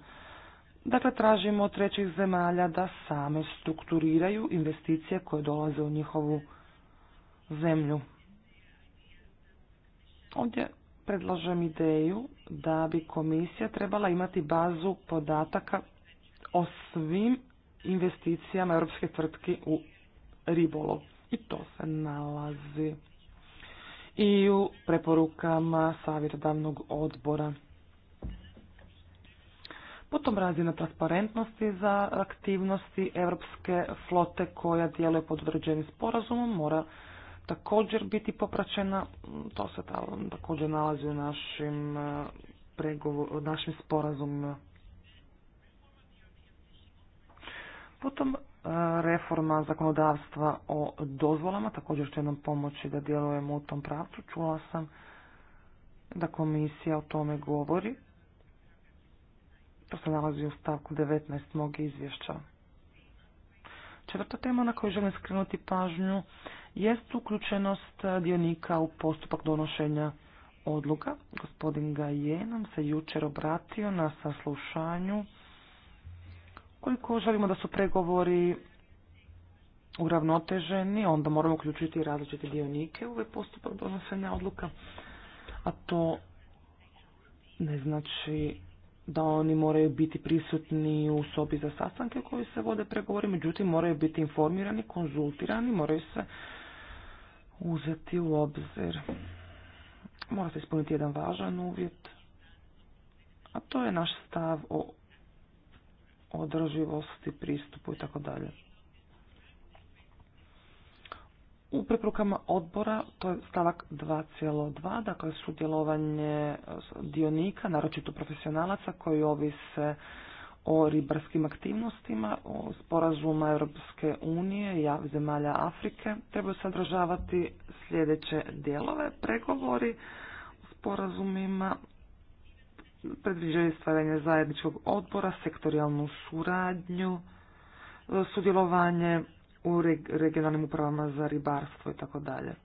Dakle, tražimo od trećih zemalja da same strukturiraju investicije koje dolaze u njihovu zemlju. Ovdje predlažem ideju da bi komisija trebala imati bazu podataka o svim investicijama Europske tvrtki u ribolov. I to se nalazi i u preporukama savjetodavnog odbora. Potom razina transparentnosti za aktivnosti europske flote koja djeluje pod određenim sporazumom mora također biti popraćena. To se također nalazi u našim, eh, pregovor, našim sporazumima. Potom e, reforma zakonodavstva o dozvolama, također će nam pomoći da djelujemo u tom pravcu. Čula sam da komisija o tome govori. To se nalazi u stavku 19 mog izvješća. Četvrta tema na koju želim skrenuti pažnju jest uključenost dionika u postupak donošenja odluka. Gospodin gajenom nam se jučer obratio na saslušanju koliko želimo da su pregovori uravnoteženi, onda moramo uključiti različite dionike u ovaj postupak donosenja odluka, a to ne znači da oni moraju biti prisutni u sobi za sastanke koji se vode pregovori, međutim moraju biti informirani, konzultirani, moraju se uzeti u obzir. Mora se ispuniti jedan važan uvjet, a to je naš stav o održivosti, pristupu i tako dalje. U preporukama odbora to je stavak 2.2, dakle sudjelovanje e, dionika, naročito profesionalaca koji ovise o ribarskim aktivnostima, o sporazuma Europske unije i zemalja Afrike trebaju sadržavati sljedeće dijelove pregovori o sporazumima predviđaju stvaranje zajedničkog odbora, sektorijalnu suradnju, sudjelovanje u regionalnim upravama za ribarstvo i tako dalje.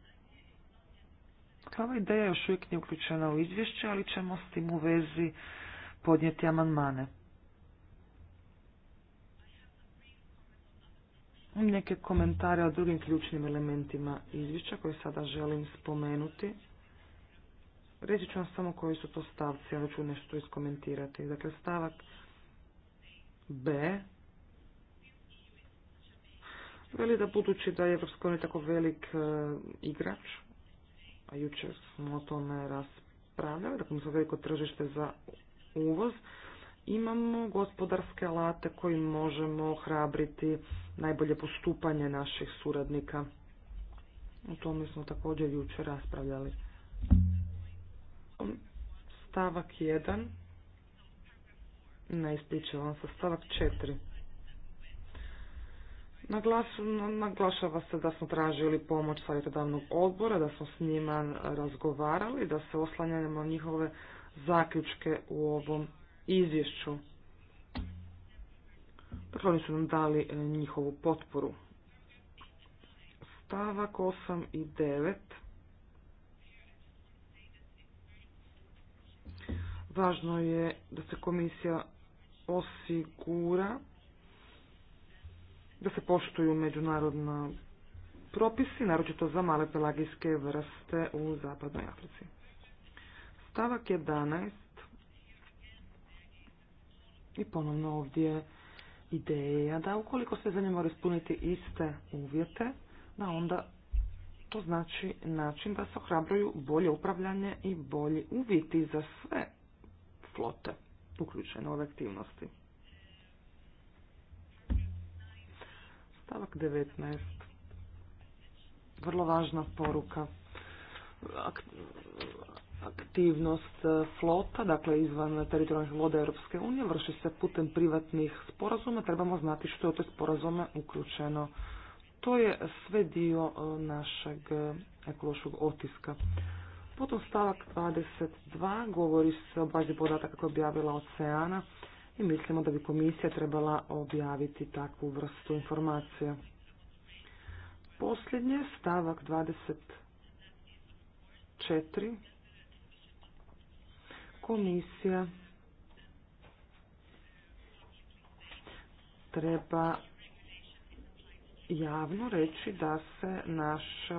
Ova ideja još uvijek nije uključena u izvješće, ali ćemo s tim u vezi podnijeti amandmane. Neke komentare o drugim ključnim elementima izvješća koje sada želim spomenuti. Reći ću vam samo koji su to stavci, ali ću nešto iskomentirati. Dakle, stavak B veli da budući da je Evropska unija tako velik e, igrač, a jučer smo o tome raspravljali, dakle smo veliko tržište za uvoz, imamo gospodarske alate koji možemo ohrabriti najbolje postupanje naših suradnika. O tome smo također jučer raspravljali stavak 1. Ne ispričavam se, stavak 4. naglašava se da smo tražili pomoć savjetodavnog odbora, da smo s njima razgovarali, da se oslanjamo njihove zaključke u ovom izvješću. Dakle, oni su nam dali e, njihovu potporu. Stavak 8 i 9. Važno je da se komisija osigura da se poštuju međunarodni propisi, naročito za male pelagijske vrste u zapadnoj Africi. Stavak 11. I ponovno ovdje ideja da ukoliko se zemlje ispuniti iste uvjete, da onda to znači način da se ohrabruju bolje upravljanje i bolji uvjeti za sve flote uključene ove aktivnosti. Stavak 19. Vrlo važna poruka. Aktivnost e, flota, dakle izvan teritorijalnih voda Europske unije, vrši se putem privatnih sporazuma. Trebamo znati što je u te sporazume uključeno. To je sve dio e, našeg e, ekološkog otiska. Potom stavak 22 govori se o bazi podataka kako je objavila oceana i mislimo da bi komisija trebala objaviti takvu vrstu informacija. Posljednje, stavak 24. Komisija treba javno reći da se naše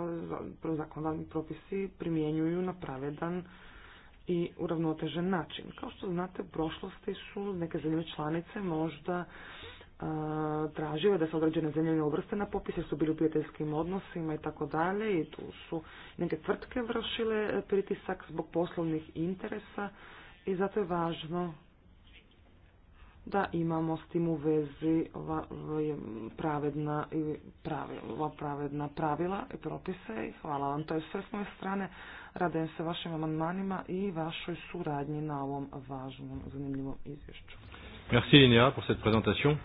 zakonodavni propisi primjenjuju na pravedan i uravnotežen način. Kao što znate, u prošlosti su neke zemlje članice možda tražile da se određene zemlje ne uvrste na popis jer su bili u prijateljskim odnosima i tako dalje i tu su neke tvrtke vršile pritisak zbog poslovnih interesa i zato je važno da imamo s tim u vezi ovaj, pravedna, pravila, pravedna pravila i propise i hvala vam. To je sve s moje strane. Radujem se vašim amandmanima i vašoj suradnji na ovom važnom, zanimljivom izvješću. Merci cette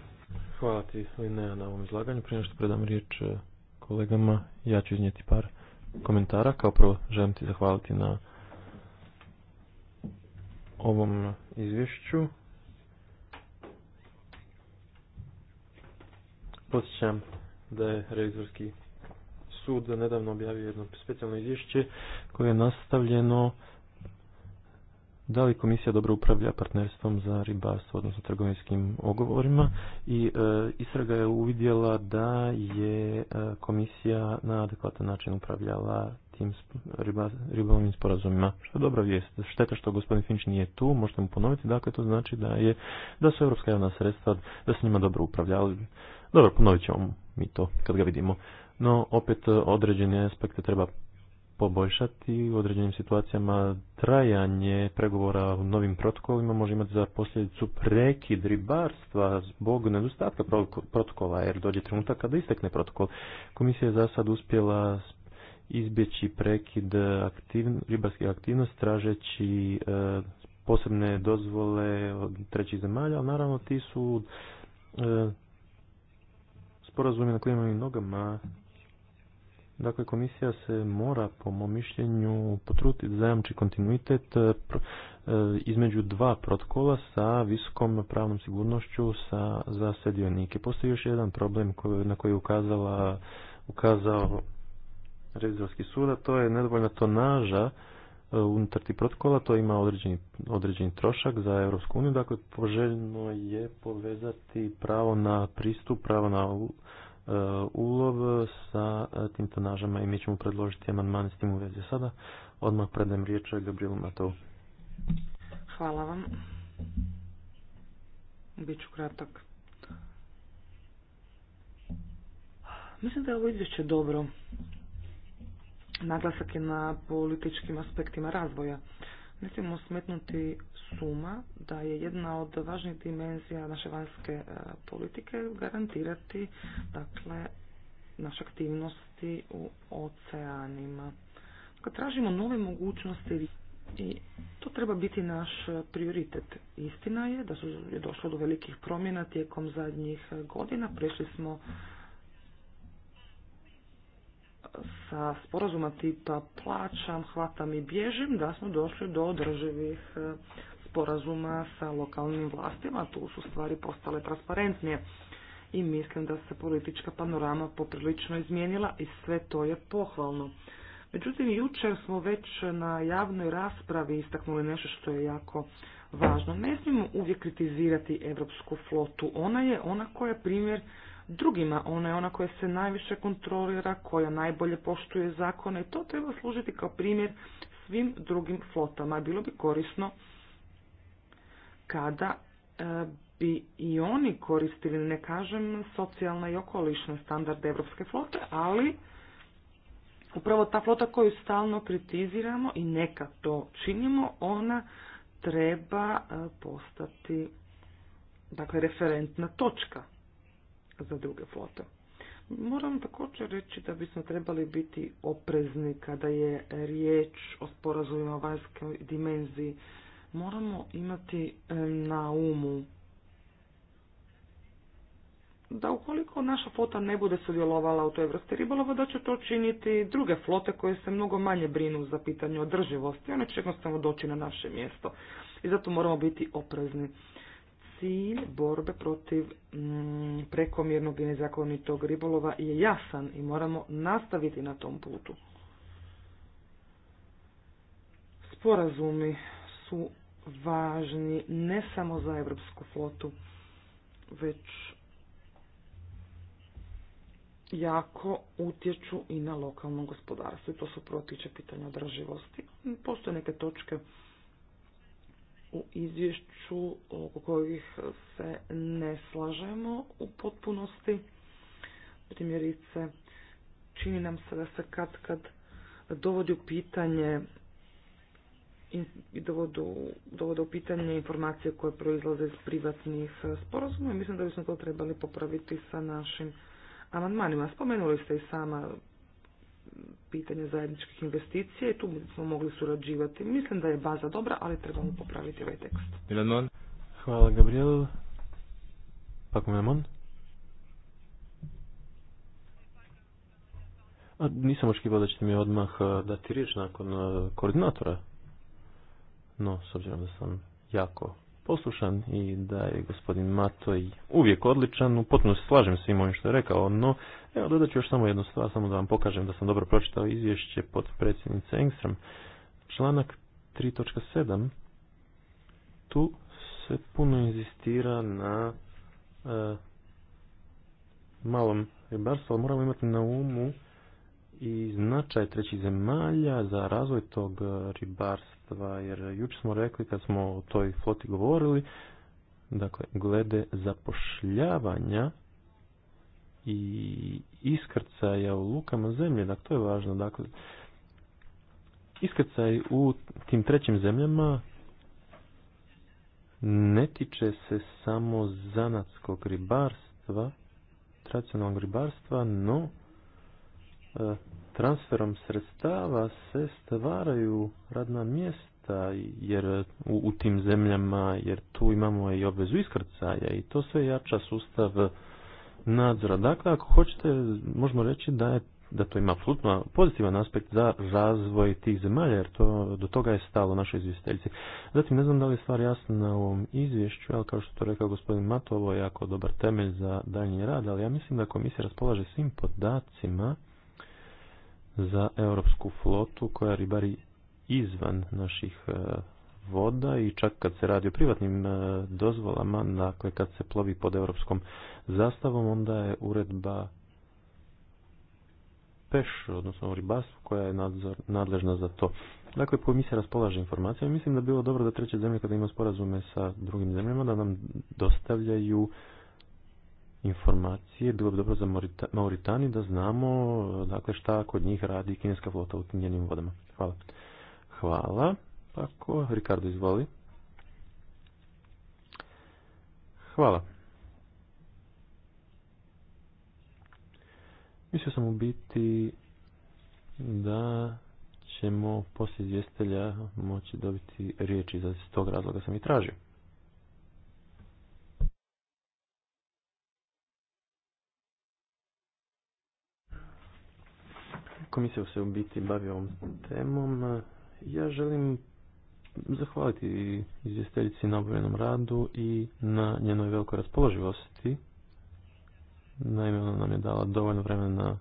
Hvala ti na ovom izlaganju. Prije što predam riječ eh, kolegama, ja ću iznijeti par komentara. Kao prvo želim ti zahvaliti na ovom izvješću Podsjećam da je revizorski sud nedavno objavio jedno specijalno izvješće koje je nastavljeno da li komisija dobro upravlja partnerstvom za ribarstvo, odnosno trgovinskim ogovorima i e, istraga je uvidjela da je e, komisija na adekvatan način upravljala tim riba, ribolovnim sporazumima. Što je dobra vijest. Šteta što gospodin Finč nije tu, možete mu ponoviti, dakle to znači da je da su Evropska javna sredstva, da se njima dobro upravljali. Dobro, ponovit ćemo mi to kad ga vidimo. No, opet e, određene aspekte treba poboljšati u određenim situacijama trajanje pregovora u novim protokolima može imati za posljedicu prekid ribarstva zbog nedostatka protokola jer dođe trenutak kada istekne protokol. Komisija je za sad uspjela izbjeći prekid aktiv, ribarskih aktivnosti tražeći e, posebne dozvole od trećih zemalja, ali naravno ti su e, sporazumi na i nogama. Dakle, komisija se mora, po mom mišljenju, potruditi da zajamči kontinuitet eh, eh, između dva protokola sa visokom pravnom sigurnošću sa, za sve Postoji još jedan problem na koji je ukazao revizorski sud, a to je nedovoljna tonaža Eh, unutar tih protokola, to ima određeni, određeni trošak za Europsku uniju, dakle poželjno je povezati pravo na pristup, pravo na eh, ulov sa eh, tim tonažama i mi ćemo predložiti amandmane s tim u vezi sada. Odmah predajem riječ Gabrielu Matovu. Hvala vam. Biću kratak. Mislim da je ovo izvješće dobro Naglasak je na političkim aspektima razvoja. Ne smijemo smetnuti suma da je jedna od važnijih dimenzija naše vanjske e, politike garantirati dakle, naše aktivnosti u oceanima. Kad dakle, tražimo nove mogućnosti i to treba biti naš prioritet. Istina je da su je došlo do velikih promjena tijekom zadnjih godina. Prešli smo sa sporazuma tipa plaćam, hvatam i bježim, da smo došli do održivih e, sporazuma sa lokalnim vlastima. Tu su stvari postale transparentnije i mislim da se politička panorama poprilično izmijenila i sve to je pohvalno. Međutim, jučer smo već na javnoj raspravi istaknuli nešto što je jako važno. Ne smijemo uvijek kritizirati evropsku flotu. Ona je ona koja je primjer drugima. Ona je ona koja se najviše kontrolira, koja najbolje poštuje zakone i to treba služiti kao primjer svim drugim flotama. Bilo bi korisno kada e, bi i oni koristili, ne kažem, socijalna i okolišna standarde evropske flote, ali upravo ta flota koju stalno kritiziramo i neka to činimo, ona treba e, postati dakle, referentna točka za druge flote. Moram također reći da bismo trebali biti oprezni kada je riječ o sporazumima o vanjskoj dimenziji. Moramo imati na umu da ukoliko naša flota ne bude sudjelovala u toj vrsti ribolova, da će to činiti druge flote koje se mnogo manje brinu za pitanje održivosti. One će jednostavno doći na naše mjesto i zato moramo biti oprezni cilj borbe protiv mm, prekomjernog i nezakonitog ribolova je jasan i moramo nastaviti na tom putu. Sporazumi su važni ne samo za evropsku flotu, već jako utječu i na lokalno gospodarstvo. I to su protiče pitanja održivosti. Postoje neke točke u izvješću oko kojih se ne slažemo u potpunosti. Primjerice, čini nam se da se kad kad dovodi u pitanje i dovode u pitanje informacije koje proizlaze iz privatnih sporazuma i mislim da bismo to trebali popraviti sa našim amandmanima. Spomenuli ste i sama pitanje zajedničkih investicija i tu smo mogli surađivati. Mislim da je baza dobra, ali trebamo popraviti ovaj tekst. Milan Hvala Gabriel. Pak A, nisam očekivao da ćete mi odmah dati riječ nakon koordinatora. No, s obzirom da sam jako poslušan i da je gospodin Matoj uvijek odličan. U potpuno se slažem s svim ovim što je rekao, no evo dodat ću još samo jednu stvar, samo da vam pokažem da sam dobro pročitao izvješće pod predsjednice Engström. Članak 3.7 tu se puno inzistira na e, malom ribarstvu, ali moramo imati na umu i značaj trećih zemalja za razvoj tog ribarstva jamstva, jer jučer smo rekli kad smo o toj foti govorili, dakle, glede zapošljavanja i iskrcaja u lukama zemlje, dakle, to je važno, dakle, iskrcaj u tim trećim zemljama ne tiče se samo zanatskog ribarstva, tradicionalnog ribarstva, no e, transferom sredstava se stvaraju radna mjesta jer u, tim zemljama jer tu imamo i obvezu iskrcaja i to sve jača sustav nadzora. Dakle, ako hoćete, možemo reći da je da to ima apsolutno pozitivan aspekt za razvoj tih zemalja, jer to, do toga je stalo naše izvjestiteljici. Zatim, ne znam da li je stvar jasna u ovom izvješću, ali kao što to rekao gospodin Mato, ovo je jako dobar temelj za daljnji rad, ali ja mislim da komisija raspolaže svim podacima za europsku flotu koja ribari izvan naših e, voda i čak kad se radi o privatnim e, dozvolama, dakle kad se plovi pod europskom zastavom, onda je uredba peš, odnosno o koja je nadležna za to. Dakle, komisija raspolaže informacijama. Mislim da bi bilo dobro da treće zemlje kada ima sporazume sa drugim zemljama da nam dostavljaju informacije. Bilo bi dobro za Mauritani da znamo dakle, šta kod njih radi kineska flota u njenim vodama. Hvala. Hvala. Tako, Ricardo, izvoli. Hvala. Mislio sam u biti da ćemo poslije izvjestelja moći dobiti riječi za tog razloga sam i tražio. Komisija se u biti bavi ovom temom. Ja želim zahvaliti izvjestiteljici na obavljenom radu i na njenoj velikoj raspoloživosti. Naime, ona nam je dala dovoljno vremena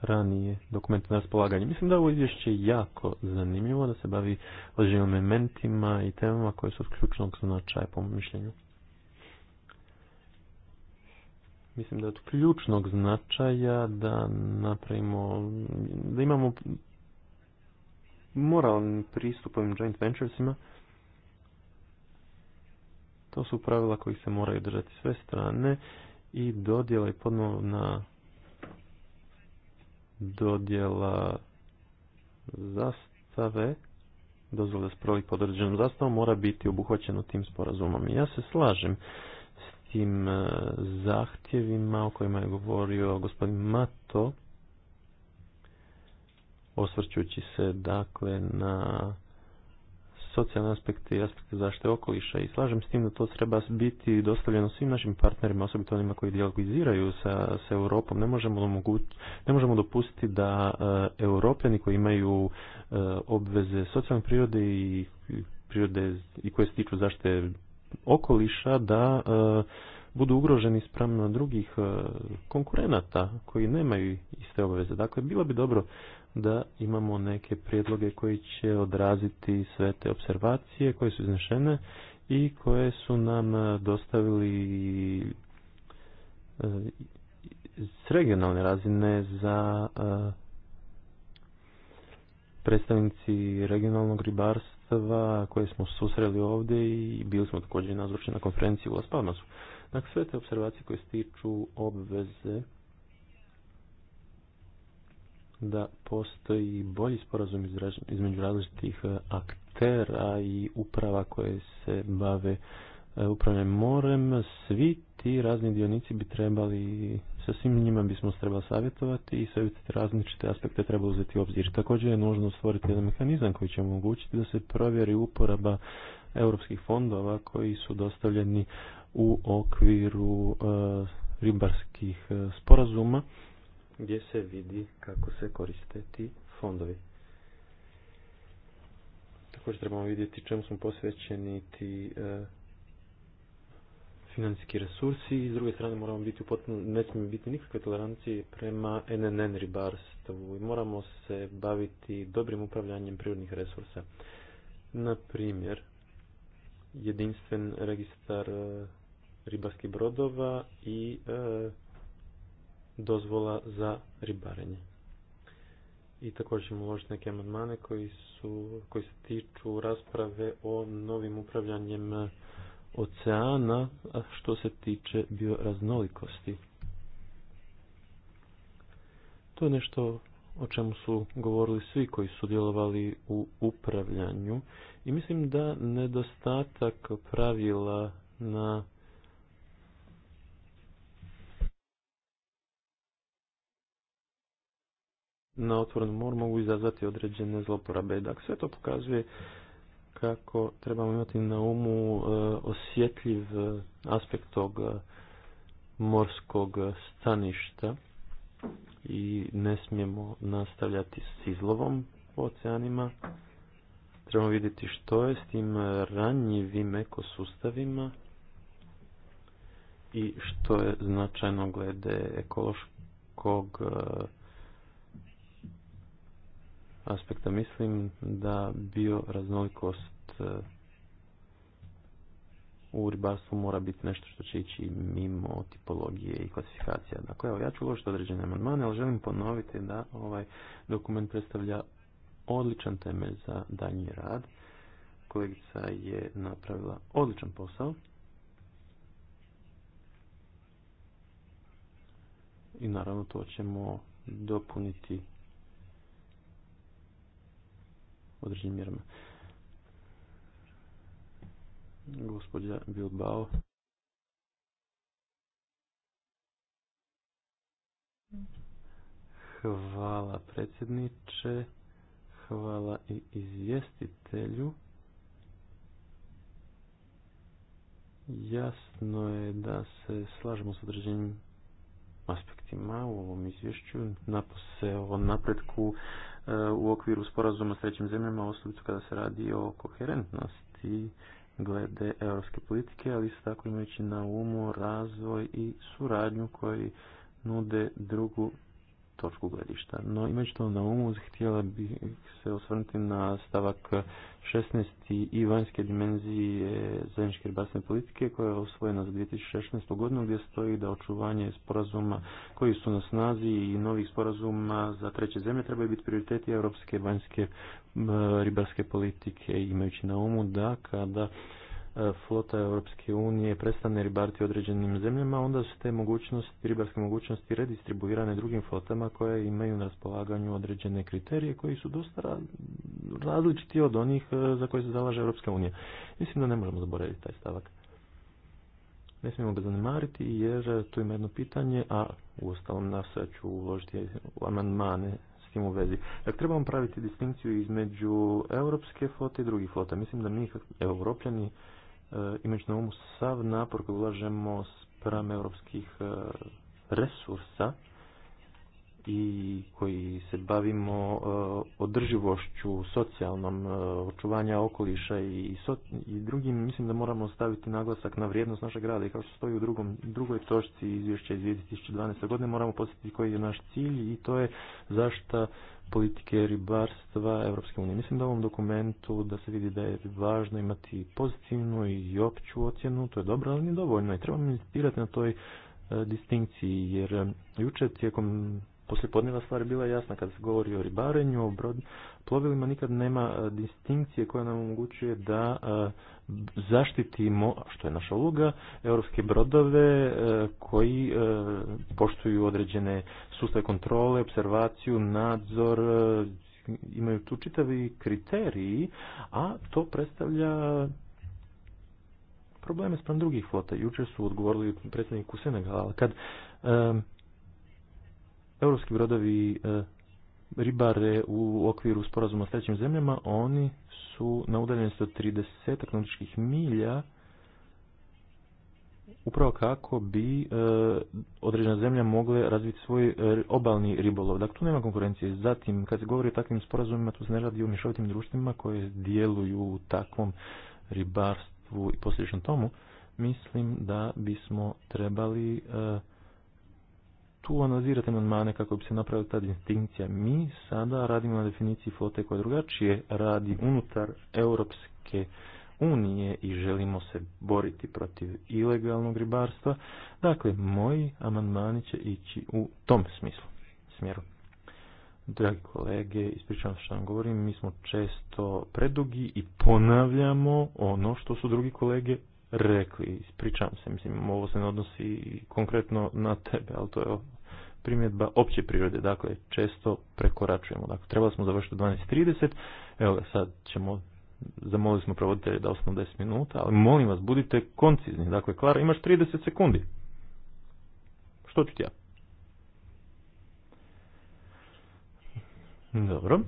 ranije dokumente na raspolaganje. Mislim da ovo izvješće jako zanimljivo, da se bavi određenim elementima i temama koje su ključnog značaja po mišljenju. Mislim da je od ključnog značaja da napravimo, da imamo moralni pristup joint venturesima. To su pravila koji se moraju držati sve strane i dodjela i ponovna dodjela zastave, dozvole da prvih pod određenom zastavom, mora biti obuhvaćeno tim sporazumom. I ja se slažem s tim eh, zahtjevima o kojima je govorio gospodin Mato, osvrćući se dakle na socijalne aspekte i aspekte zaštite okoliša i slažem s tim da to treba biti dostavljeno svim našim partnerima, osobito onima koji dialogiziraju sa, sa Europom. Ne možemo, ne možemo dopustiti da e, europljani koji imaju e, obveze socijalne prirode i prirode i koje se tiču zaštite okoliša da e, budu ugroženi spram drugih e, konkurenata koji nemaju iste obveze. Dakle, bilo bi dobro da imamo neke prijedloge koji će odraziti sve te observacije koje su iznešene i koje su nam e, dostavili e, s regionalne razine za e, predstavnici regionalnog ribarstva koje smo susreli ovdje i bili smo također nazočni na konferenciji u Las Palmasu. Dakle, sve te observacije koje se obveze da postoji bolji sporazum između različitih e, aktera i uprava koje se bave e, upravljanjem morem. Svi ti razni dionici bi trebali, sa svim njima bismo se trebali savjetovati i savjetiti različite aspekte treba uzeti u obzir. Također je nužno stvoriti jedan mehanizam koji će omogućiti da se provjeri uporaba europskih fondova koji su dostavljeni u okviru e, ribarskih sporazuma gdje se vidi kako se koriste ti fondovi. Također trebamo vidjeti čemu smo posvećeni ti e, financijski resursi i s druge strane moramo biti u potpuno, ne smijemo biti nikakve tolerancije prema NNN ribarstvu i moramo se baviti dobrim upravljanjem prirodnih resursa. Na primjer, jedinstven registar e, ribarskih brodova i e, dozvola za ribarenje. I također ćemo uložiti neke amandmane koji, su, koji se tiču rasprave o novim upravljanjem oceana što se tiče bioraznolikosti. To je nešto o čemu su govorili svi koji su djelovali u upravljanju i mislim da nedostatak pravila na na otvorenom moru mogu izazvati određene zloporabe. Dakle, sve to pokazuje kako trebamo imati na umu e, osjetljiv e, aspekt tog e, morskog staništa i ne smijemo nastavljati s izlovom u oceanima. Trebamo vidjeti što je s tim ranjivim ekosustavima i što je značajno glede ekološkog aspekta mislim da bio raznolikost e, u ribarstvu mora biti nešto što će ići mimo tipologije i klasifikacija. Dakle, evo, ja ću uložiti određene amandmane, ali želim ponoviti da ovaj dokument predstavlja odličan temelj za daljnji rad. Kolegica je napravila odličan posao. I naravno to ćemo dopuniti određenim mjerama. Gospodja Bilbao. Hvala predsjedniče, hvala i izvjestitelju. Jasno je da se slažemo s određenim aspektima u ovom izvješću, napose o napretku E, u okviru sporazuma s trećim zemljama, osobito kada se radi o koherentnosti glede europske politike, ali isto tako imajući na umu razvoj i suradnju koji nude drugu točku gledišta. No imajući to na umu, htjela bih se osvrnuti na stavak 16. i vanjske dimenzije zajedničke ribarske politike koja je osvojena za 2016. godinu gdje stoji da očuvanje sporazuma koji su na snazi i novih sporazuma za treće zemlje trebaju biti prioriteti europske vanjske ribarske politike imajući na umu da kada E, flota Europske unije prestane ribariti određenim zemljama, onda su te mogućnosti, ribarske mogućnosti redistribuirane drugim flotama koje imaju na raspolaganju određene kriterije koji su dosta različiti od onih e, za koje se zalaže Europska unija. Mislim da ne možemo zaboraviti taj stavak. Ne smijemo ga zanemariti jer tu ima jedno pitanje, a u ostalom sve ću uložiti amandmane tim u vezi. Dakle, trebamo praviti distinkciju između europske flote i drugih flota. Mislim da mi, evropljani, E, imajući na umu sav napor koji ulažemo spram europskih e, resursa i koji se bavimo e, održivošću socijalnom e, očuvanja okoliša i, so, i drugim, mislim da moramo staviti naglasak na vrijednost našeg grada i kao što stoji u drugom, drugoj točci izvješća iz 2012. godine moramo posjetiti koji je naš cilj i to je zašta politike ribarstva Europske unije. Mislim da u ovom dokumentu da se vidi da je važno imati pozitivnu i opću ocjenu, to je dobro, ali nije dovoljno i trebamo insistirati na toj e, distinkciji, jer jučer tijekom podneva stvar je bila jasna kad se govori o ribarenju, o brod, plovilima nikad nema e, distinkcije koja nam omogućuje da e, zaštitimo, što je naša uloga, europske brodove e, koji poštuju određene sustave kontrole, observaciju, nadzor, imaju tu čitavi kriteriji, a to predstavlja probleme sprem drugih flota. Jučer su odgovorili predsjedniku Senegala. Kad europski brodovi e, ribare u okviru sporazuma s trećim zemljama, oni su na udaljenosti od 30 nautičkih milja upravo kako bi e, određena zemlja mogle razviti svoj e, obalni ribolov. Dakle, tu nema konkurencije. Zatim, kad se govori o takvim sporazumima, tu se ne radi o mješovitim društvima koje djeluju u takvom ribarstvu i posljedično tomu, mislim da bismo trebali e, tu analizirati amandmane kako bi se napravila ta distinkcija. Mi sada radimo na definiciji flote koja drugačije radi unutar Europske unije i želimo se boriti protiv ilegalnog ribarstva. Dakle, moji amandmani će ići u tom smislu, smjeru. Dragi kolege, ispričavam što vam govorim, mi smo često predugi i ponavljamo ono što su drugi kolege rekli, ispričavam se, mislim, ovo se ne odnosi konkretno na tebe, ali to je primjedba opće prirode, dakle često prekoračujemo. Dakle, trebali smo završiti 12.30, evo sad ćemo, zamolili smo provoditelje da ostanu 10 minuta, ali molim vas, budite koncizni. Dakle, Klara, imaš 30 sekundi. Što ću ti ja? Dobro.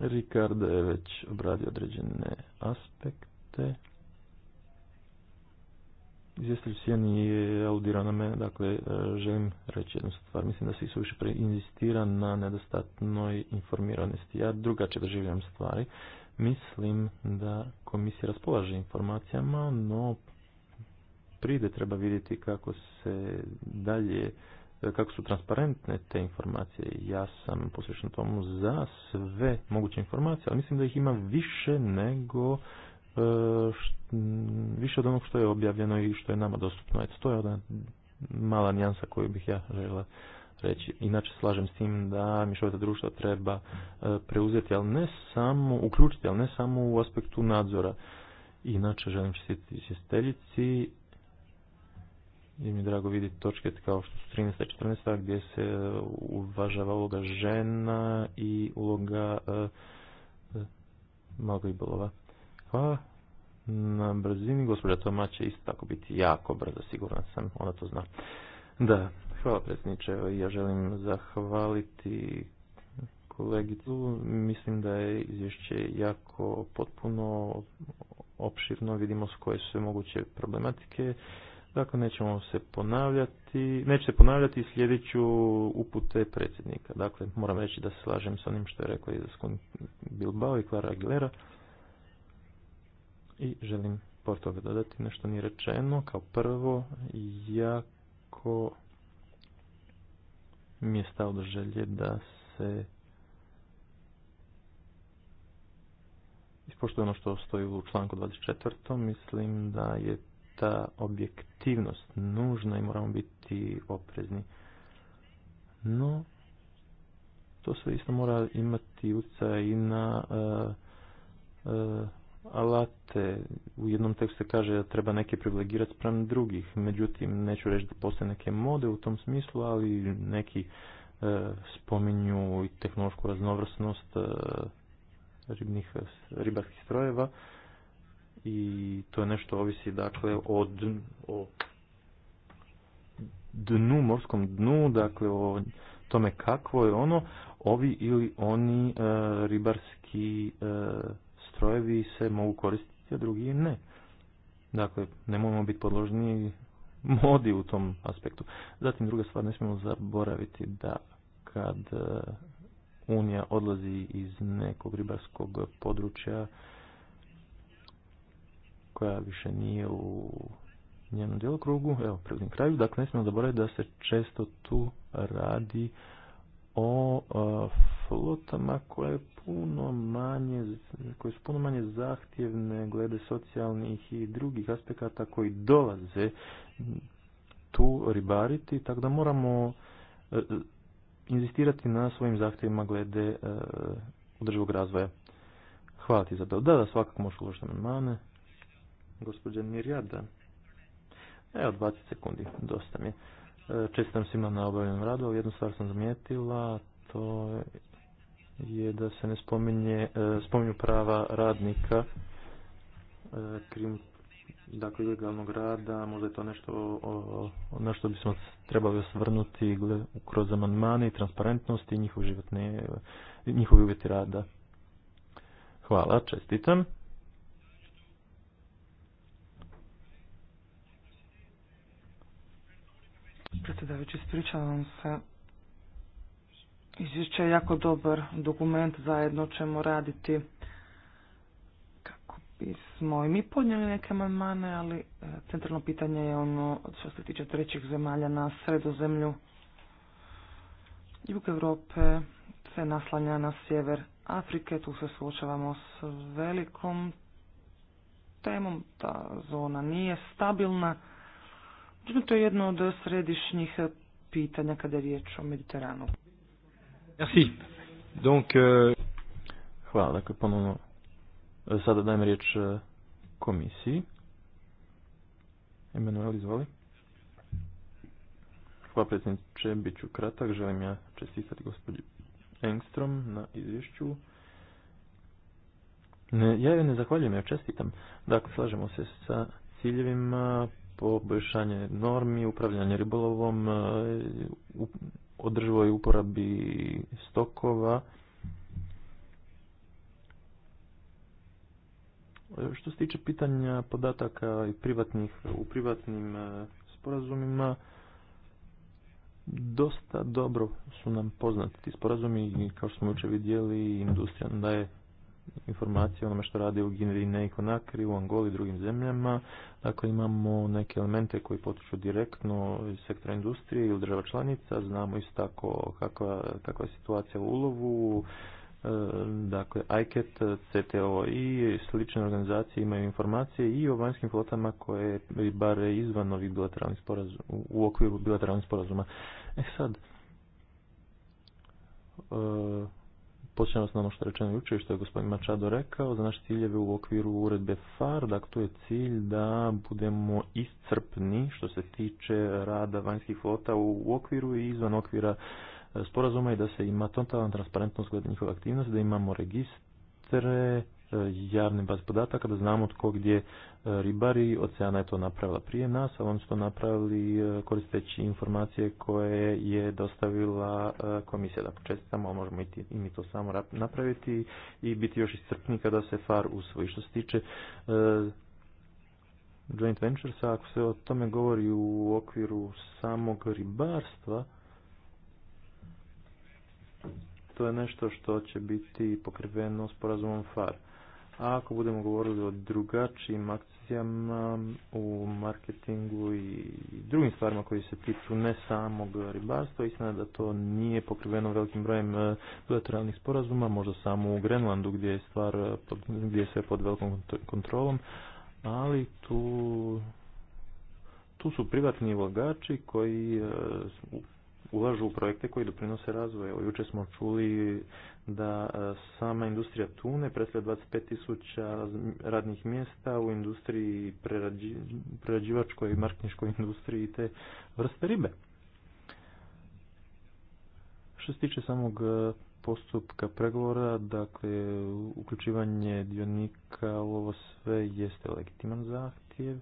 Ricardo je već obradio određene aspekte. Izvjestelj Sjeni je na mene, dakle e, želim reći jednu stvar. Mislim da se više preinzistira na nedostatnoj informiranosti. Ja drugačije doživljam stvari. Mislim da komisija raspolaže informacijama, no pride treba vidjeti kako se dalje e, kako su transparentne te informacije. Ja sam posvećen tomu za sve moguće informacije, ali mislim da ih ima više nego E, više od onog što je objavljeno i što je nama dostupno. Eto, to je ona mala nijansa koju bih ja žela reći. Inače slažem s tim da mišovita društva treba e, preuzeti, ali ne samo, uključiti, ali ne samo u aspektu nadzora. Inače želim čestiti sjesteljici i mi drago vidjeti točke kao što su 13. i 14. gdje se e, uvažava uloga žena i uloga malog malo i bolova. Pa, Na brzini gospođa Toma će isto tako biti jako brzo, siguran sam, ona to zna. Da, hvala predsjedniče, ja želim zahvaliti kolegicu. Mislim da je izvješće jako potpuno opširno, vidimo s koje su moguće problematike. Dakle, nećemo se ponavljati, neće se ponavljati sljedeću upute predsjednika. Dakle, moram reći da se slažem s onim što je rekla Bilbao i Klara Aguilera. I želim por toga dodati nešto nije rečeno. Kao prvo, jako mi je stao do želje da se ispoštuje ono što stoji u članku 24. Mislim da je ta objektivnost nužna i moramo biti oprezni. No, to sve isto mora imati utjecaj i na e, e, alate. U jednom tekstu se kaže da treba neke privilegirati sprem drugih. Međutim, neću reći da postoje neke mode u tom smislu, ali neki e, spominju i tehnološku raznovrsnost e, ribnih, ribarskih strojeva i to je nešto ovisi dakle o, dn, o dnu, morskom dnu, dakle o tome kakvo je ono, ovi ili oni e, ribarski strojevi se mogu koristiti, a drugi ne. Dakle, ne možemo biti podložni modi u tom aspektu. Zatim, druga stvar, ne smijemo zaboraviti da kad e, Unija odlazi iz nekog ribarskog područja koja više nije u njenom djelokrugu, evo, prvim kraju, dakle, ne smijemo zaboraviti da se često tu radi o e, flotama koje puno manje, koje su puno manje zahtjevne glede socijalnih i drugih aspekata koji dolaze tu ribariti, tako da moramo e, inzistirati na svojim zahtjevima glede e, održivog razvoja. Hvala ti, za to. Da, da, svakako može uložiti mane Gospodin Mirjada. Evo, 20 sekundi, dosta mi je. E, čestitam svima na obavljenom radu, ali jednu stvar sam zamijetila, to je da se ne spominje, e, spominju prava radnika e, krim dakle ilegalnog rada, možda je to nešto na što bismo trebali osvrnuti kroz amandmane i transparentnost i njihov životne, njihovi uvjeti rada. Hvala, čestitam. Predsjedavajući, spričavam se Izvješće je jako dobar dokument, zajedno ćemo raditi kako bismo i mi podnijeli neke amandmane, ali e, centralno pitanje je ono što se tiče trećih zemalja na sredozemlju. Jug Europe se naslanja na sjever Afrike, tu se suočavamo s velikom temom, ta zona nije stabilna. Međutim, to je jedno od središnjih pitanja kada je riječ o Mediteranu. Merci. Donc, euh... Hvala, dakle ponovno e, sada dajem riječ e, komisiji. Emanuel, izvoli. Hvala predsjedniče, bit ću kratak. Želim ja čestitati gospođi Engstrom na izvješću. Ne, ja joj ne zahvaljujem, ja čestitam. Dakle, slažemo se sa ciljevima, poboljšanje normi, upravljanje ribolovom, e, održivoj uporabi stokova. Što se tiče pitanja podataka i privatnih, u privatnim e, sporazumima, dosta dobro su nam poznati ti sporazumi i kao što smo jučer vidjeli industrija da daje informacije o onome što rade u Gineji i Konakri, u Angoli i drugim zemljama. Dakle, imamo neke elemente koji potiču direktno iz sektora industrije ili država članica. Znamo isto tako kakva, kakva je situacija u ulovu. E, dakle, ICAT, CTO i slične organizacije imaju informacije i o vanjskim flotama koje bare izvan ovih bilateralnih sporazuma, u okviru bilateralnih sporazuma. E sad, e, vas na ono što je rečeno jučer što je gospodin Mačado rekao za naše ciljeve u okviru uredbe FAR, dakle tu je cilj da budemo iscrpni što se tiče rada vanjskih flota u okviru i izvan okvira e, sporazuma i da se ima totalna transparentnost glede njihove aktivnosti, da imamo regist registre e, javne baz podataka da znamo tko gdje e, ribari. Oceana je to napravila prije nas, a oni su to napravili e, koristeći informacije koje je dostavila komisija. da dakle, čestitamo, ali možemo i mi to samo napraviti i biti još iscrpni kada se FAR usvoji. Što se tiče joint ventures ako se o tome govori u okviru samog ribarstva, to je nešto što će biti pokriveno sporazumom FAR. A ako budemo govorili o drugačijim akcijama u marketingu i drugim stvarima koji se tiču ne samog ribarstva, istina je da to nije pokriveno velikim brojem e, bilateralnih sporazuma, možda samo u Grenlandu gdje je stvar, gdje sve pod velikom kontrolom, ali tu tu su privatni ulagači koji e, ulažu u projekte koji doprinose razvoju. Evo, jučer smo čuli da e, sama industrija tune predstavlja 25.000 radnih mjesta u industriji prerađivačkoj i markničkoj industriji te vrste ribe. Što se tiče samog e, postupka pregovora, dakle, uključivanje dionika u ovo sve jeste legitiman zahtjev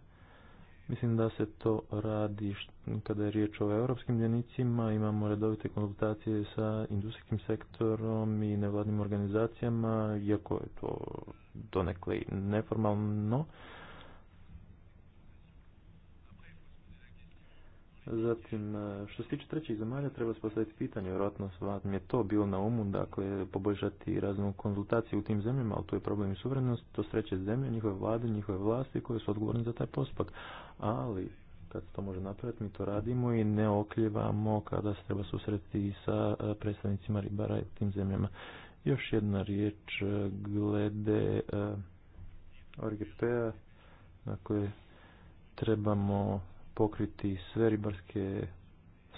Mislim da se to radi kada je riječ o europskim djenicima, imamo redovite konzultacije sa industrijskim sektorom i nevladnim organizacijama, iako je to donekle neformalno, Zatim, e, što se tiče trećih zemalja, treba se postaviti pitanje, vjerojatno mi je to bilo na umu, dakle, poboljšati raznu konzultaciju u tim zemljama, ali to je problem i suverenost, to sreće zemlje, njihove vlade, njihove vlasti koje su odgovorni za taj postupak. Ali, kad se to može napraviti, mi to radimo i ne okljevamo kada se treba susretiti sa e, predstavnicima ribara u tim zemljama. Još jedna riječ e, glede ORGP-a, dakle, trebamo pokriti sve ribarske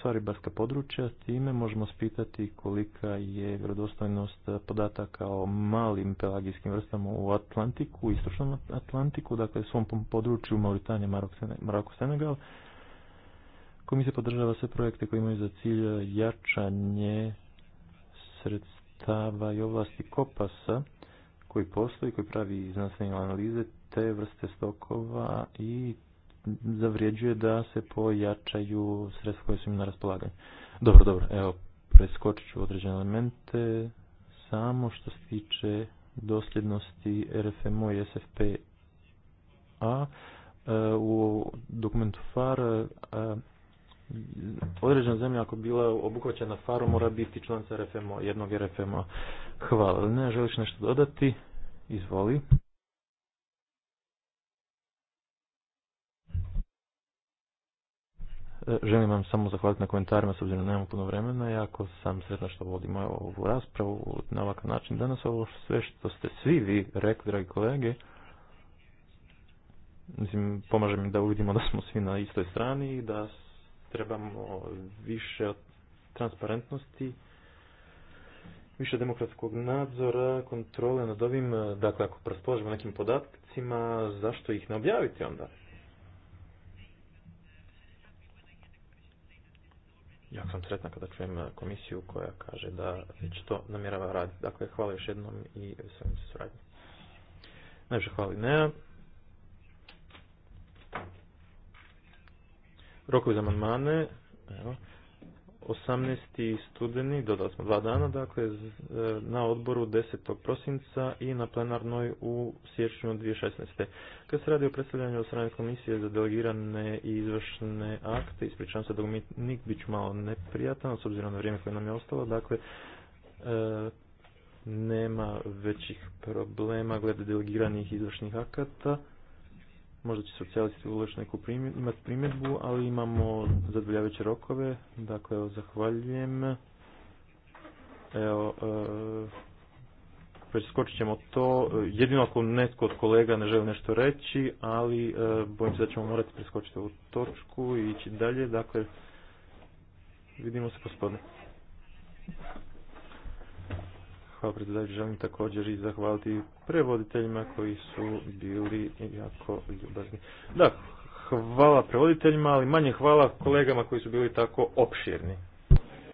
sva ribarska područja, time možemo spitati kolika je vjerodostojnost podataka o malim pelagijskim vrstama u Atlantiku, istočnom Atlantiku, dakle svom području Mauritanije, Maroko, Senegal. Komisija podržava sve projekte koji imaju za cilj jačanje sredstava i ovlasti kopasa koji postoji, koji pravi znanstvene analize te vrste stokova i zavrijeđuje da se pojačaju sredstva koje su im na raspolaganju. Dobro, dobro, evo, preskočit ću određene elemente. Samo što se tiče dosljednosti RFMO i SFPA, e, u dokumentu FAR e, određena zemlja ako bila obuhvaćena far mora biti članica RFMO, jednog RFMO. Hvala. Ne, želiš nešto dodati? Izvoli. Želim vam samo zahvaliti na komentarima, s obzirom da nemamo puno vremena. Jako sam sretna što vodimo ovu raspravu na ovakav način. Danas ovo sve što ste svi vi rekli, dragi kolege, mislim, pomaže mi da uvidimo da smo svi na istoj strani i da trebamo više transparentnosti, više demokratskog nadzora, kontrole nad ovim, dakle ako raspolažemo nekim podatcima, zašto ih ne objaviti onda? Ja sam sretna kada čujem e, komisiju koja kaže da već to namjerava raditi. Dakle, hvala još jednom i mi se suradnje. Najviše hvala Nea. Rokovi za manmane, evo, 18. studeni, dodali smo dva dana, dakle, e, na odboru 10. prosinca i na plenarnoj u siječnju 2016. Kad se radi o predstavljanju od strane komisije za delegirane i izvršne akte, ispričavam se da mi nik ću malo neprijatan, s obzirom na vrijeme koje nam je ostalo, dakle, e, nema većih problema glede delegiranih izvršnih akata Možda će socijalisti uložiti neku primjer, imati primjedbu, ali imamo zadovoljavajuće rokove. Dakle, evo, zahvaljujem. Evo, preskočit ćemo to. Jedino ako netko od kolega ne želi nešto reći, ali e, bojim se da ćemo morati preskočiti ovu točku i ići dalje. Dakle, vidimo se gospodine kao predsjedavajući želim također i zahvaliti prevoditeljima koji su bili jako ljubazni. Da, hvala prevoditeljima, ali manje hvala kolegama koji su bili tako opširni.